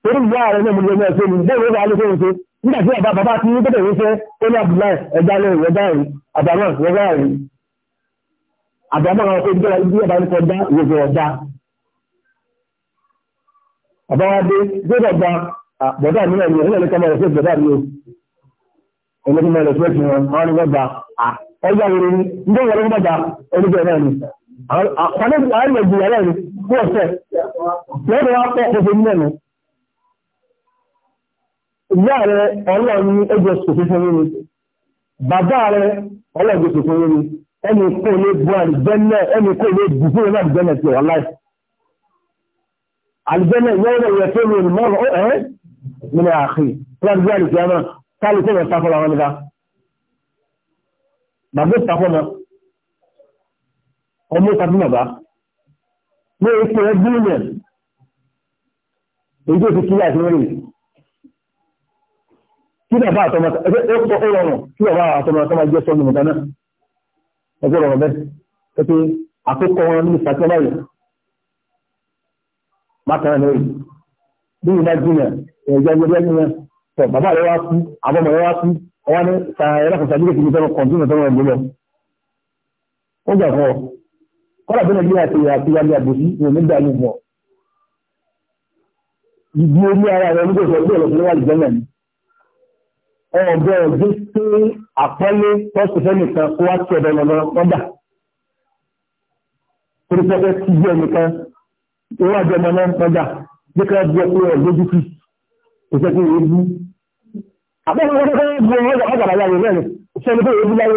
Torí ìyá rẹ̀ náà mo nígbà tí bàbá bàbá ti ní gbọ́dọ̀ wíṣẹ́ ó ní àbúlá ẹja lórí ẹja rí àbámọ̀ ẹja rí àbámọ̀ àwọn tó gbọ́dọ̀ ibi ọba ní kọjá ìwòsàn ọ̀dá bàbá wa dé gbọ́dọ̀ gba bọ̀dá mi náà ní ẹ̀yìn ẹ̀lẹ́kọ́ mọ̀ ẹ̀fẹ́ bọ̀dá mi ẹ̀lẹ́kọ́ mọ̀ ẹ̀fẹ́ fi wọn wọn ní gbọ́dọ̀ ẹja rí ní ndé wọn ní gbọ́dọ̀ ẹlẹ́gbẹ́ náà ni àwọn àwọn àrùn ẹ̀jìn ìyá rẹ ọlọ́run ní ẹgbẹ́ ṣòfin fún mi bàbá rẹ ọlọ́run ní ṣòfin fún mi ẹni kò lè bu àlùjẹ́nà ẹni kò lè bù fún ìlú àlùjẹ́nà ti wà láì àlùjẹ́nà ìyẹ́wò rẹ̀ yẹ fún mi mọ́ ẹ́ nínú àkè tó wàá gbé àlùjẹ́nà káàlù tó wọ́n sáfọ́ làwọn nípa bàbá ìsàfọ́ náà ọmọ ìsàfọ́ bàbá ní èkó ẹgbẹ́ ìlẹ̀ èyí tó ti kíyà kí bàbá àtọmọ ẹgbẹ́ ó rọrùn kí bàbá àtọmọ ọmọ jẹ́ sọ́nù mọ̀tá náà ẹgbẹ́ rọrùn bẹ́ẹ̀ pẹ́pẹ́ àkókò wọn ní ìsàkẹ́ báyìí mákàrà lórí bí ìlà jìnà ẹ̀jẹ̀ ẹgbẹ́ jìnà tọ̀ bàbá rẹ̀ wá kú àbọ̀mọ̀ rẹ̀ wá kú ọwọ́ ní ẹ̀rọ kọ̀ọ̀sà nígbà kìíní tọ́lọ kọ̀ǹtínà tọ́lọ ẹ̀gbẹ́ lọ ó gbà fún ọ kọ́lá bí nàìjíríà ti yà àti yàgbé àbòsí ọ̀dọ́ ọ̀gbẹ́ sí àpọ́lé tọ́sùfẹ́ nìkan kó wá sí ọ̀dọ́ lọ́lọ́ lọ́dà torípẹ́fẹ́ sí bí ẹnìkan tó wà jẹ́ ọmọ lọ́dà bí ká bí ọkùnrin ọ̀gbẹ́ jùkú kò sẹ́ kí ìwé bú àbẹ́wọ́n wọ́n fẹ́ bu ọmọ ọjà ọjà láyé rẹ̀ ṣe ẹni tó ìwé bú láyé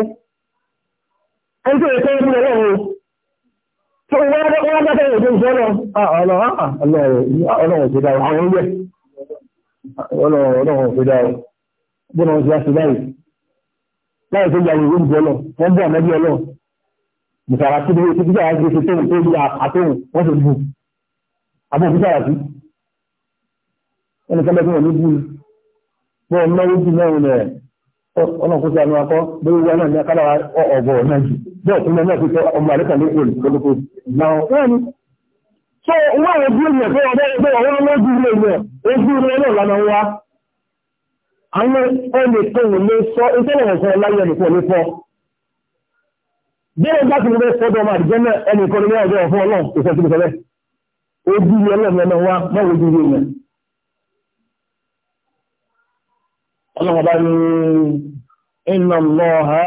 ẹni tó ìwé bú láyé rẹ̀ tó wọ́n wọ́n bá fẹ́ ìwé bú ah, ah, ọlọ́run ọlọ́run ọlọ́run ọlọ́run ọlọ́run gbọ́dọ̀ wọn ti wá sí báyìí láì tó yàwó ìwé ìjọ na wọ́n bọ̀ ọ̀nẹ́bí ọlọ́ mùsàrà tí ó ti jíjà àti ṣe tóun tó yí àtòun wọ́n sì bù sí ẹnì kan ní bú mẹ́rin sí àmì akọ́ náà ní náà jù àwọn ẹni tó wù lé sọ ìtẹ́lẹ̀ láyé ẹni pọ̀ lé fọ́. Bẹ́ẹ̀ bá ti lè sọ́dọ̀ ọmọ àdìjẹ́ náà ẹni kan ní ọjọ́ ọ̀fọ́ ọlọ́run kò sọ síbi ọlọ́run ẹ̀nà wa mọ́ ojú ilé yẹn. Ọlọ́run bá ní iná lọ ha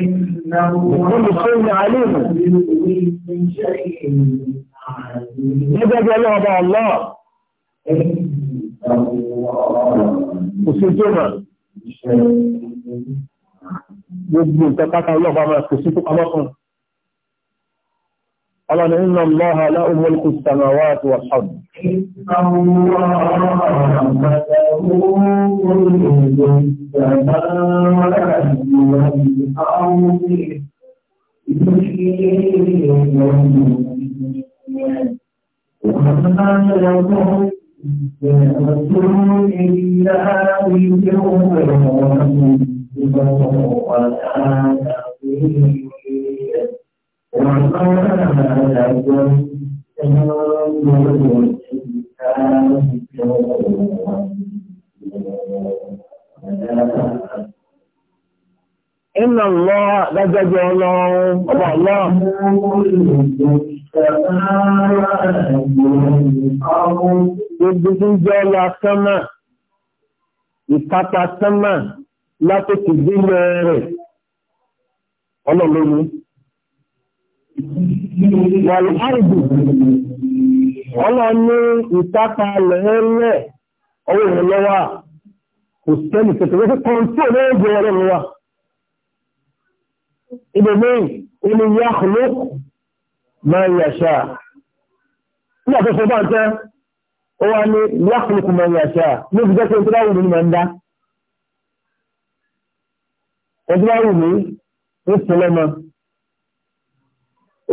olùsọ́yìn alẹ́ mọ̀ kò sí tó mà gbogbo nǹkan pátá ọlọ́pàá máa kò sí tó pamọ́ fún ọlọ́ni iná lọ́ha aláhùnmọ́lùkù sàmàwà àti wàhálù Ìgbésí ẹ̀yẹ̀ ìgbẹ̀rẹ̀ يأتون إلا بجوارهم ولا تقيم وما لكم تنظرون إن الله لا جل الله الله Gbogbo tí ń jẹ́ ọlá sánmà, ìkápá sánmà látòkè gbílẹ̀ rẹ̀, ọlọ́lọ́ni. Wàlú àrùbù, ọlọ́ni ìkápá lẹ́ẹ̀lẹ́ ọwọ́ ìrànlọ́wà, kò sẹ́lì kẹtẹ̀lẹ́ fún kọ́ntí olóògbé ọlọ́run wa. Ibẹ̀ mẹ́rin, ó ní yá máa yà ṣáà nígbà tó fọ́bá tẹ́ ó wá ní lákùnkùn máa yà ṣáà ní ìdíjẹ́ pé tó bá wù mí máa ń dá ọdún bá wù mí ó fún lọ́mọ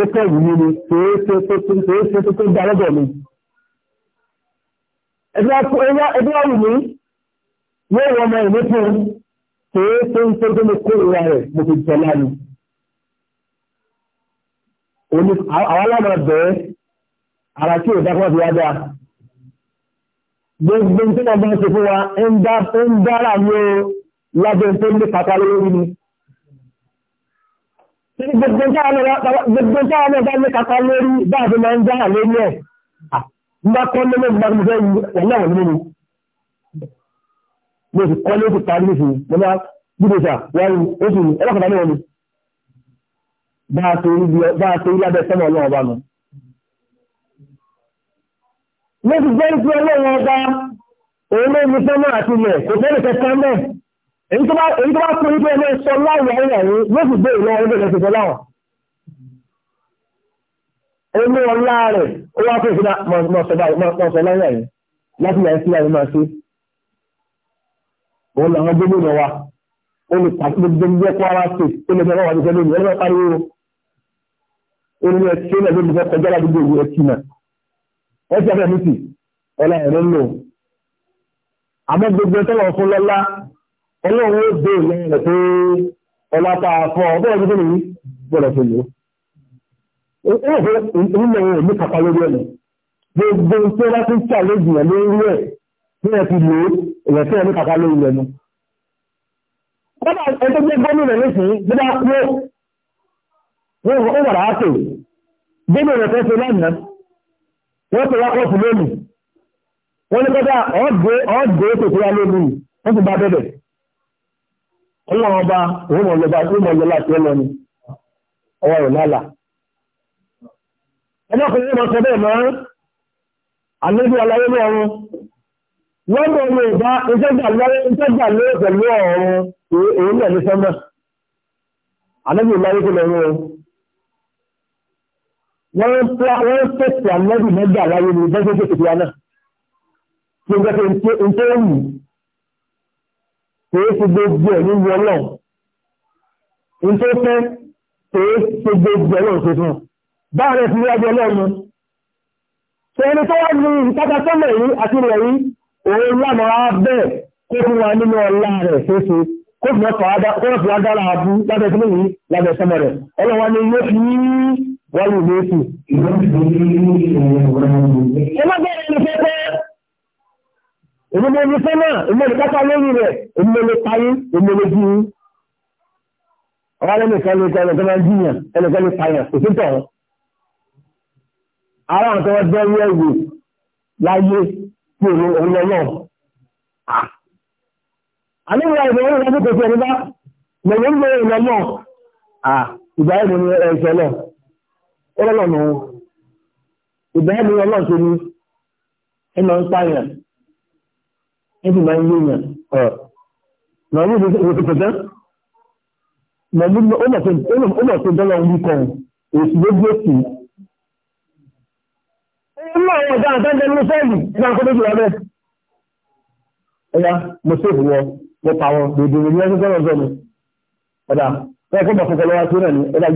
ó kẹ́ wù mí ni kèéṣe tó dá lọ́dọ̀ tó tó kó ìwà rẹ̀ mo fi jọ lánàá òní àwọn ọlọ́mọ bẹ̀ẹ́ ara tí ò dákọ́ ti wájá gbogbo tí wọ́n bá ń ṣe fún wa ń dára ní o lábẹ́ tó ní pàtà lórí ni gbogbo tí àwọn ọmọ bá ní pàtà lórí bá a fi máa ń dára lórí ẹ̀ má kọ́ ní mọ́ ìgbà mi fẹ́ wọ̀lá wọ̀lá nínú mo sì kọ́ ní oṣù parí ni bá a ṣe rí lábẹ́ sọ́mọ̀ ọlọ́run ọba nù. mo ti gbé ìpín ọlọ́run ọba òun ló ní sọ́mọ̀ àti ilẹ̀ kò fẹ́ẹ́ kẹ̀kẹ́ mẹ́ èyí tó bá pín ìpín ẹlẹ́ sọ láwọn ẹ̀yà yìí yóò sì gbé ìlọ́wọ́ ẹgbẹ́ lẹ́sẹ̀ sọ láwọn. ẹni ọlá rẹ̀ ó wá fún ìfúnná mọ̀ sọ láyà yìí láti yà sí àyè máa ṣe. òun làwọn gómìnà wa olùpàṣẹ gbogbo ẹgbẹ́ Kwara State olùpàṣẹ wọn wà ní sẹ́lẹ̀ orin ẹtí náà lóbi fẹ́ kọjá ládùúgbò ìwé ẹtí náà wọ́n ti àfẹ́ mítì ọ̀la ẹ̀rọ ń lò àmọ́ gbogbo ẹtọ́ wọn fún lọ́lá ọlọ́run ó dé ìlú rẹ̀ pé ọlá pa àfọ́ ọgbọ́n ọdún tó nìyí gbọ́dọ̀ tó lò ó ó fẹ́ ìlú ẹ̀rọ ní kàkà lórí ẹ̀ gbogbo tí wọ́n ti ń tà lójú ẹ̀ lórí ẹ̀ tí wọ́n ti lò ìrẹ̀sẹ̀ ní kàkà lórí ẹ̀ nu. kọ́dà ẹgbẹ́ gómìnà nísìnyí gbọ́dọ̀ kú ó wà láàpẹ̀ gbọ́dọ̀ rẹ̀ tẹ́sẹ̀ lánàá wọ́n tó wákọ́ fún lónìí wọ́n ní kọ́dá ọ̀dọ́ tètè wá lónìí wọ́n ti bá bẹ̀bẹ̀ ọlọ́run ọba òun ọ̀lọ́ba tó mọ̀ lọ́la tí ó lọ ni ọwọ́ rẹ̀ lálà ọmọkùnrin mọ̀ sọ bẹ́ẹ̀ wọ́n ń pèsè ànábì mẹ́gbà láyé ní ìgbẹ́gbẹ́gbẹ́ tètè wa náà tí ó jẹ́ pé ń tó ń wù kìí ṣe gbogbo ẹ̀ ní wọ́n náà ń tó fẹ́ kìí ṣe gbogbo ẹ̀ náà ṣe fún un báyìí fi wájú ọlọ́run ṣe ẹni tó wá ní ìtàkà sọ́mọ̀ yìí àti rẹ̀ yìí òun lànà á bẹ́ẹ̀ kó fún wa nínú ọlá rẹ̀ ṣeéṣe kó fún ọkọ̀ adára abú lábẹ́ sọ́mọ̀ yìí lábẹ́ sọ́mọ̀ rẹ̀ ọlọ́wọ́ ni yóò fi wọ́n lù ní èsì. Ẹ má bẹ̀rẹ̀ ní fẹ́fẹ́. Èmi mo ní fẹ́ náà, èmi lè kápá lórí rẹ̀, èmi mo lè payé, èmi mo lè jí yín. Ọ̀rọ̀ lẹ́nu ìkan lè tẹ̀lé tó máa ń jiyàn, ẹnìkan lè payàn, kò sí tọ̀. Ara àwọn tó wọ́n dẹ́rú ẹ̀wò láyé tí òun òun lọ náà. Àníwò àìsàn òun náà. Ìgbà ẹ̀mí ẹ̀ṣẹ̀ náà ọlọ́lọ́nà wọn ìbẹ̀rẹ̀ mi ọlọ́run ṣe ní ẹnà ń pààyàn ẹbí máa ń yéèyàn ọ̀ nàánú ìlú òkùnkùnkùn nàánú ó mọ̀ tó dọ́là ń wíkọ̀ èsì ló gbé sí inú àwọn ọ̀gá àtàndẹ̀ ní sẹ́ẹ̀lì ní àkọ́kọ́ méjì wọn bẹ́ẹ̀ ẹ̀yà mo ṣe ìwọ mo pa wọn gbèdè ní ẹgbẹ́ ọ̀gá mi ọ̀dà ẹ̀kọ́ bàkọ̀kọ̀ lọ́wọ́ tó rẹ̀ ní ẹ̀dà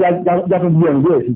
jáfẹ́ bí ọ̀nà bí ẹ̀sìn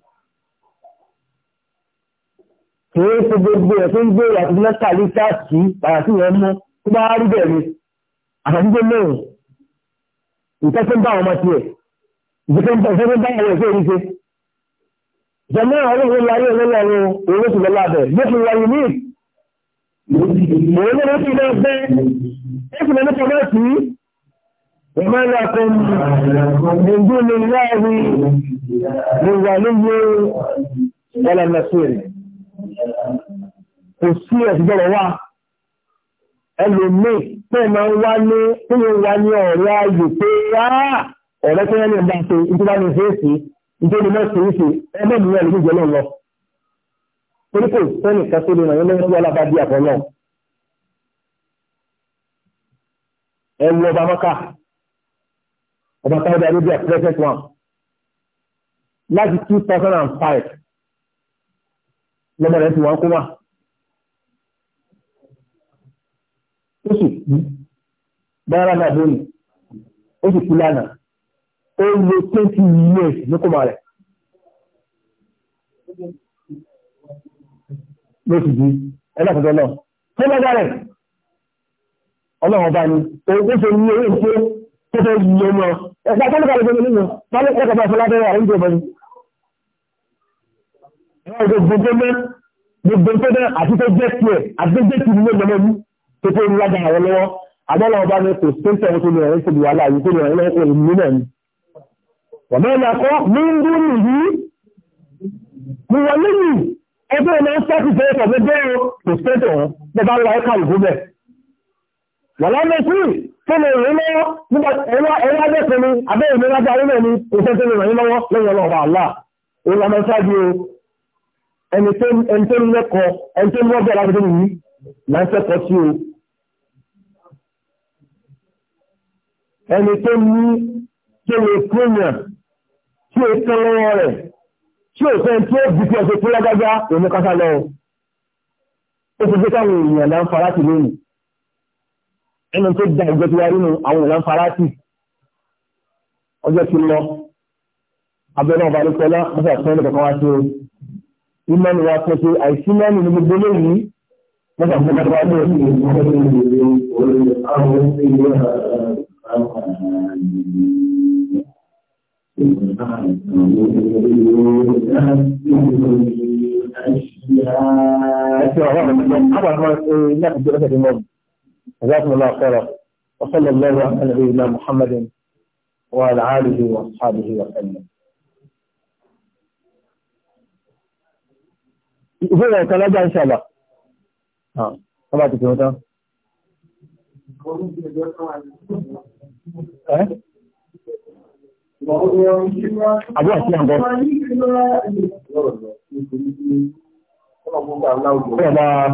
kìí ṣe gbogbo ẹ̀ tó ń gbé àti mẹ́tàlí táàkì àti ìwọ̀n mú tó bá rí bẹ́ẹ̀ ni àtàdúgbò mẹ́rin ìtẹ́ tó ń bá àwọn ọmọ tiẹ̀ ìtẹ́ tó ń bá àwọn ẹ̀ṣẹ́ rí ṣe. ìjọba àwọn ọmọ ìlú ayé ọlọ́lá ni owó sì lọ́lá bẹ̀ ló fi wáyé ní ìwé ló fi lọ bẹ́ ẹ̀sìn lọ́nà tó bá sí ìmọ̀ ẹ̀rọ akọni ìdúró ní ìlú àárín ìwà níye ẹlẹ́mẹ̀sìn kò sí ẹ̀sìgbọ́rọ̀ wà ẹlòmíì pẹ́ máa ń wá ní tí wọ́n wá ní ọ̀rẹ́ ayò pé ọ̀rẹ́ tó yẹ ní ọba ṣe nítorí wá ní fèsì nítorí mẹ́sì ń ṣe ẹgbẹ́ mi náà ló jẹ́ náà lọ. torí kò sẹ́nì bí àpọ̀ náà. ẹ one láti two lọ́mọ rẹ̀ ti wá kó wà ó sì kú dára náà lónìí ó sì kú lánàá ó lo twenty years ní kó máa rẹ̀ ló sì di ẹlẹ́kọ̀ọ́jọ́ náà tó lọ́gbà rẹ̀ ọlọ́run bá ní òun tó ṣe ní orí ìṣe tó fẹ́ yí ọmọ ẹ̀ka tó lọ́gbà rẹ̀ nínú bá lọ́gbà rẹ̀ tó lábẹ́rẹ́ àwọn ìjọba ni wọ́n gbogbo tó mẹ́ gbogbo tó mẹ́ àti tó jẹ́ tiẹ̀ àti tó jẹ́ tiẹ̀ ní ọjọ́ mẹ́bí tó tó ń lágbára wọn lọ́wọ́ àbọ̀lọ̀ ọba ni kò sí tẹ̀wọ́ tó lè rẹ̀ ṣe wà láàyè tó lè rẹ̀ ṣe ìlú náà ni. wọ́n mẹ́rin akọ́ ní ń dún nìyí mo wọ lẹ́yìn ẹgbẹ́ ọmọ sọ́ọ̀tì tó yẹ o kò sí tẹ̀wọ́ bẹ́ẹ̀ bá wà ẹ̀ka ìbú bẹ́ẹ̀. wọ́n lọ́mọ sí tó lè rìn lọ́wọ́ nígbà ẹ̀rọ abẹ́sẹ̀ ni abẹ́rẹ́ ẹni tó ń lẹ́kọ̀ọ́ ẹni tó ń lọ́bẹ̀ láti tó yìí là ń sẹ́kọ̀ọ́ sí o ẹni tó ní tó lè kúnyà tí ó tẹ́ lọ́wọ́ rẹ̀ tí ó fẹ́ tí ó bí tí ọ̀sẹ̀ tó lágbájá òun kásá lọ ó fi gbé káwọn èèyàn là ń fara sí lónìí ẹni tó da ìjọ ti wá nínú àwọn èèyàn là ń fara sí ọjọ́ ti lọ abẹ́rẹ́ ọba ní pẹ́lá mọ́sàkùnrin kọ̀ọ̀kan wá sí o ìmọ̀nù wa pèsè àìsí mọ́nù ní ní جزاكم الله خيرا وصلى الله على نبينا محمد وعلى اله واصحابه وسلم ìfowó ọ̀kan lájà ń ṣàlà ọba tètè wọn tán. Àbúrò àti àbọ̀. Ọba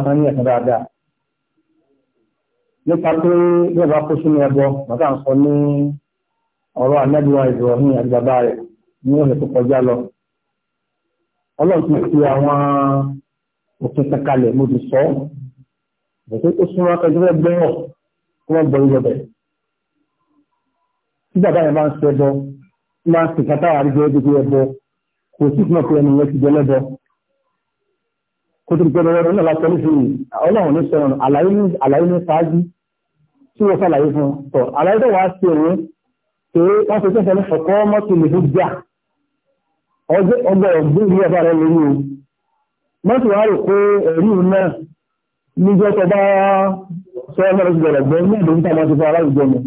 kan ní ẹ̀sán dáadáa. Nípa pé bí ọba kó sínú ẹbọ, bàbá ń sọ ní ọ̀rọ̀ ànábìwá Ibrahim àti bàbá rẹ̀ ní ọ̀sẹ̀ tó kọjá lọ ọlọ́run ti fi àwọn òfin kankalẹ̀ mo ti sọ ọ́ ó súnmọ́ akẹ́kọ̀ọ́ fẹ́ gbẹ́rọ̀ kó wọ́n gbọ́ ìjọba ẹ̀. tí bàbá yẹn máa ń sọ ẹbọ máa ń sèkátà àríjọ ẹgbẹ́ ẹbọ kò sí fún ọkùnrin ẹni yẹn ti jẹ lẹ́bọ kó tó gbẹdọ lọ́dọ̀ náà lásán nísìnyí ọlọ́run ní sọ̀rọ̀ àlàyé ní ṣáájú tí wọ́n ṣàlàyé fún un àlàyé tó wàá ṣe pé wọ́n ti tẹ́sán ní ọkọ̀ mọ́tò lè fi ọgbẹ́ ọgbẹ́ ìlú ọba rẹ̀ lórí o mọ́tò wá rò pé ẹ̀rí náà níjọ́ tó bá sọ ọmọ rẹ̀ gbọ̀rọ̀ gbọ́ ní ẹ̀dùn tá a máa ti aláwùjọ mi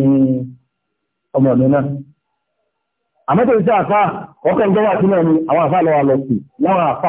ni ọmọ mi náà àmọ́tò iṣẹ́ àáfà ọkọ̀ ìjọba àti náà ni àwọn àáfà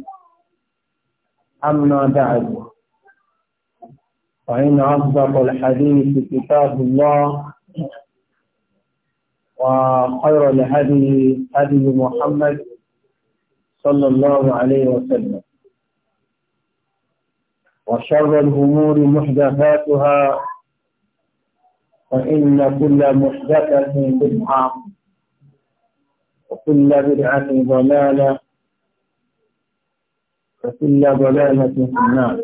أما بعد فإن أصدق الحديث كتاب الله وخير الهدي هدي محمد صلى الله عليه وسلم وشر الأمور محدثاتها فإن كل محدثة بدعة وكل بدعة ضلالة وكل ضلالة في النار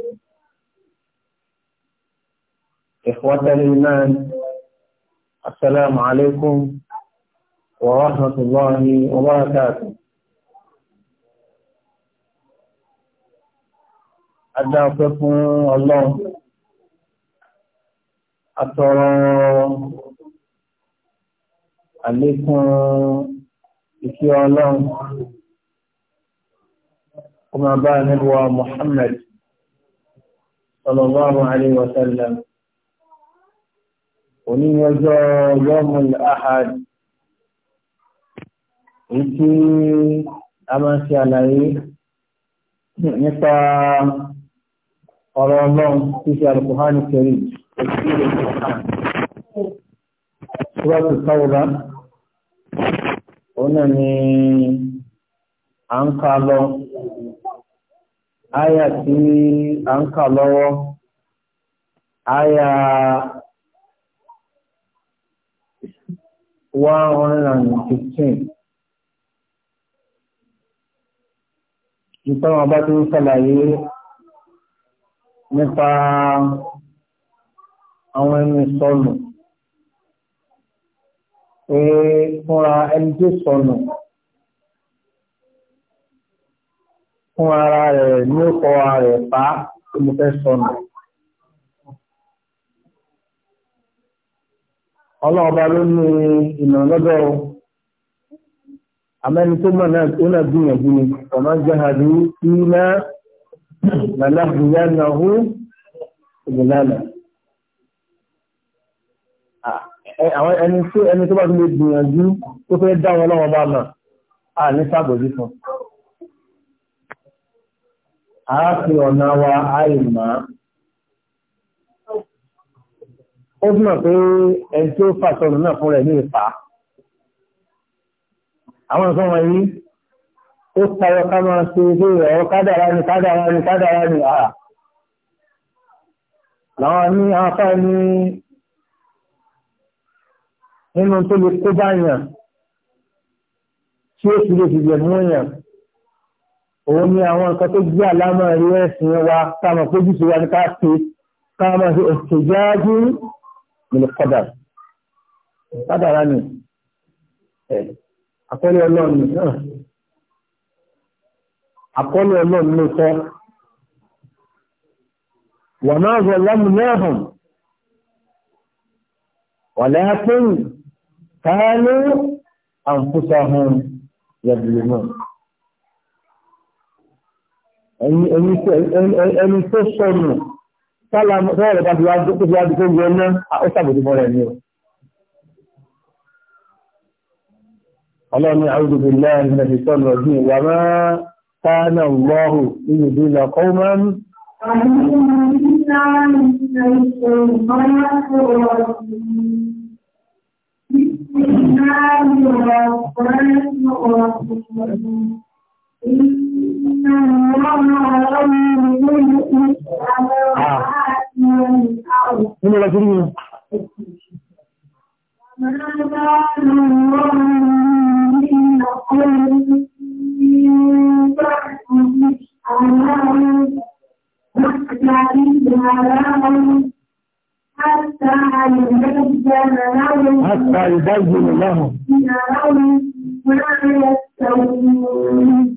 إخوة الإيمان السلام عليكم ورحمة الله وبركاته أدعوكم الله أترى عليكم إشياء الله وما بان هو محمد صلى الله عليه وسلم ومن يجا يوم الأحد إتي أما سيالي نتا قال الله في القرآن الكريم تفسير القرآن سورة التوبة هنا من أنقى Aya tí a ń kà lọ́wọ́, aya 115. Ìtọ́wọ̀n bá tí ó sàlàyé nípa àwọn ẹni sọnù. Pé fúnra ẹni tí sọnù. fún ara rẹ̀ ní ọkọ̀ rẹ̀ pa tí mo fẹ́ sọnù. ọlọ́ọ̀bá ló ní ìnà lọ́dọ̀ àmẹ́ni tó mọ̀ náà tó náà gbìyànjú ni ọmọ jẹ́ àdú sí náà lálá ìyá náà hú ìgbìlànà àwọn ẹni tó bá tún lè gbìyànjú tó fẹ́ dá wọn bá náà à ní sábòjú fún àáfi ọ̀nà wa àìmọ́. Ó dúnà pé ẹni tí ó fàṣọ́nù náà fún rẹ̀ ní ìfà. Àwọn nǹkan wọ̀nyí, ó tayọ ká máa ṣe ilé ẹ̀rọ kádàrá ni kádàrá ni kádàrá ni àà. Làwọn ní afá ní nínú tó lè kó báyàn tí ó sì lè fi jẹ̀ èèyàn òun ni àwọn nǹkan tó gbé àlámọ̀ rí ẹ̀sìn wa táwọn péjú sí wa ní ká pé káwọn ṣe òṣèjáájú nílùú kọ́dà kádàrá ni àkọlé ọlọ́run náà àkọlé ọlọ́run ló sọ wọ́n náà rọ lọ́mù náà wọ́n lẹ́yìn pé káálú àǹfùsà hàn yẹ̀bùrù náà ẹni tó sọnù sọ́ọ̀rọ̀ bá ti wá tó fi wájú tó ń gbọ́n náà ó sàbòdìmọ́ rẹ̀ ni o. ọlọ́ni àwùjọbí láàrin náà ti sọ́ọ̀rọ̀ bí wà máa kánà lọ́hù nínú ìdí ìlà kọ́ọ̀mán. Thank you. Nínú ọ̀rọ̀ tí ó حتى يبين لهم ما يستوون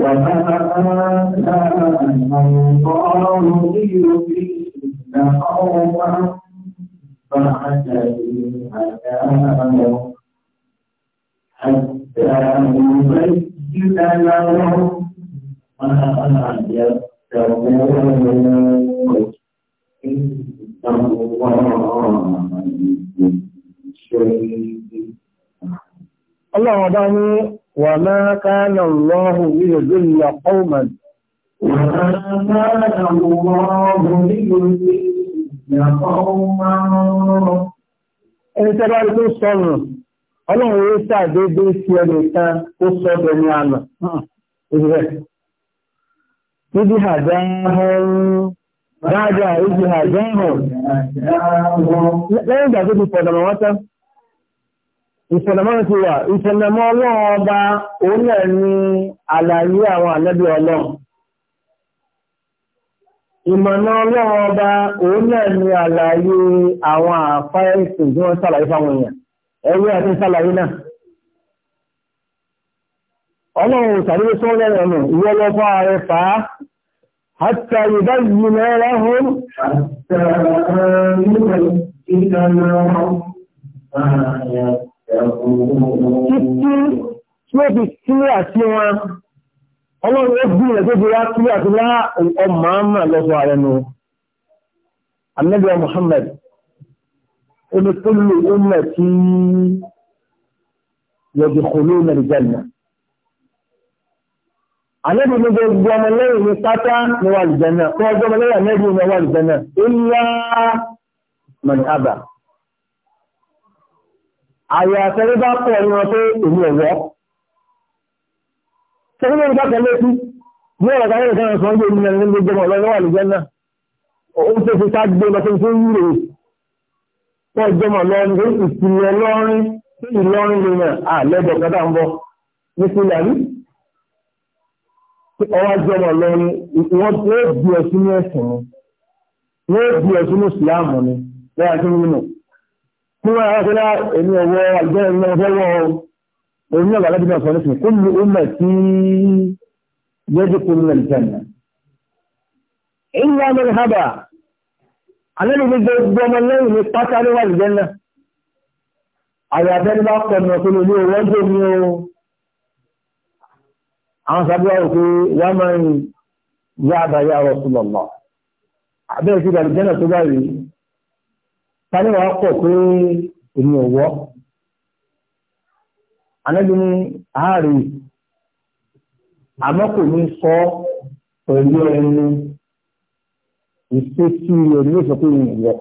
وما كان الله ليضل قوما بعد هداهم حتى يبين لهم ما يتقون إن الله شيء الله وَمَا كَانَ اللَّهُ ليذل قوما وما كان الله ليذل قوما ẹni tẹ́lá ló sọ̀rọ̀ ọlọ́run yóò ṣàdédé sí ẹni kan ó sọ́dọ̀ ní àná ìrẹ̀ níbi àdáhùn dáadáa ìjì àdáhùn lẹ́yìn ìgbà tó ti pọ̀dọ̀ mọ́ ìsọ̀nàmọ́ ti wà ìsọ̀nàmọ́ ọlọ́run ọba òun náà ni àlàyé àwọn ànábì ọlọ́run ìmọ̀nà ọlọ́run ọba òun náà ni àlàyé àwọn àfáà ẹ̀sìn tí wọ́n ṣàlàyé fáwọn èèyàn ẹ̀rí àti ṣàlàyé náà ọlọ́run ìsàlẹ̀ sọ́ọ́lẹ̀ ẹ̀nà ìwọ́ ààrẹ fà á hàtà ìbá yìí mẹ́rẹ́ hún hàtà títí tí ó fi sílẹ̀ sí wọn ọlọ́run ó bí ilẹ̀ tó fi wá sílẹ̀ àti lá ọmọ àmà lọ́sọ̀ ààrẹ nu anabi Muhammad omi tó lè ọmọ tí yọ̀dì kòló mẹ́rin jẹ́nà anabi ní gbogbo ọmọ lẹ́yìn ní pátá ní wà náà kọ́ ọjọ́ ọmọ lẹ́yìn ní wà lùjẹ́ náà ó ní wá mẹ́rin àbá àyà àtẹríbá pọ̀ ní wọn pé èmi ọ̀wọ́ tẹ́lẹ̀ nígbà tẹ́lẹ̀ sí ní ọ̀rọ̀ kan lẹ́yìn kan sọ yé mi lẹ́nu gbogbo ọmọ ọlọ́wọ́ àlùjẹ́ náà òun tó fi sáájú lọ tó fi ń rè wọ́n jọmọ̀ lọ́rin pé ìpìlẹ̀ lọ́rin pé ìlọrin lè nà á lẹ́bọ̀ kọ́dà Mo wá ẹ̀rọ sọ́lá èmi ọ̀wọ́ àlùjẹ́ ẹ̀mí ọ̀fẹ́ wọ́ orí náà lábẹ́ náà sọ ní sùn. Kúlù ọmọ tí yẹ́dí kúlù náà jẹ̀nà. Ìlú Amẹ́rì Hábà, àlẹ́lú mi gbogbo ọmọ lẹ́yìn mi pátá ló wà lùjẹ́ náà. bá kọ̀ mọ̀ pé olú owó ọjọ́ mi o. Àwọn sábẹ́ wà pé máa ń yá àbáyá Rasulullah. Àbẹ́ ìṣúgbà lùjẹ́ tó báyìí sáré wàá pọ̀ pé èmi ò wọ́ anábì ní ààrẹ àmọ́ kò ní sọ pẹ̀lú ẹni ìṣesí rẹ̀ ní ìsọ pé èmi ò wọ́.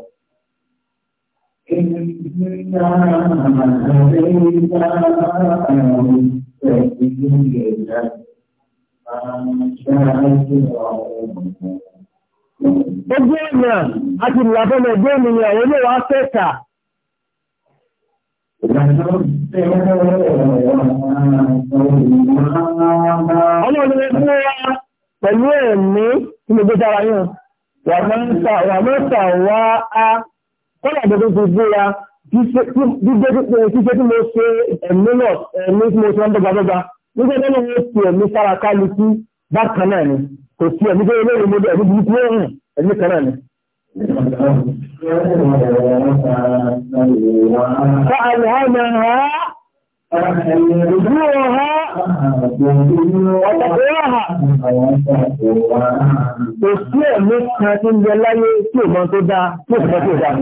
Thank you. Gbogbo ọ̀nà àti ìlàbọ̀nà ẹgbẹ́ ènìyàn àwọn olówó afẹ́ta. Ọlọ́run ẹgbẹ́ wa pẹ̀lú ẹ̀mí tí mo gbé dára yàn. Wà mọ́ta wá á kọ́lá gbogbo ti gbéra gbígbé títẹ́ tí mo ṣe ẹ̀mí náà ẹ̀mí tí mo ṣe ń dọ́gbadọ́gba. Nígbà tó lọ́wọ́ ti ẹ̀mí sára kálukú bákan náà ni kò sí ẹ̀mí bẹ́ẹ̀ lórí mo dé ẹ̀mí burúkú ó hàn ẹ̀mí kan náà ni. Fáàlì ha máa ha, ìdúró ha, ọ̀tàkùnrin ha. Kò sí ẹ̀mí kan tí ń bẹ láyé tí ò máa tó dáa, tí ò máa tó dáa.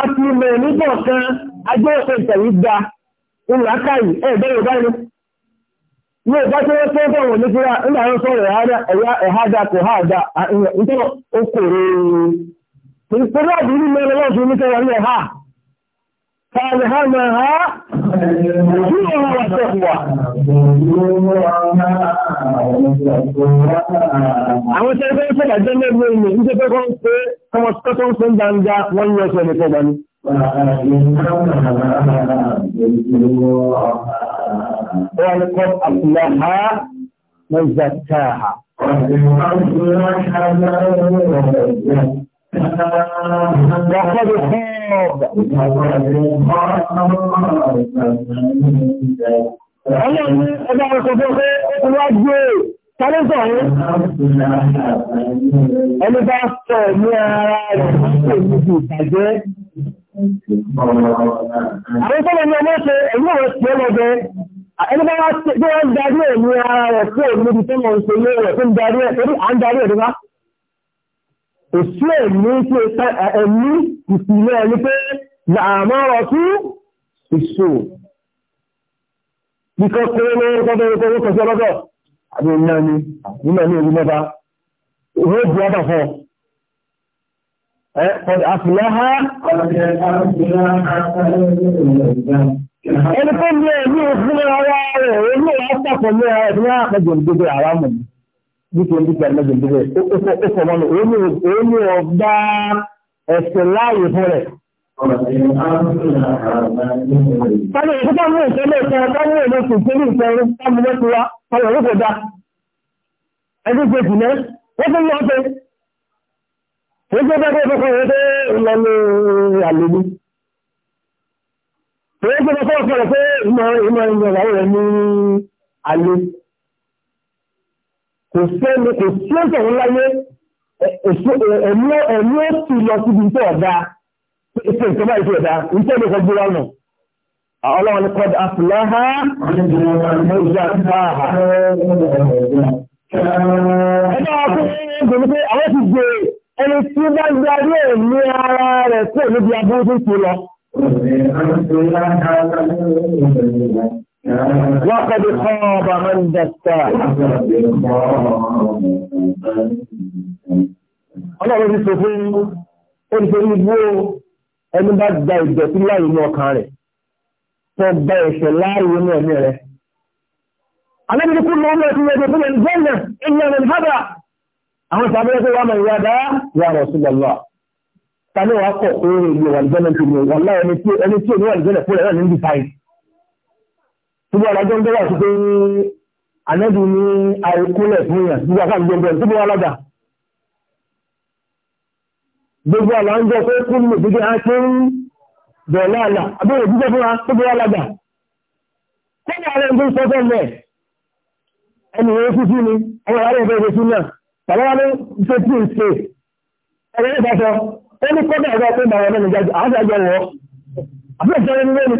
A ti mọ̀ nígbà kan, agbóhùn ìtẹ̀wé da, ìlàkàyè, ẹ̀ẹ́dẹ́rẹ̀ báyìí ní ọba tí wọ́n tó fẹ́wọ̀n ní nígbà wọn sọ̀rọ̀ ẹ̀yà kò háàdà nítorí okòrò ìpínlẹ̀ àbúrú mẹ́rin lọ́wọ́ fún nítorí wọn ẹ̀há tààlẹ̀ ha mẹ́ ha tí wọ́n wà sẹ́kùwà àwọn tí wọ́n fẹ́ jẹ́ mẹ́rin ní ìjẹ́ pé kọ́ ń pé kọ́mọ̀ tó ń pín gbangba wọ́n yọ sọ wọ́n kọ́ àpùláhá mẹ́zàkáhà. وقد خاب Ọlọ́run ní ẹgbẹ́ àwọn ọkọ̀ pé ó wá gbé e. tálẹ́sọ̀ rẹ̀. Ẹni bá sọ ní ara rẹ̀ ṣe níbi ìtàjẹ́. Àwọn tọ́lọ ní ọmọ ṣe ẹ̀yìn ọ̀rọ̀ sí ọlọ́dẹ ẹgbẹ́ wa tí wọ́n darí ẹ̀mí ara rẹ̀ tí èmi ibi tí wọ́n ń ṣe ilé rẹ̀ tó ń darí ẹ̀ torí à ń darí ẹ̀dá kò sí ẹ̀mí tí ó sá ẹ̀mí ìpìlẹ̀ ẹni pé làmọ́rọ̀ sí ìṣò nìkan kéré lórí kọ́kọ́ lórí kọ́kọ́ kọ́kọ́ lọ́dọ̀ àbí iná ni nínú ẹni tó ní ẹ̀mí fún ara rẹ̀ olú ọ̀pọ̀ pẹ̀lú ara rẹ̀ ní àpẹjọ ìdíje ara mọ̀ ní ti ẹni pẹ̀lú ẹ̀mí ìdíje ó fọ mọ́nu olú ọ̀gbá ẹ̀sẹ̀ láàyè fún rẹ̀. Sọ́dọ̀ ìfúnpá mú ìṣẹ́lẹ̀ ìṣẹ́ ọ̀gá mú ìlú kò sí ní ìṣẹ́rú sáàmù lẹ́tù wa, ọ̀rọ̀ ló kò dá. Ẹni ṣe jù náà, wọ́n tún lọ́ọ́ pé. Ó jẹ́ bẹ́ẹ̀ bẹ́ẹ̀ fọ́kàn rẹ̀ dé ìlọ́lẹ̀ àlejò. Pẹ̀lú pé mo fọ́ọ̀fọ́ rẹ̀ pé ìmọ̀ ìmọ̀ ìyàwó rẹ̀ ní alé. Kò sẹ́ni kò sí ọ̀sẹ̀ wọn láyé ẹ̀mí ó sì lọ síbi tó ọ̀dá. Ìṣe ìṣẹ́bá ìṣe ọ̀dá, ìṣẹ́ ìṣẹ́ ìṣẹ́ ìṣẹ́ ọ̀nà. Ọlọ́run ni kọ́d afúláhá, mo ìjà fáhà. Ẹgbẹ́ ọkùnrin ń gbèrú pé àwọn ti gbé ẹni tí ó bá gbé ayé ẹ̀mí ara rẹ̀ kúrò níbi abúrú tó ń ṣe lọ. وقد خاب من دساه ọlọ́run ti sọ fún oníṣẹ́lú igbó ẹni bá gba ìdọ̀tí láàyè ní ọkàn rẹ̀ tó gba ẹ̀ṣẹ̀ láàyè ní ẹ̀mí rẹ̀ alẹ́bìnrin kú lọ́wọ́ ẹ̀kú ẹ̀dẹ̀ fún ẹni gọ́ọ̀nà ìyẹn ẹ̀mí hábà àwọn ìsàbẹ̀rẹ̀ tó wà mọ̀ ìyá dáa yà rọ̀ sílẹ̀ lọ́wọ́ tani wàá kọ̀ pé èyí wà lùjọ́nà tó ní wọn láwọn ẹni tí ẹni tí òníwà lùjọ́nà fún ẹ̀rọ ní ń dìtàì tíbi alájọ́ ń gbọ́wà sí pé anẹ́bí ní àìkúnlẹ̀ fún yàn nígbà ká gbogbo ẹ̀ tíbi alága gbogbo alájọ́ pé kú ní ìdíje á ṣe ń bẹ̀rẹ̀ àlà abẹ́rẹ́ ìdíje fún wa tíbi alága kọ́ni ààrẹ ń gbé sọ́tọ̀ ni ọmọ ààrẹ ìfẹ́ ìfẹ́ sí náà tàbí wọ́n ní kọ́dà ọ̀rọ̀ pé màá wọn lẹ́nu jáde àwọn àjọ wọ́ àbúrò ìjọba ní lẹ́nu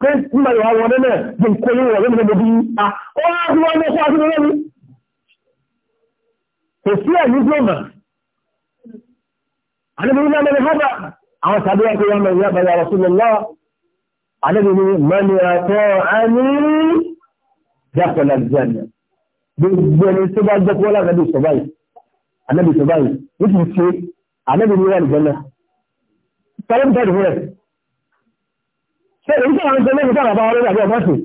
pé nígbà yóò wọn lẹ́nu bí n kọ́ lórí ọ̀rọ̀ lẹ́nu bí a ó wá bí wọ́n ní ọkọ̀ àti lẹ́nu kò sí ẹ̀ ní gbọ̀mà àdébí ní ọmọ ní hábà àwọn tàbí wọn pé wọn mọ̀ ìyábà yà Rasulullah àdébí ní mọ́ni àtọ́ gbogbo ẹni tó bá gbọ́ pé wọ́n lágbàdo sọ báyìí àlẹ́bí ní ìrìn ìjọ́nà tọ́lẹ́ bí tẹ́lẹ̀ fún rẹ̀ ṣe èyí tí àwọn ìjọ́nà ìjọ́ àbá ọlọ́rẹ́ àbí ọmọ sí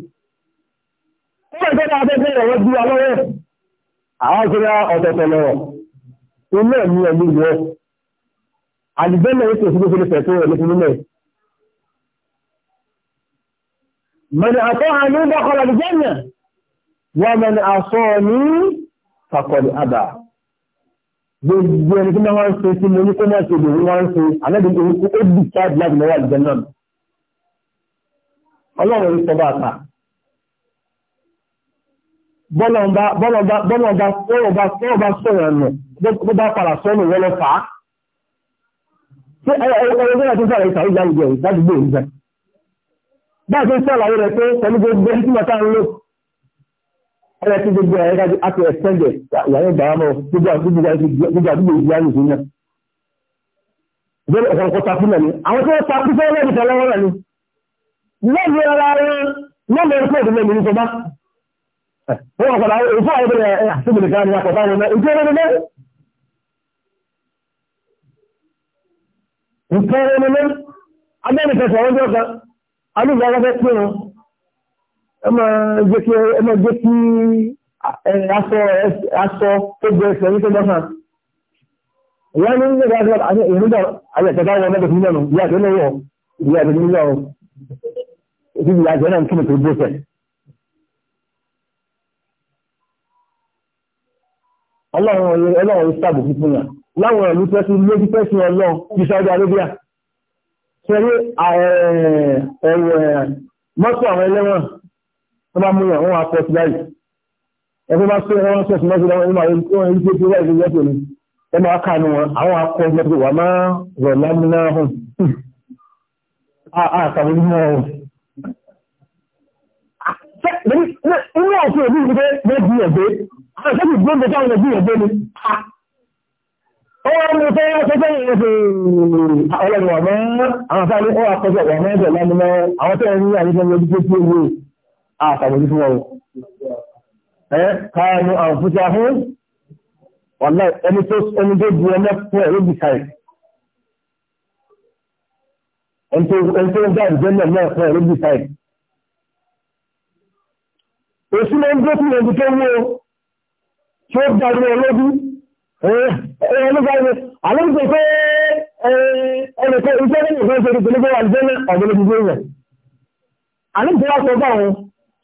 ó wà tẹ́lẹ̀ abẹ́gbẹ́ ọ̀rọ̀ ju alọ́rẹ́ àwọn ìjọba ọ̀tọ̀ọ̀tọ̀ lọ́rọ̀ ilé ẹ̀mí ẹ̀mí ìwọ àlùbẹ́nà ètò ìṣúgbó fún ìfẹ̀ tó rẹ̀ lókun nílẹ̀ mẹ́rin àtọ́ àánú dọ́kọ̀lá ìjọ́nà wọ́n mẹ́rin àsọ ní fàkọ̀lù àbà gbogbo ẹni tí wọ́n ń ṣe sí mo ní kó má ṣe lòun wọ́n ń ṣe àlẹ́bí ní orúkú ó bì káàdì láti lọ́wọ́ àlùjẹ náà ọlọ́run ń sọ bá ta bọ́lọ̀ba sọ̀rọ̀ nù bó bá padà sọ́nù wọ́n lọ fà á ṣé ẹ̀rọ tó ń sàlàyé sàlàyé ìjà ìjọ ìdádúgbò ìjẹ bá a ṣe ń sàlàyé rẹ pé pẹ̀lú gbogbo ẹni tí wọ́n ta ń lò ẹ̀rẹ́ tí gbogbo ẹ̀rẹ́ kájú àti ẹ̀sẹ̀ǹdẹ̀ ìyàwó ìgbàlámọ̀ gbogbo àdúgbò ìgbàlá ìṣòwò náà. ìbẹ̀rẹ̀ ọ̀sán kọta fún náà ni àwọn tí wọ́n ta kú fẹ́ lẹ́nu kan lọ́wọ́ náà ni. lẹ́nu ara rẹ̀ lẹ́nu ẹ̀rọ fún ìdílé mi ní sọba. wọ́n wà padà ìfọ́ àwọn ìbẹ̀rẹ̀ àtúbìlì kan ní akọ̀tà wọn náà ìjọ ẹ̀rọ náà. nǹkan ẹ̀rọ náà abẹ́ni kẹsàn-án ọjọ́ kan alúgbà ẹ máa jẹ́ kí ẹ máa jẹ́ kí aṣọ aṣọ tó gbé ẹsẹ̀ ní tọ́jọ́ kan. ìyá ní ní ìgbà àgbà àti ìrìnàjò àyè àtẹ̀dá wọn lọ́dọ̀ fún mílíọ̀nù ìyá àti olówó ìyá àti mílíọ̀nù ìdí ìyá àti ẹ̀rọ kí ni tó gbé ẹsẹ̀. ọlọ́run ọlọ́run sábò fífún yàn láwọn ìlú tẹ́sí lójú tẹ́sí ọlọ́run ti Saudi Arabia. sẹ́rí mọ́tò àwọn ẹlẹ́wọ̀n wọ́n bá mú yàn wọ́n wá sọ sí báyìí ẹgbẹ́ bá sọ wọ́n sọ sí mọ́sí lọ́wọ́ ìmọ̀ ìwọ̀n ìgbé tí wọ́n ìgbé tó ní ẹ máa kà ní wọn àwọn akọ ẹgbẹ́ tó wà máa rọ̀ lámúná hàn àtàwọn onímọ̀ ọ̀hún. inú ọ̀sẹ̀ òbí ìgbé bẹ́ẹ̀ bí ẹ̀gbẹ́ àwọn ìṣẹ́jú gbọ́dọ̀ táwọn ẹ̀gbẹ́ ẹ̀gbẹ́ ni ọwọ́ mú fẹ́ ọ̀sẹ̀fẹ́ ọlọ́run wà mọ́ àwọn afẹ́ àwọn akọ́sẹ̀ wà mọ́ ẹ̀jẹ̀ lámúná àwọn tẹ́ẹ̀ ní àyíkẹ́ ní ọdún tó tó wù àtàbójú fún wọn ẹ́ káàmù àǹfútí ahún wàlá ẹni tó ẹni tó bu ọmọ fún ẹ̀rọ bìsáì ẹni tó ń dá ìjẹ́lẹ̀ náà fún ẹ̀rọ bìsáì òsì máa ń gbé fún ẹni tó wó tí ó darí ọlọ́dún ẹ̀rọ ló báyìí àlọ́dún tó ẹni tó ìjẹ́lẹ̀ nìkan ṣe ìpínlẹ̀ àlùjẹ́lẹ̀ ọ̀gbẹ́lẹ́gbẹ̀rẹ̀ àlọ́dún tó wá sọ báwọn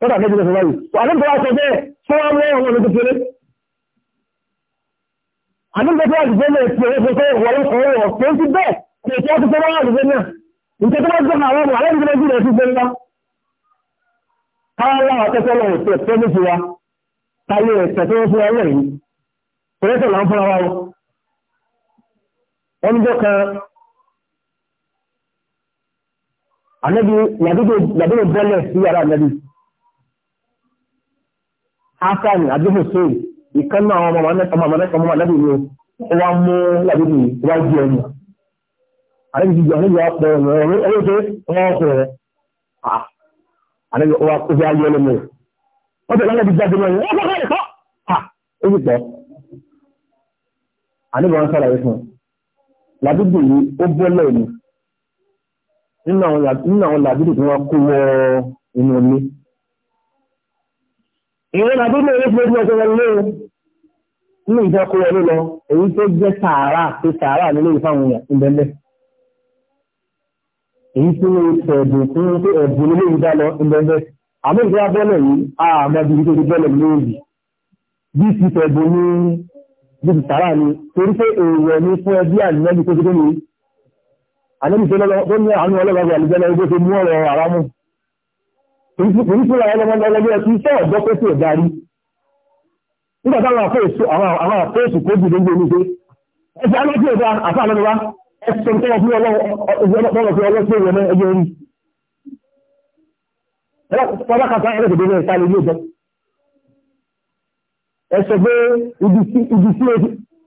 Tọ́ta méjì lọ́sọ̀ báyìí. Àdúgbò wa sọ bẹ́ẹ̀ tó wá mú ọmọ mi kékeré. Àdúgbò tó wà jùlọ lè fi owó fẹ́ wọlé fún ọwọ́ tó ń ti bẹ́ẹ̀ kò tí wọ́n ti fẹ́ wọ́n àdúgbò náà. Nǹkẹ́ tó wọ́n gbọ́n àwọn ọmọ alẹ́ ìgbẹ́ jùlọ sí gbẹ́ńlá. Káwọn láwọn akẹ́kọ̀ọ́ lọ sí ẹ̀tọ́ ní ti wa. Táyé ẹ̀sẹ̀ tó fún ọwọ́ yìí. Pẹ̀lẹ́sẹ̀ là ń fúnra wa. Wọ́n jọ kan Ànábi Nàdúgbò bọ́lẹ̀ sí yàrá Ànábi. Hassan àbí Hussein ìkan náà àwọn ọmọ ọmọ anábì ni ó wá mú làbíbi wájú ẹnu. Àlejò ìjọ àlejò àpọ̀ ọ̀rọ̀ ẹ̀rọ tó wọ́n kọ̀ ọ́. Àlejò wa kó fi ayé ẹlẹ́mọ̀. Wọ́n tẹ̀lé ẹ̀rọ ìjáde náà yẹn. Ẹ̀fọ́ ẹ̀fọ́. Ha! Ó sì pọ̀. Àlejò wọn sọ̀rọ̀ yìí fún un. Làbíbi yìí ó bọ́lẹ̀ ni. Nínú àwọn làbíbi tí wọ́n kó wọ inú omi ìwé nàbí lè rí pé ọjọ́ wọlé o nínú ìjọ kó wọlé lọ èyí tó jẹ́ sàárà pé sàárà nílé ìfáwọn èèyàn ń bẹ́ẹ̀ èyí tó lè sọ ẹ̀bùn fún pé ẹ̀bùn nílé ìdá lọ ń bẹ́ẹ̀ àmọ́ ìjọba bọ́ọ̀lù yìí àmọ́ ibi tó ti bọ́ọ̀lù lóòrì bí ti tẹ̀bùn ní bí ti sàárà ni torí pé èèwọ̀ ni fún ẹbí àníyàn tó ti dé ní àníyàn tó ní àwọn ọlọ́gbàgbà àlùjẹ́ lọ onífúnra ẹlẹ́mọ́lẹ́lẹ́lẹ́ ẹ̀kú iṣẹ́ ọ̀dọ́ pé tí ò darí nígbà táwọn àfẹ́ẹ̀sù kó dìde ní oníṣe ẹ̀sẹ̀ alájú ẹ̀dá àfáà lọ́nà wá ẹ̀sẹ̀ tó wọ́n fi ọlọ́sẹ̀ ìwọ̀n ẹgbẹ́ orí pàdákàtà ẹ̀rẹ́gbẹ̀dẹ̀ ní ìsàlẹ̀ ilé ẹjọ́ ẹ̀sẹ̀ pé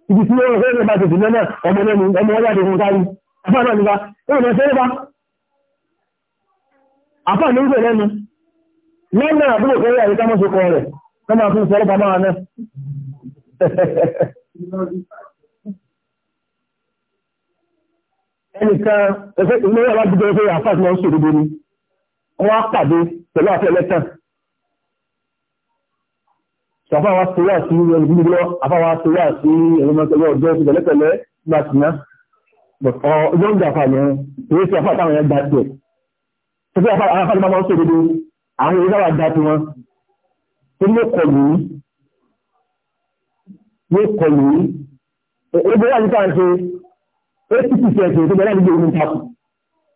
ibi tí ó rẹ̀ rẹ̀ bá tètè náà ọmọ lẹ́nu ọmọ ọlọ́dẹ ohun kárí àfáà náà nígbà ó rẹ̀ fẹ́ bá àfáà ní ìgbẹ̀ lẹ́nu lọ́nà àbúrò kẹrẹ àríká mọ́ sókọ rẹ̀ wọ́n máa fún sọ́rọ̀ pàmọ́ àná ẹnìkan ẹgbẹ́ ilé alágbègbè ẹgbẹ́ àfáàtì lọ sí òdodo ni wọ́n á pàdé pẹ̀lú àfẹ́ ẹlẹ́tàn àfáwà tó wà sí ẹni bíbí lọ àfáwà tó wà sí ẹni mọ́tẹ́lẹ́ ọjọ́ ti pẹ̀lẹ́pẹ̀lẹ́ gbà sí ná ọjọ́ ń jà fà ní ẹ̀rẹ́ sí àfáàtàwọn ẹgbà tiẹ̀ tó fẹ́ àfáàtàwọn máa ń sọ òdodo àwọn ìdáwà dá tí wọ́n tó ló kọlù ní ló kọlù ní ẹgbẹ́ wà nípa ṣe 80% tó bẹ̀rẹ̀ nígbè omi takù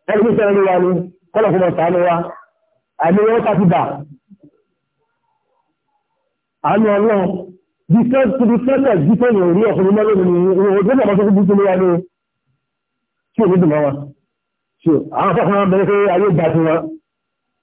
ẹni tó sẹ́rẹ̀ lówà ní kọ́lọ̀ fún ọ̀sán wa àmì wọ́n tàbí bà àmì ọlọ́run bí first to the first of different yóò rí ọ̀fún mọ́ lónìí ní owó tó bọ̀ sókè búkú lówà ní tí ò ní dùn mọ́ wa àwọn afọ́fún wọn bẹ̀rẹ̀ pé ayé ìgbà tí wọn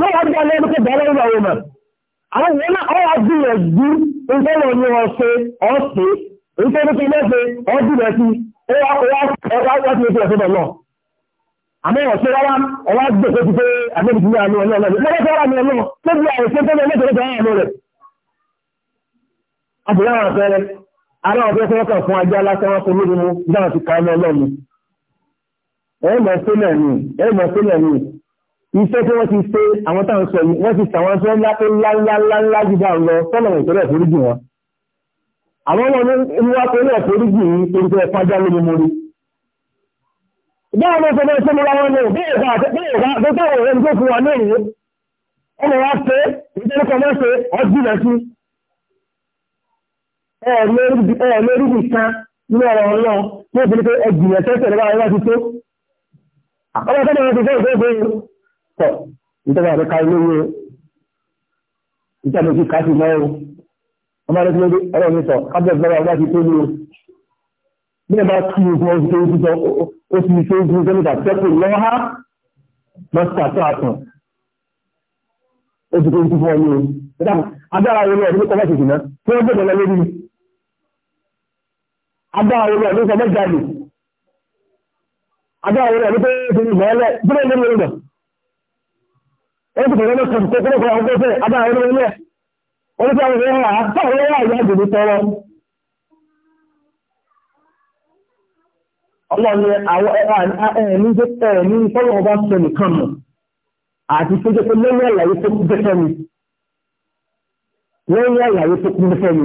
wọ́n wá gbá lẹ́nu pé bẹ̀rẹ̀ ìwà ọmọ àwọn ìwọ̀n náà ọwọ́ gbìyànjú ìfẹ́lẹ̀ ní ọ̀ṣẹ́ ọ̀ṣẹ́ ìfẹ́lẹ̀ tó lẹ́sẹ̀ ọdúnrẹ̀ sí Àwọn ọ̀fẹ́ fẹ́ kàn fún ajá lásán wọ́n fún lórí mú dáwọn ti ká ẹmọ ọlọ́run. Ẹ̀mọ̀ sílẹ̀ ni, ẹ̀mọ̀ sílẹ̀ ni, iṣẹ́ tí wọ́n ti ṣe àwọn táwọn sọ yìí wọ́n ti tàwọn tó ńlá tó ńlá ńlá ńlá ńlá jùlọ lọ sọ́nà ìtọ́rẹ̀ ìforíjì wọn. àwọn ọmọ ní wá pé ní ìforíjì yìí torí pé ẹ̀fọn ajá lórí mórí. báwo ló sọ bẹ́ẹ̀ sọ́mọ́ra wọn ní bí ìgbà bí ìgbà tó tẹ̀wọ̀ rẹ̀ tó fún wa ní ìlú. ọmọ wa ṣe ìjẹ́rìí kan mọ́ṣe ọdún náà sí. ẹ lórí nìkan ní ọ̀rọ̀ ọlọ́run ní ìpínlẹ̀ ẹgbìyànjẹ́ tẹ̀lé tọ̀ ìjọba rẹ̀ ká ilé ìwé ìjọba ti ká sí mọ́rún ọmọ rẹ̀ tí ló dé ọ̀rọ̀ mi sọ kábẹ̀ bọ́ra ọba ti tó ní o bí ẹ bá kí ogun ọdún tó ń sọ ó ti ṣe ogun tó ń gbà tẹ́kù lọ́wọ́ ha mọ́sítà tó àtàn ó ti tó ń fún ọ ní o agbára wo lọ ní kọ́mọ́sì ìsìnà tí wọ́n gbọ́dọ̀ lọ lórí agbára wo lọ ní kọ́mọ́sì jáde agbára wo lọ ní kọ́mọ́sì ìsìnà wọ́n ti bẹ̀rẹ̀ lọ́sọ̀rọ̀ tó kúrò fún ọgbẹ́ fẹ́ abáyé ló lẹ̀ wọ́n ti àwọn ìwé àá fáwọn ìwé àyà ìdìbò tọrọ. ọlọ́ni àwọn ẹ̀ẹ̀mí jẹ́ fọ́lọ́ ọba sọ nìkan mọ̀ àti tó jẹ́ pé lẹ́yìn àlàyé tó kún fẹ́ mi lẹ́yìn àlàyé tó kún fẹ́ mi.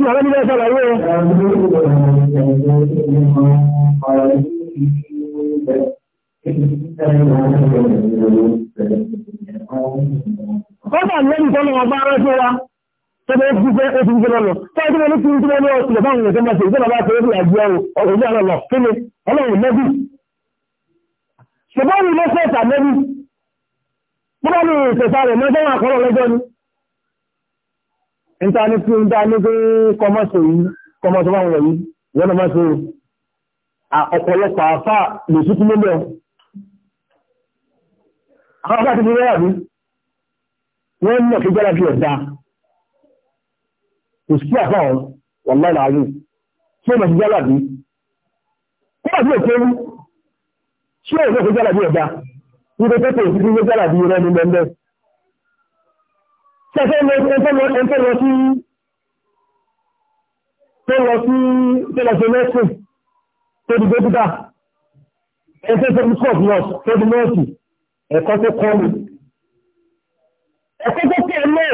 Tí àwọn ilé ẹ̀ṣọ́ làwọ́ ẹ̀. Kọ́nà lẹ́nu tọ́lọ ọba rẹ̀ fún wa, tó bẹ́ fún fẹ́ ó ti fún lọ́lọ́. Tó ẹgbẹ́ ní kí n túnmọ́ ní ọ̀sùn fáwọn èèyàn tó bá ṣe ìjọba bá ṣe orí àjọ ọ̀rọ̀ ní àlọ́lọ́ kí ni ọlọ́run lẹ́bí. Ṣùgbọ́n ní lọ́sẹ̀ ìtàlẹ́bí, bọ́ọ̀lù ìṣẹ̀ṣà rẹ̀ mọ́jọ́ wà kọ́lọ̀ lọ́jọ́ ni níta ní pé níta ní pé kọmọ́sọ yìí kọmọ́sọ máa ń wọ̀ yìí ìwọ́n náà máa ṣe ọ̀pọ̀lọpọ̀ àfà lòsí kí lélẹ̀ àwọn afá ti fi rẹ́wà bí wọ́n ń mọ̀ kí jẹ́lá fi ọ̀dá kò sí àfà ọ̀hún wọ́n láì láàárín tí ó mọ̀ sí jẹ́lá bí kó àti òkè tí ó mọ̀ sí jẹ́lá bí ọ̀dá nígbà tó kò sí jẹ́lá bí rẹ́ ní mẹ́mbẹ́ Tẹ́fẹ́ lọ sí tó lọ sí mẹ́sìn tó di dókítà, ẹ̀fẹ́ tó di court nurse tó di mẹ́sìn, ẹ̀kọ́ tó kọ́ mi. Ẹ̀kọ́ tó kí ẹ mẹ́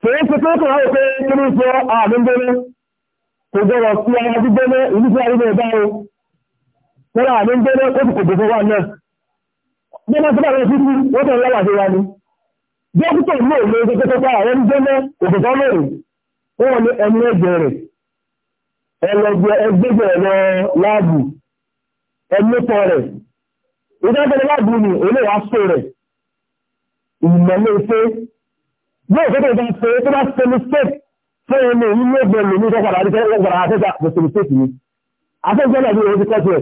Fèrè ti tó kàn áwò pé kí ní ìfẹ́ àmì ń gbẹ́rẹ́, kò gbọ́rọ̀ sí ara gbígbẹ́rẹ́ ìlú sí àríwẹ̀ ẹ̀dá o. Wọ́n àmì ń gbẹ́rẹ́ ó ti kò dé fún wa náà. Bí wọ́n ti bá rẹ̀ sí wọ́n tẹ̀ lọ́wọ́ àti wa ni dókítà ilé ìlú ẹgbẹ́ tó bá àwọn gbẹ́mọ́ òkùnkọ́ lórí wọ́n ní ẹni ẹgbẹ́ rẹ̀ ẹlẹgbẹ́ ẹgbẹ́gbẹ́ ẹ̀rọ láàbù ẹmẹ́tọ̀ rẹ̀ ìdájọ́ láàbù ni olóòwà sọ rẹ̀ ìmọ̀lẹ́ ife yóò fẹ́ tó bá fẹ́ tó bá fẹ́ mistake fún ẹni ìlú ẹgbẹ́ lòmí tó padà rí fẹ́ wọ́n padà àtẹ́jà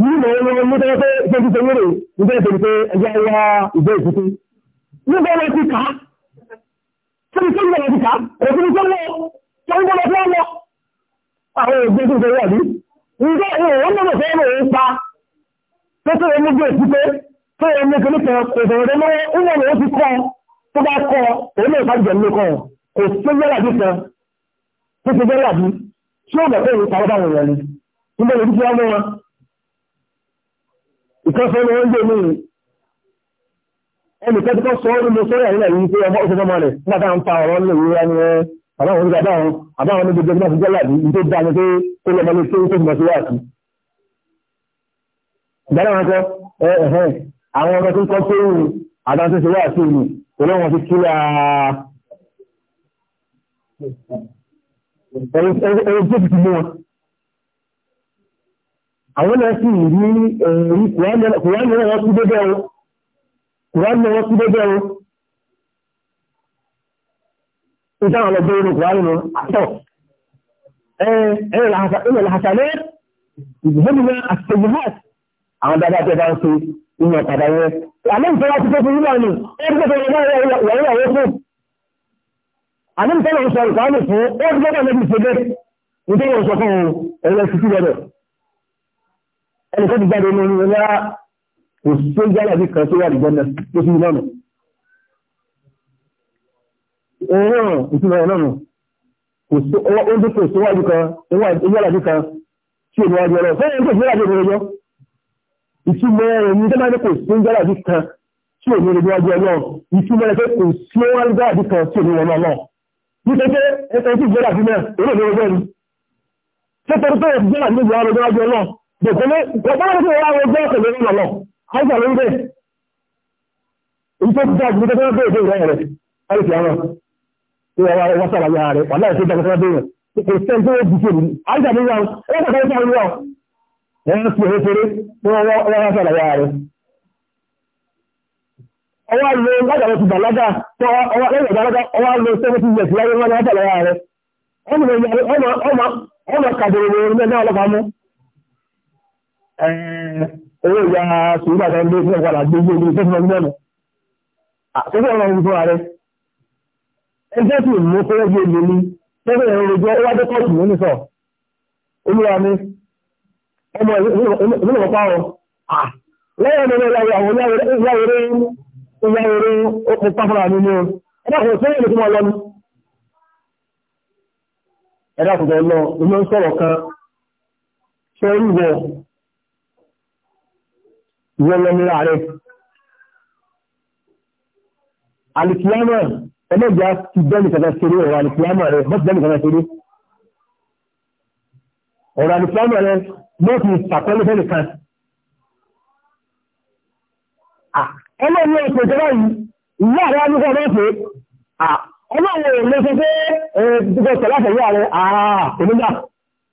nínú ẹ̀rọ mú tẹ́lẹ̀ pé ṣéjú tó lérè nígbà tó pé ẹjẹ́ wá ìgbé ìfúkú. nígbà wọn ti kà á ṣéjú tó lérè ti kà á òfin tó lọ tó ń bọ́lọ̀ fún ọ àwọn ògbé tó lérè àbí. nígbà wọn lọ́nà fẹ́ ìkọ́sọ́ ni wọ́n ń gbé ní ẹnìkan tí kọ́ sọ ọ́rùn mo sọ́rọ̀ ìrìnlẹ̀ yìí pé ọmọ òṣèlú ọmọ rẹ̀ nígbà tá à ń fa ọ̀rọ̀ nílẹ̀ ìrora ni bàbá àwọn onígbà báwọn àbáwọn onígbà jẹ́ náà fi jẹ́lá bí tó dá ni pé àwọn náà sì rí ẹ̀rí kùránì náà wọ́n sí dédé wọn kùránì náà wọ́n sí dédé wọn ìtàn àwọn ọ̀dọ́ orin kùránì náà àtọ̀ ẹ̀rẹ̀ làṣàlẹ̀ ìgbìmọ̀ àṣẹ̀yìnhàt àwọn dáadáa tẹ́ bá ń ṣe ìyàn padà yẹn àmì ìfẹ́ láti fẹ́ fún yíyàn ni ẹ̀rí tó fẹ́ wọ́n wọ́n fún àmì ìfẹ́ lọ́wọ́ sọ ìkànnì fún ẹ̀rí tó fẹ́ ẹni tó ti jáde ní orí ọlá kò tó yálà bí kan tó wà lùgbọ́nà tó fi lọ́nà òun ìtumọ̀ ẹ̀ lọ́nà ó dé kò tó wà bí kan yálà bí kan tí èmi wájú ọlọ́ fẹ́ẹ́ ní kò tó yálà bí ọjọ́ ìtumọ̀ ẹ̀ ní tẹ́lá ní kò tó yálà bí kan tí èmi wájú ọlọ́ ìtumọ̀ ẹ̀ pé kò sí wọ́n yálà bí kan tí èmi wọ́n lọ́ ní kékeré ẹ̀ka ìtú ìjọba àti náà èrò ìjọba ni. ṣé torí pé ìjọba àti ìjọba àti ìjọba Bẹ̀tẹ̀lé, bẹ̀tẹ̀lé tó wá wọ jẹ́ ọ̀sẹ̀ lórí lọ́lọ́, àìsàn ló ń bẹ̀. Èyí tó ti dá ìgbésẹ̀ tó bẹ̀rẹ̀ sí ìrẹ́ rẹ̀, ẹ̀rì fi àwọn tó wà wá sára ya rẹ̀, wà láì tó dá ìgbésẹ̀ bẹ̀rẹ̀. Kò sẹ́ni tó di ṣe nìyí, àìsàn ló ń yàwó, ẹ̀rọ kàkà ìṣàn ló yàwó. Ẹ̀rọ fi èrè fèrè tó wá wá sára ya rẹ̀. Ọwọ́ owó ìyá sùúrù àti ẹgbẹ́ ìpínlẹ̀ padà gbé gbé ìgbésẹ̀ ìwọ́lọ́mí ààrẹ alìkìyàmọ̀ ẹlẹ́gbà ti bẹ́ẹ̀lì kẹta ṣeré ọ̀rọ̀ alìkìyàmọ̀ rẹ̀ mọ́ ti bẹ́ẹ̀lì kẹta ṣeré ọ̀rọ̀ alìkìyàmọ̀ rẹ̀ mọ́ ti sàkọ́lé fẹ́lì kan ẹlẹ́ni ọ̀pọ̀ ìjọba yìí ìyá rẹ̀ alúgbà náà pé ọlọ́run ò lè fẹ́ fẹ́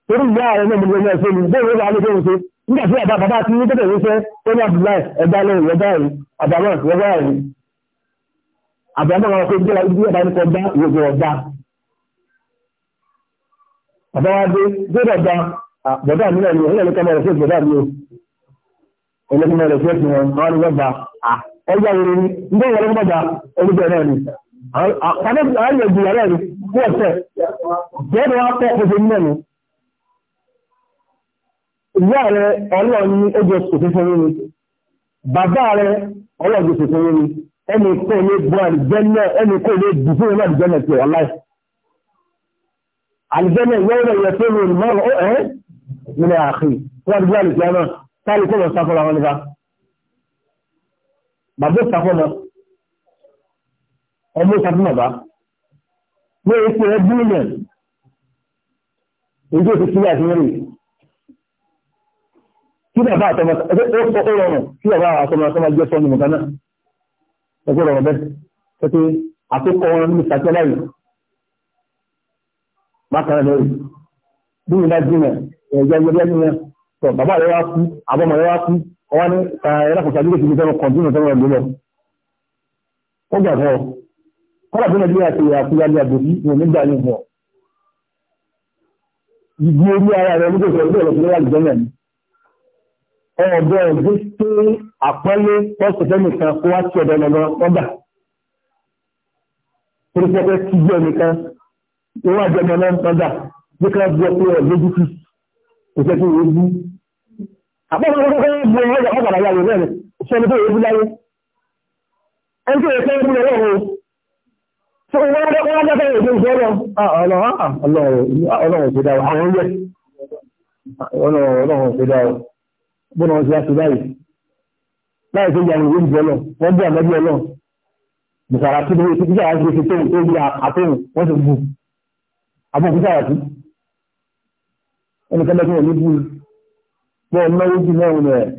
torí ìyá ààrẹ náà gbogbo ẹgbẹ́ ìṣẹ́lú bóòrò wà ní kéwòsó nígbà tí àbá bàbá tí ní tẹ́tẹ̀ wíṣẹ́ tó ní Abdullahi ẹgbà lẹ́yìn ẹgbà rí àbámọ́ ẹgbà rí àbámọ́ àwọn akẹ́kọ̀ọ́ ìgbéra ibi ẹ̀dá nípa ọgbà ìwòjò ọgbà bàbá wa dé gbọ́dọ̀ ọgbà bọ̀dá mi náà ni ó lẹ́nu kọ́mọ rẹ̀ fún bọ̀dá mi ó ẹlẹ́kùnmọ́ rẹ̀ fún ẹ̀sìn wọn wọn ni wọ́n gba ọjà wẹ̀rẹ̀ ni ndé ìwọ̀n lọ́gbọ̀n gba olùgbẹ̀ náà ni àwọn ìgbìyànjú rẹ̀ ni wọ́n tẹ̀ jẹ́ẹ̀dọ̀ wọn pẹ́ òṣèlú náà ni ìyá rẹ ọlọ́run ní ó jẹ sòfin fún mi bàbá rẹ ọlọ́run jẹ sòfin fún mi ẹnì kò lè bọ àlùjẹ́nà ẹnì kò lè dùn fún mi àlùjẹ́nà tiẹ̀ ọláì àlùjẹ́nà yẹ́n rẹ̀ yẹ fún mi mọ́ ọ ẹ́ nílẹ̀ àkì wọ́n ti gbé náà kí bàbá àtọmọ ó rọrùn kí bàbá àtọmọ àtọmọ jẹ́ sọ́nù nìkan náà ẹgbẹ́ rọrùn bẹ́ẹ̀ pẹ́pẹ́ àkókò wọn ní sàtẹ́láì bákan lórí bí ìlà jìnà ẹ̀jẹ̀ ẹgbẹ́ jìnà tọ̀ bàbá rẹ̀ wá kú àbọ̀mọ̀ rẹ̀ wá kú ọwá ní ẹlẹ́kùnfà lílé ìfìdí fẹ́ràn kọ̀ǹtínà tọ́rọ ẹ̀gbẹ́ lọ ó gbà fọ́ kọ́lá bí nàìjíríà ti rà kúyà ní àgbòsí ní onígbà ọ̀dọ́ ẹ̀gbẹ́ tó àpọ́lé pọ́sùfẹ́ nìkan kó wá tí ọ̀dọ́ ọ̀nà ọgbà torípẹ́pẹ́ tí bí ẹnìkan tó wà jẹ́ ọmọ ọgbà bí ká bí ọpẹ́ ẹ̀ lójú tí kò jẹ́ kí ojú àpọ́lé kọ́kọ́ bí ọmọ ọjà ọgbà láyà rẹ̀ rẹ̀ ṣe ẹni tó ojú láyé ẹni o tó wọ́n wọ́n wọ́n wọ́n dákẹ́ ìdí ìṣẹ́ lọ ọlọ́run ọlọ́run ọlọ́run ọlọ́run ọlọ́run bọ́nà wọn ti wá sí báyìí láì tó yàrá ìwé ìjọ náà wọ́n bí àmọ́bí ọ náà bùsàrà tó lórí títí àwọn aṣèṣe tó tó yà àtòhùn wọ́n sì bù àbọ̀ òkúta àti ẹnì kan lẹ́kùn òní bù bọ́ ọ náwó jù náà rẹ̀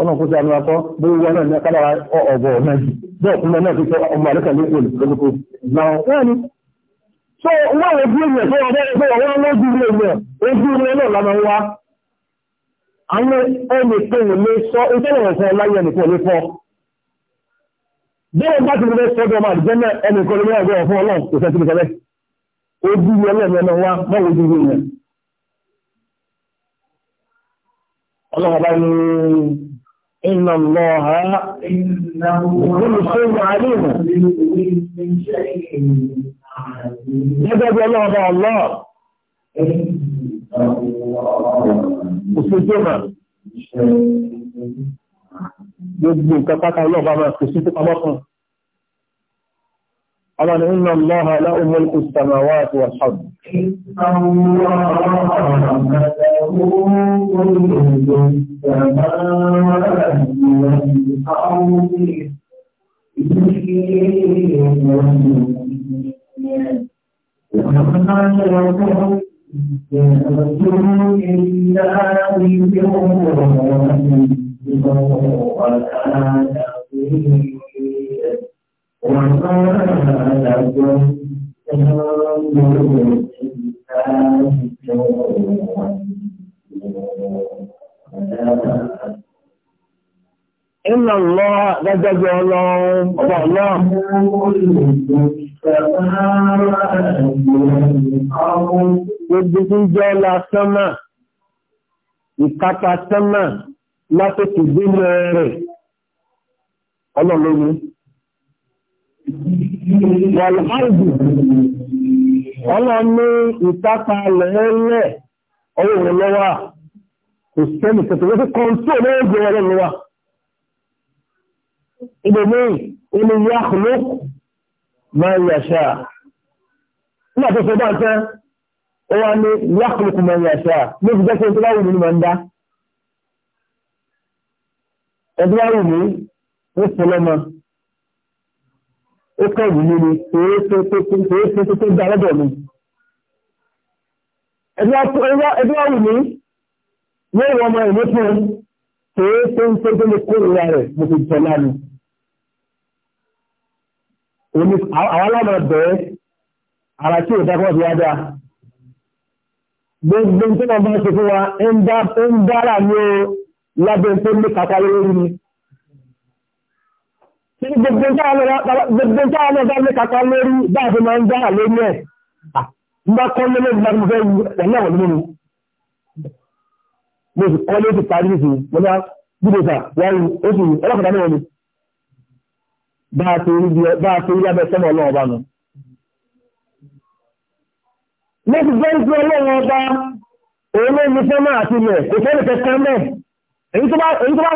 ọ̀nà kó sí àmì akọ́ bó wọ́n náà ní akádára ọ̀bọ̀ náà jù bẹ́ẹ̀ kúnlẹ̀ náà fi sọ ọmọ àlẹ́kàn ní òní lókòó náà wọ́n wọ́n rẹ̀ bí ènìyàn tó wọ́n àwọn ẹnìkan ò lè sọ ìtẹ́lẹ̀ ọ̀fọ́ láyé ẹnìkan lè fọ́ bí wọ́n bá ti lè sọ́dọ̀ ọmọ àdìjẹ́ náà ẹnìkan lè mẹ́rin ọ̀fọ́ ọlọ́run kò sẹ́tí mi sẹ́lẹ̀ ojú ni ọlọ́run ẹ̀mọ́ wa mọ́wọ́ ojú ni ìyẹn ọlọ́run bá ní iná lọ bí ọlọ́run bá ọlọ́run òṣèjọba gbogbo nǹkan pátá ọlọ́ọ̀bá máa kò sí tó pamọ́ fún ọmọ ni iná lọ́ha láwọn olùkú sàmàwà àti wàṣàbù Ìgbìyànjú يَرْجُونَ إِلَّا إن الله لجد الله الله gbogbo tí ń jẹ́ ọlá sánmà ìkápá sánmà látòkè gbélé rẹ̀ ọlọ́lọ́run wàlúhàìdù ọlọ́ni ìkápá lẹ́ẹ̀lẹ́ ọwọ́ rẹ̀ lọ́wọ́ kò sẹ́nì kẹtẹ̀ wọ́n fi kọ́ńtò lóògùn rẹ̀ lọ́wọ́ ibòmí ìlú yàkùnú máa ń yàṣà nígbà tó fẹ́ bá ń tẹ́ ó wá ní yàkùnkù mẹ́rin àṣà ló fi jẹ́ pé tó bá wù mí máa ń dá ẹgbẹ́ bá wù mí ó fún lọ́mọ ó kọ́ ìwú mi ni kìí ṣe tó tó dá lọ́dọ̀ mi ẹgbẹ́ bá wù mí ní ìwọ̀n ọmọ ìlú fún un kìí ṣe ń tó lè kó ìlà rẹ̀ mo fi jẹ lánu àwọn alámọ̀ bẹ̀ẹ́ ara ò dákọ́ fi wá dáa gbogbo tó wọ́n bá ṣe fún wa ń dára ní o lábẹ́ tó ní kàkà lórí ni. Gbogbo táwọn ọ̀dá ní kàkà lórí dáàbí máa ń dára lórí ẹ̀. Mbá kọ́ lé lórí láti fẹ́ ẹ̀lẹ́ ọ̀dọ́ nínú. Mo sì kọ́ lé ti parí sí wọ́n bá gbígbé sà wáyé oṣù ọlọ́pàá náà ni. Bá a ṣe rí lábẹ́ sọ́mọ́ ọlọ́ọ̀bá náà ní ti jẹ́ ìgbé ọlọ́run ọba òun ló ní sọ́mà àti ilẹ̀ kò sẹ́ni kẹta mẹ́ èyí tó bá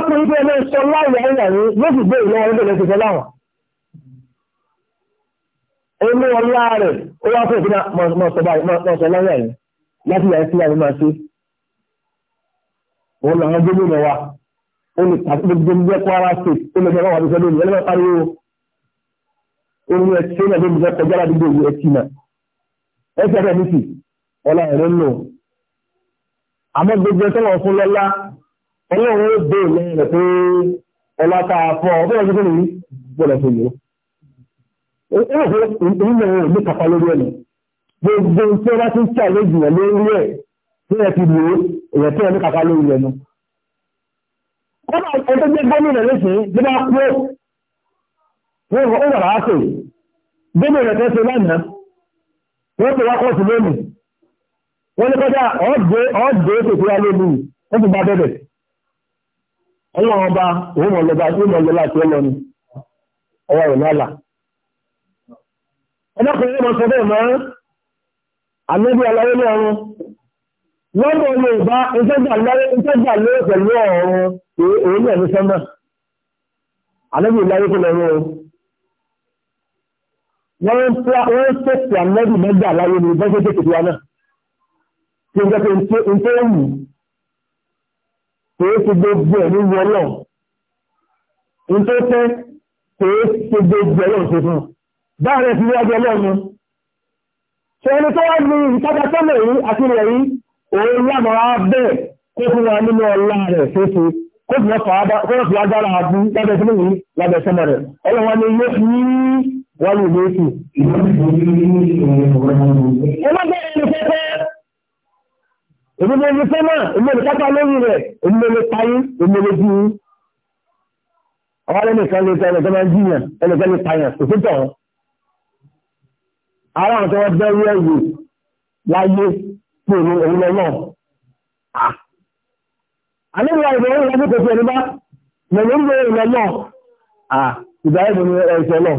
pín ìgbé ẹlẹ́ sọ láyé ayàwó yóò sì gbé ìlọ́wọ́ nígbè lẹ́sẹ̀ sọ láwọn olú ọlá rẹ̀ ó wá fún ìpínlẹ̀ mọ̀sọ̀ láyé ayé láti yàrá sí àwọn máa ṣe òun làwọn gómìnà wa ó lè pàṣẹ gbogbo ẹ̀kọ́ ara ṣe ó lè fẹ́ wà ní sọ́dọ̀ ẹsẹ̀ rẹ̀ nìkì ọlá ẹ̀rọ nù. àmọ́ gbogbo ẹ̀ tọ́wọ́ fún lọ́lá ọlọ́run ó dé lẹ́yìn rẹ̀ pé ọlá tá a fọ́ ọ bẹ́ẹ̀ gbogbo nìyí gbọ́dọ̀ fún yìí. ó rò pé ìlú ẹ̀ ní kàkà lórí ẹ̀ nù. gbogbo tí wọ́n bá ti ń tẹ̀ lójú ẹ̀ lórí ẹ̀ tí ẹ ti lò ó èyàn tí ẹ ní kàkà lórí ẹ̀ kọ́nà ẹgbẹ́ gbé wọ́n tó wá kọ́ọ̀tù lónìí wọ́n ní kọjá ọ̀dẹ́ ọ̀dẹ́ tètè wá lónìí wọ́n ti bá bẹ̀bẹ̀ ọlọ́run ọba òun mọ̀ lọ́ba tí ó mọ̀ lọ́la tí ó lọ ni ọwọ́ rẹ̀ lọ́la ọlọ́kùnrin mọ̀ sọ bẹ́ẹ̀ mọ́ àmọ́bí aláwọ̀ lọ́run lọ́dọ̀ lè bá ìtẹ́gbà lórí pẹ̀lú ọ̀run èyí ní ẹ̀mí sọ́mọ́ àlẹ́bí ìláyé tó lọ́run wọ́n ń tẹ̀sí àmọ́dù mẹ́gbà láyé ní bọ́sẹ̀ tẹ̀sí wa náà tí ó jẹ́ pé ń tó wù kò é ti gbogbo ẹ̀ ní wọlọ́ ń tó tẹ́ kò é ti gbogbo ẹ̀ lọ́sẹ̀ fún báyìí ti wájú ọlọ́run ṣe ẹni tó wá ní ìtajà tẹ́lẹ̀ yìí àti rẹ̀ yìí òun lámọ̀ á bẹ́ẹ̀ kó fún wa nínú ọlá rẹ̀ ṣeéṣe kó fún wa fà á dára abú lábẹ́ sínú yìí lábẹ́ sẹ́mọ̀ rẹ̀ ọlọ́run wa ni yóò wọ́n lè lóṣù. Ẹ má bẹ̀rẹ̀ ní pẹ́pẹ́. Èmi lè ní pẹ́ náà, èmi lè kápá lórí rẹ̀, èmi lè payín, èmi lè bí. Àwọn ẹni kan lè ta ẹnìkan máa ń jiyàn, ẹnìkan lè payàn, kò sí tọ̀hún. Ara àwọn tí wọ́n bẹ́rù ẹ̀wò láyé pèrò òun lọ náà. Àníbi àwọn ìbẹ̀rẹ̀ ìlànà kò fi ẹni bá, mẹ̀lẹ́ ń bẹ̀rẹ̀ ìlànà. Ìbẹ̀rẹ̀ ìbẹ̀rẹ̀ ẹ̀ṣẹ̀ náà.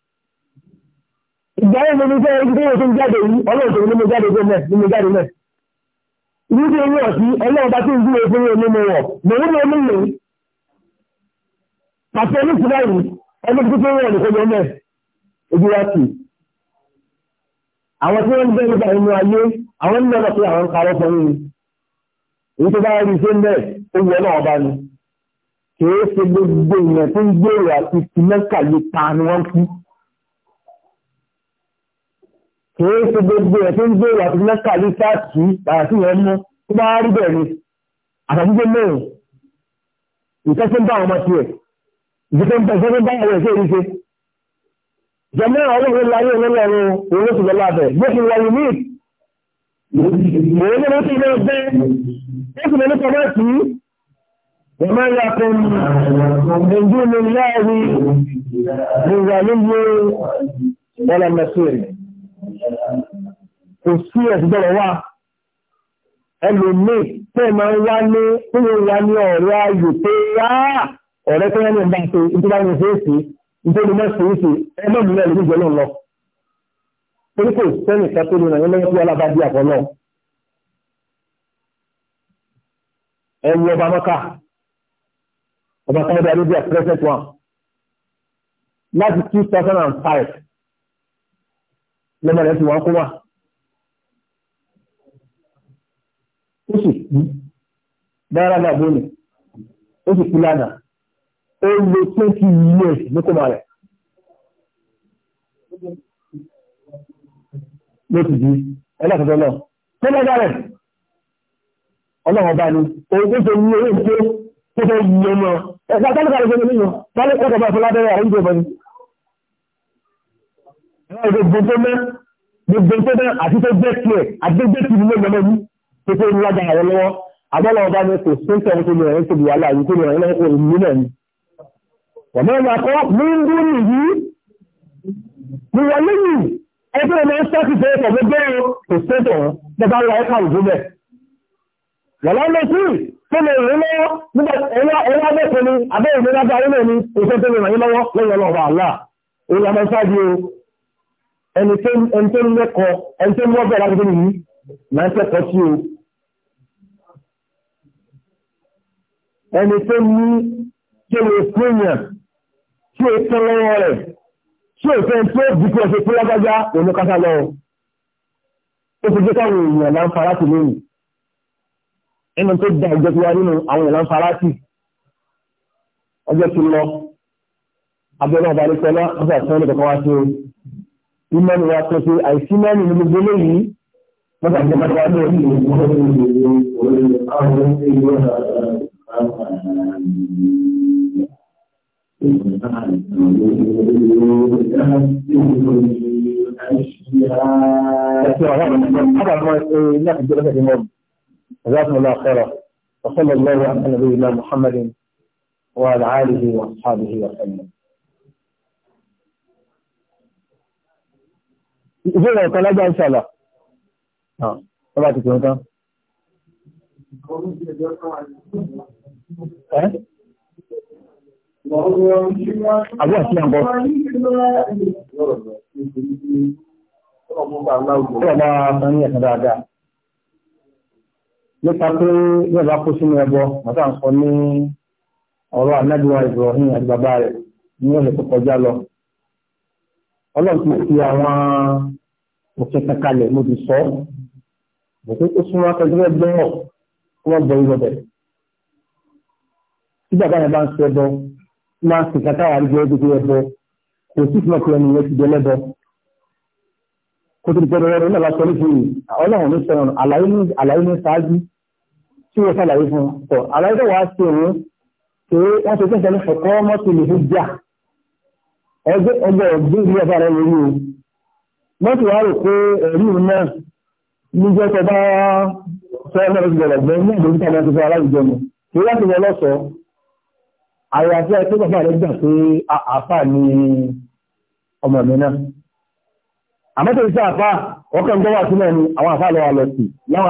ìgbàlẹ́ mi ní fẹ́ ibi tó yẹ kí n jáde yìí ọlọ́ọ̀tọ̀ ní mo jáde jẹ́ mẹ́ ní mo jáde mẹ́. Ìlú tí èyí ọ̀sí ọlọ́ọ̀bá tí ń dúró fún mi mo wọ̀ mo ní omi lè. Pàṣẹ ní ti báyìí ẹni tó tó wọ̀ ní kọjọ mẹ́ ojú wa kì. Àwọn tí wọ́n ń bẹ́ nípa inú ayé àwọn ń lọ́nà pé àwọn ń parọ́ fún mi. Èyí tó bá rí iṣẹ́ mẹ́ owó ọlọ́ọ̀ bá ni. Kèé ṣe gbogbo ìyẹn tó ń gbèrò àti ìmẹ́kà lè ta ni wọ́n kú kìí ṣe gbogbo ẹ̀ tó ń gbé ìwà tó mẹ́ta lé káàkiri bàrà sí ìyẹn mú tó bá rí bẹ́ẹ̀ ni àtàkùnjẹ mẹ́rin ìfẹ́ tó ń bá ọmọ tiẹ̀ ìfẹ́ tó ń bá ìfẹ́ tó ń bá ọmọ ẹ̀ṣẹ́ ìrìṣẹ́ jẹ́mọ́ ọlọ́run láyé ọlọ́run owó tó lọ́lá bẹ̀ bó ti wà yìí mìíràn mò ń ti lọ bẹ́ ó sì lọ́lọ́pọ̀ náà sí ẹ̀mọ́ ya kan ẹ̀jú kò sí ẹ̀sùn gbọ́dọ̀ wà ẹlòmíì tẹ́ máa ń wá ní nínú wa ní ọ̀rẹ́ ayò pé rárá ọ̀rẹ́ tó yẹn ní ìbá ṣe nítorí wọn ṣe é sí nítorí wọn ṣe é sí ẹ náà nílẹ̀ lórí ìjọ náà lọ. torí kò sẹ́yìn ìka tó lè ràn yín lọ́wọ́ tí alábá di àpọ̀ náà. ẹ wú ọba mọ́ká ọba sáwọ́dà arabia president one láti two thousand and five lọ́mọ rẹ̀ fi wá kó wà ó sì kú dára náà bóyá ó sì kú lánàá ó lo twenty years ní kó máa rẹ̀ ló ti di ẹlẹ́kọ̀ọ́tọ́ náà tó lọ́gbà rẹ̀ ọlọ́run bá ní òun tó ṣe ní owó ìṣe gbogbo tó mẹ́ gbogbo tó mẹ́ àti tó jẹ́ tiẹ̀ àgbégbé ti ní lọ́mọ yìí tó tó ń lájà rẹ lọ́wọ́ àbọ̀lọ́ ọba ni kò sí ìṣẹ́ tó lè rẹ̀ tóbi wàhálà yìí tó lè rẹ̀ lọ́wọ́ òní náà ni. Wàmọ́ ìwà kọ́ ní ń dún nìyí ni wọ́n lẹ́yìn ẹgbẹ́ ọmọ ń sọ́ọ̀tì fẹ́ ẹ̀kọ́ gbogbo kò sí ìṣẹ́ bàbá lọ ẹ̀ka òjú bẹ̀. Wàlá lọ sí tó lè rẹ̀ lọ́wọ́ nígbà ẹ̀rọ abẹ́kùnrin abẹ́ ìlú lágbàá ẹni tó ń lẹ́kọ̀ọ́ ẹni tó ń wọ́n bẹ̀rẹ̀ agbègbè yìí máa ń kẹ́kọ̀ọ́ sí o ẹni tó ní kí o fún èèyàn tí o tán lọ́wọ́ rẹ̀ tí o fẹ́ tó dìkú ọ̀sẹ̀ tó lágbájá òun kásá lọ ó ti jẹ́ káwọn èèyàn láǹfààrà sí lónìí ẹni tó da ìjọ tiwa nínú àwọn èèyàn láǹfààrà sí ọjọ́ ti lọ abẹ́rẹ́ ọba ní sọlá ọjọ́ àti sọ́ọ́ ìmọ̀nì wa tó ṣe àìsí mẹ́rin ní gbogbo léyìí wọ́n tàbí ọmọdé wa lórí جزاكم الله خيرا وصلى الله على نبينا محمد وعلى اله واصحابه وسلم ìbéèrè ọ̀kan lágbà ń ṣàlà ọba ti pè tán. Àbí àti àbọ̀. Ọ̀rọ̀ bá san ní ẹ̀sán dáadáa. Nípa pé yóò bá kó sínú ẹbọ, màtá ń sọ ní ọ̀rọ̀ Anábíwá Ibrahim àti bàbá rẹ̀ ní ọ̀lẹ̀ tó kọjá lọ ọlọ́run ti fi àwọn òfin kankalẹ̀ mo ti sọ mo pé ó súnmọ́ akẹ́kọ̀ọ́ gbọ́rọ̀ kí wọ́n gbọ́ ìwọ̀ bẹ̀rẹ̀. tí bàbá yẹn bá ń sọ ẹbọ máa ń sìn kankan wà nígbà ẹgbẹ́ ẹbọ kò sí fún ọkùnrin ẹnìyẹn ti dẹ́lẹ́bọ. kó tó di pẹ́ẹ́rẹ́ rẹ̀ nígbà sọ ní fún ọlọ́run ní sọ àlàyé ní ṣáájú tí wọ́n ṣàlàyé fún ọ àlàyé tó wàá ṣe òun pé wọ́n ṣe kí ẹgbẹ́ ọgbọ́ ọdún ilé ọba rẹ̀ lórí o mọ́tò wá rò pé ẹ̀rí òun náà níjọ́ tó onye sọ́ọ́ ní àti ẹgbẹ́ bàbá rẹ̀ gbà pé ni ọmọ mi náà àmọ́tò sílẹ̀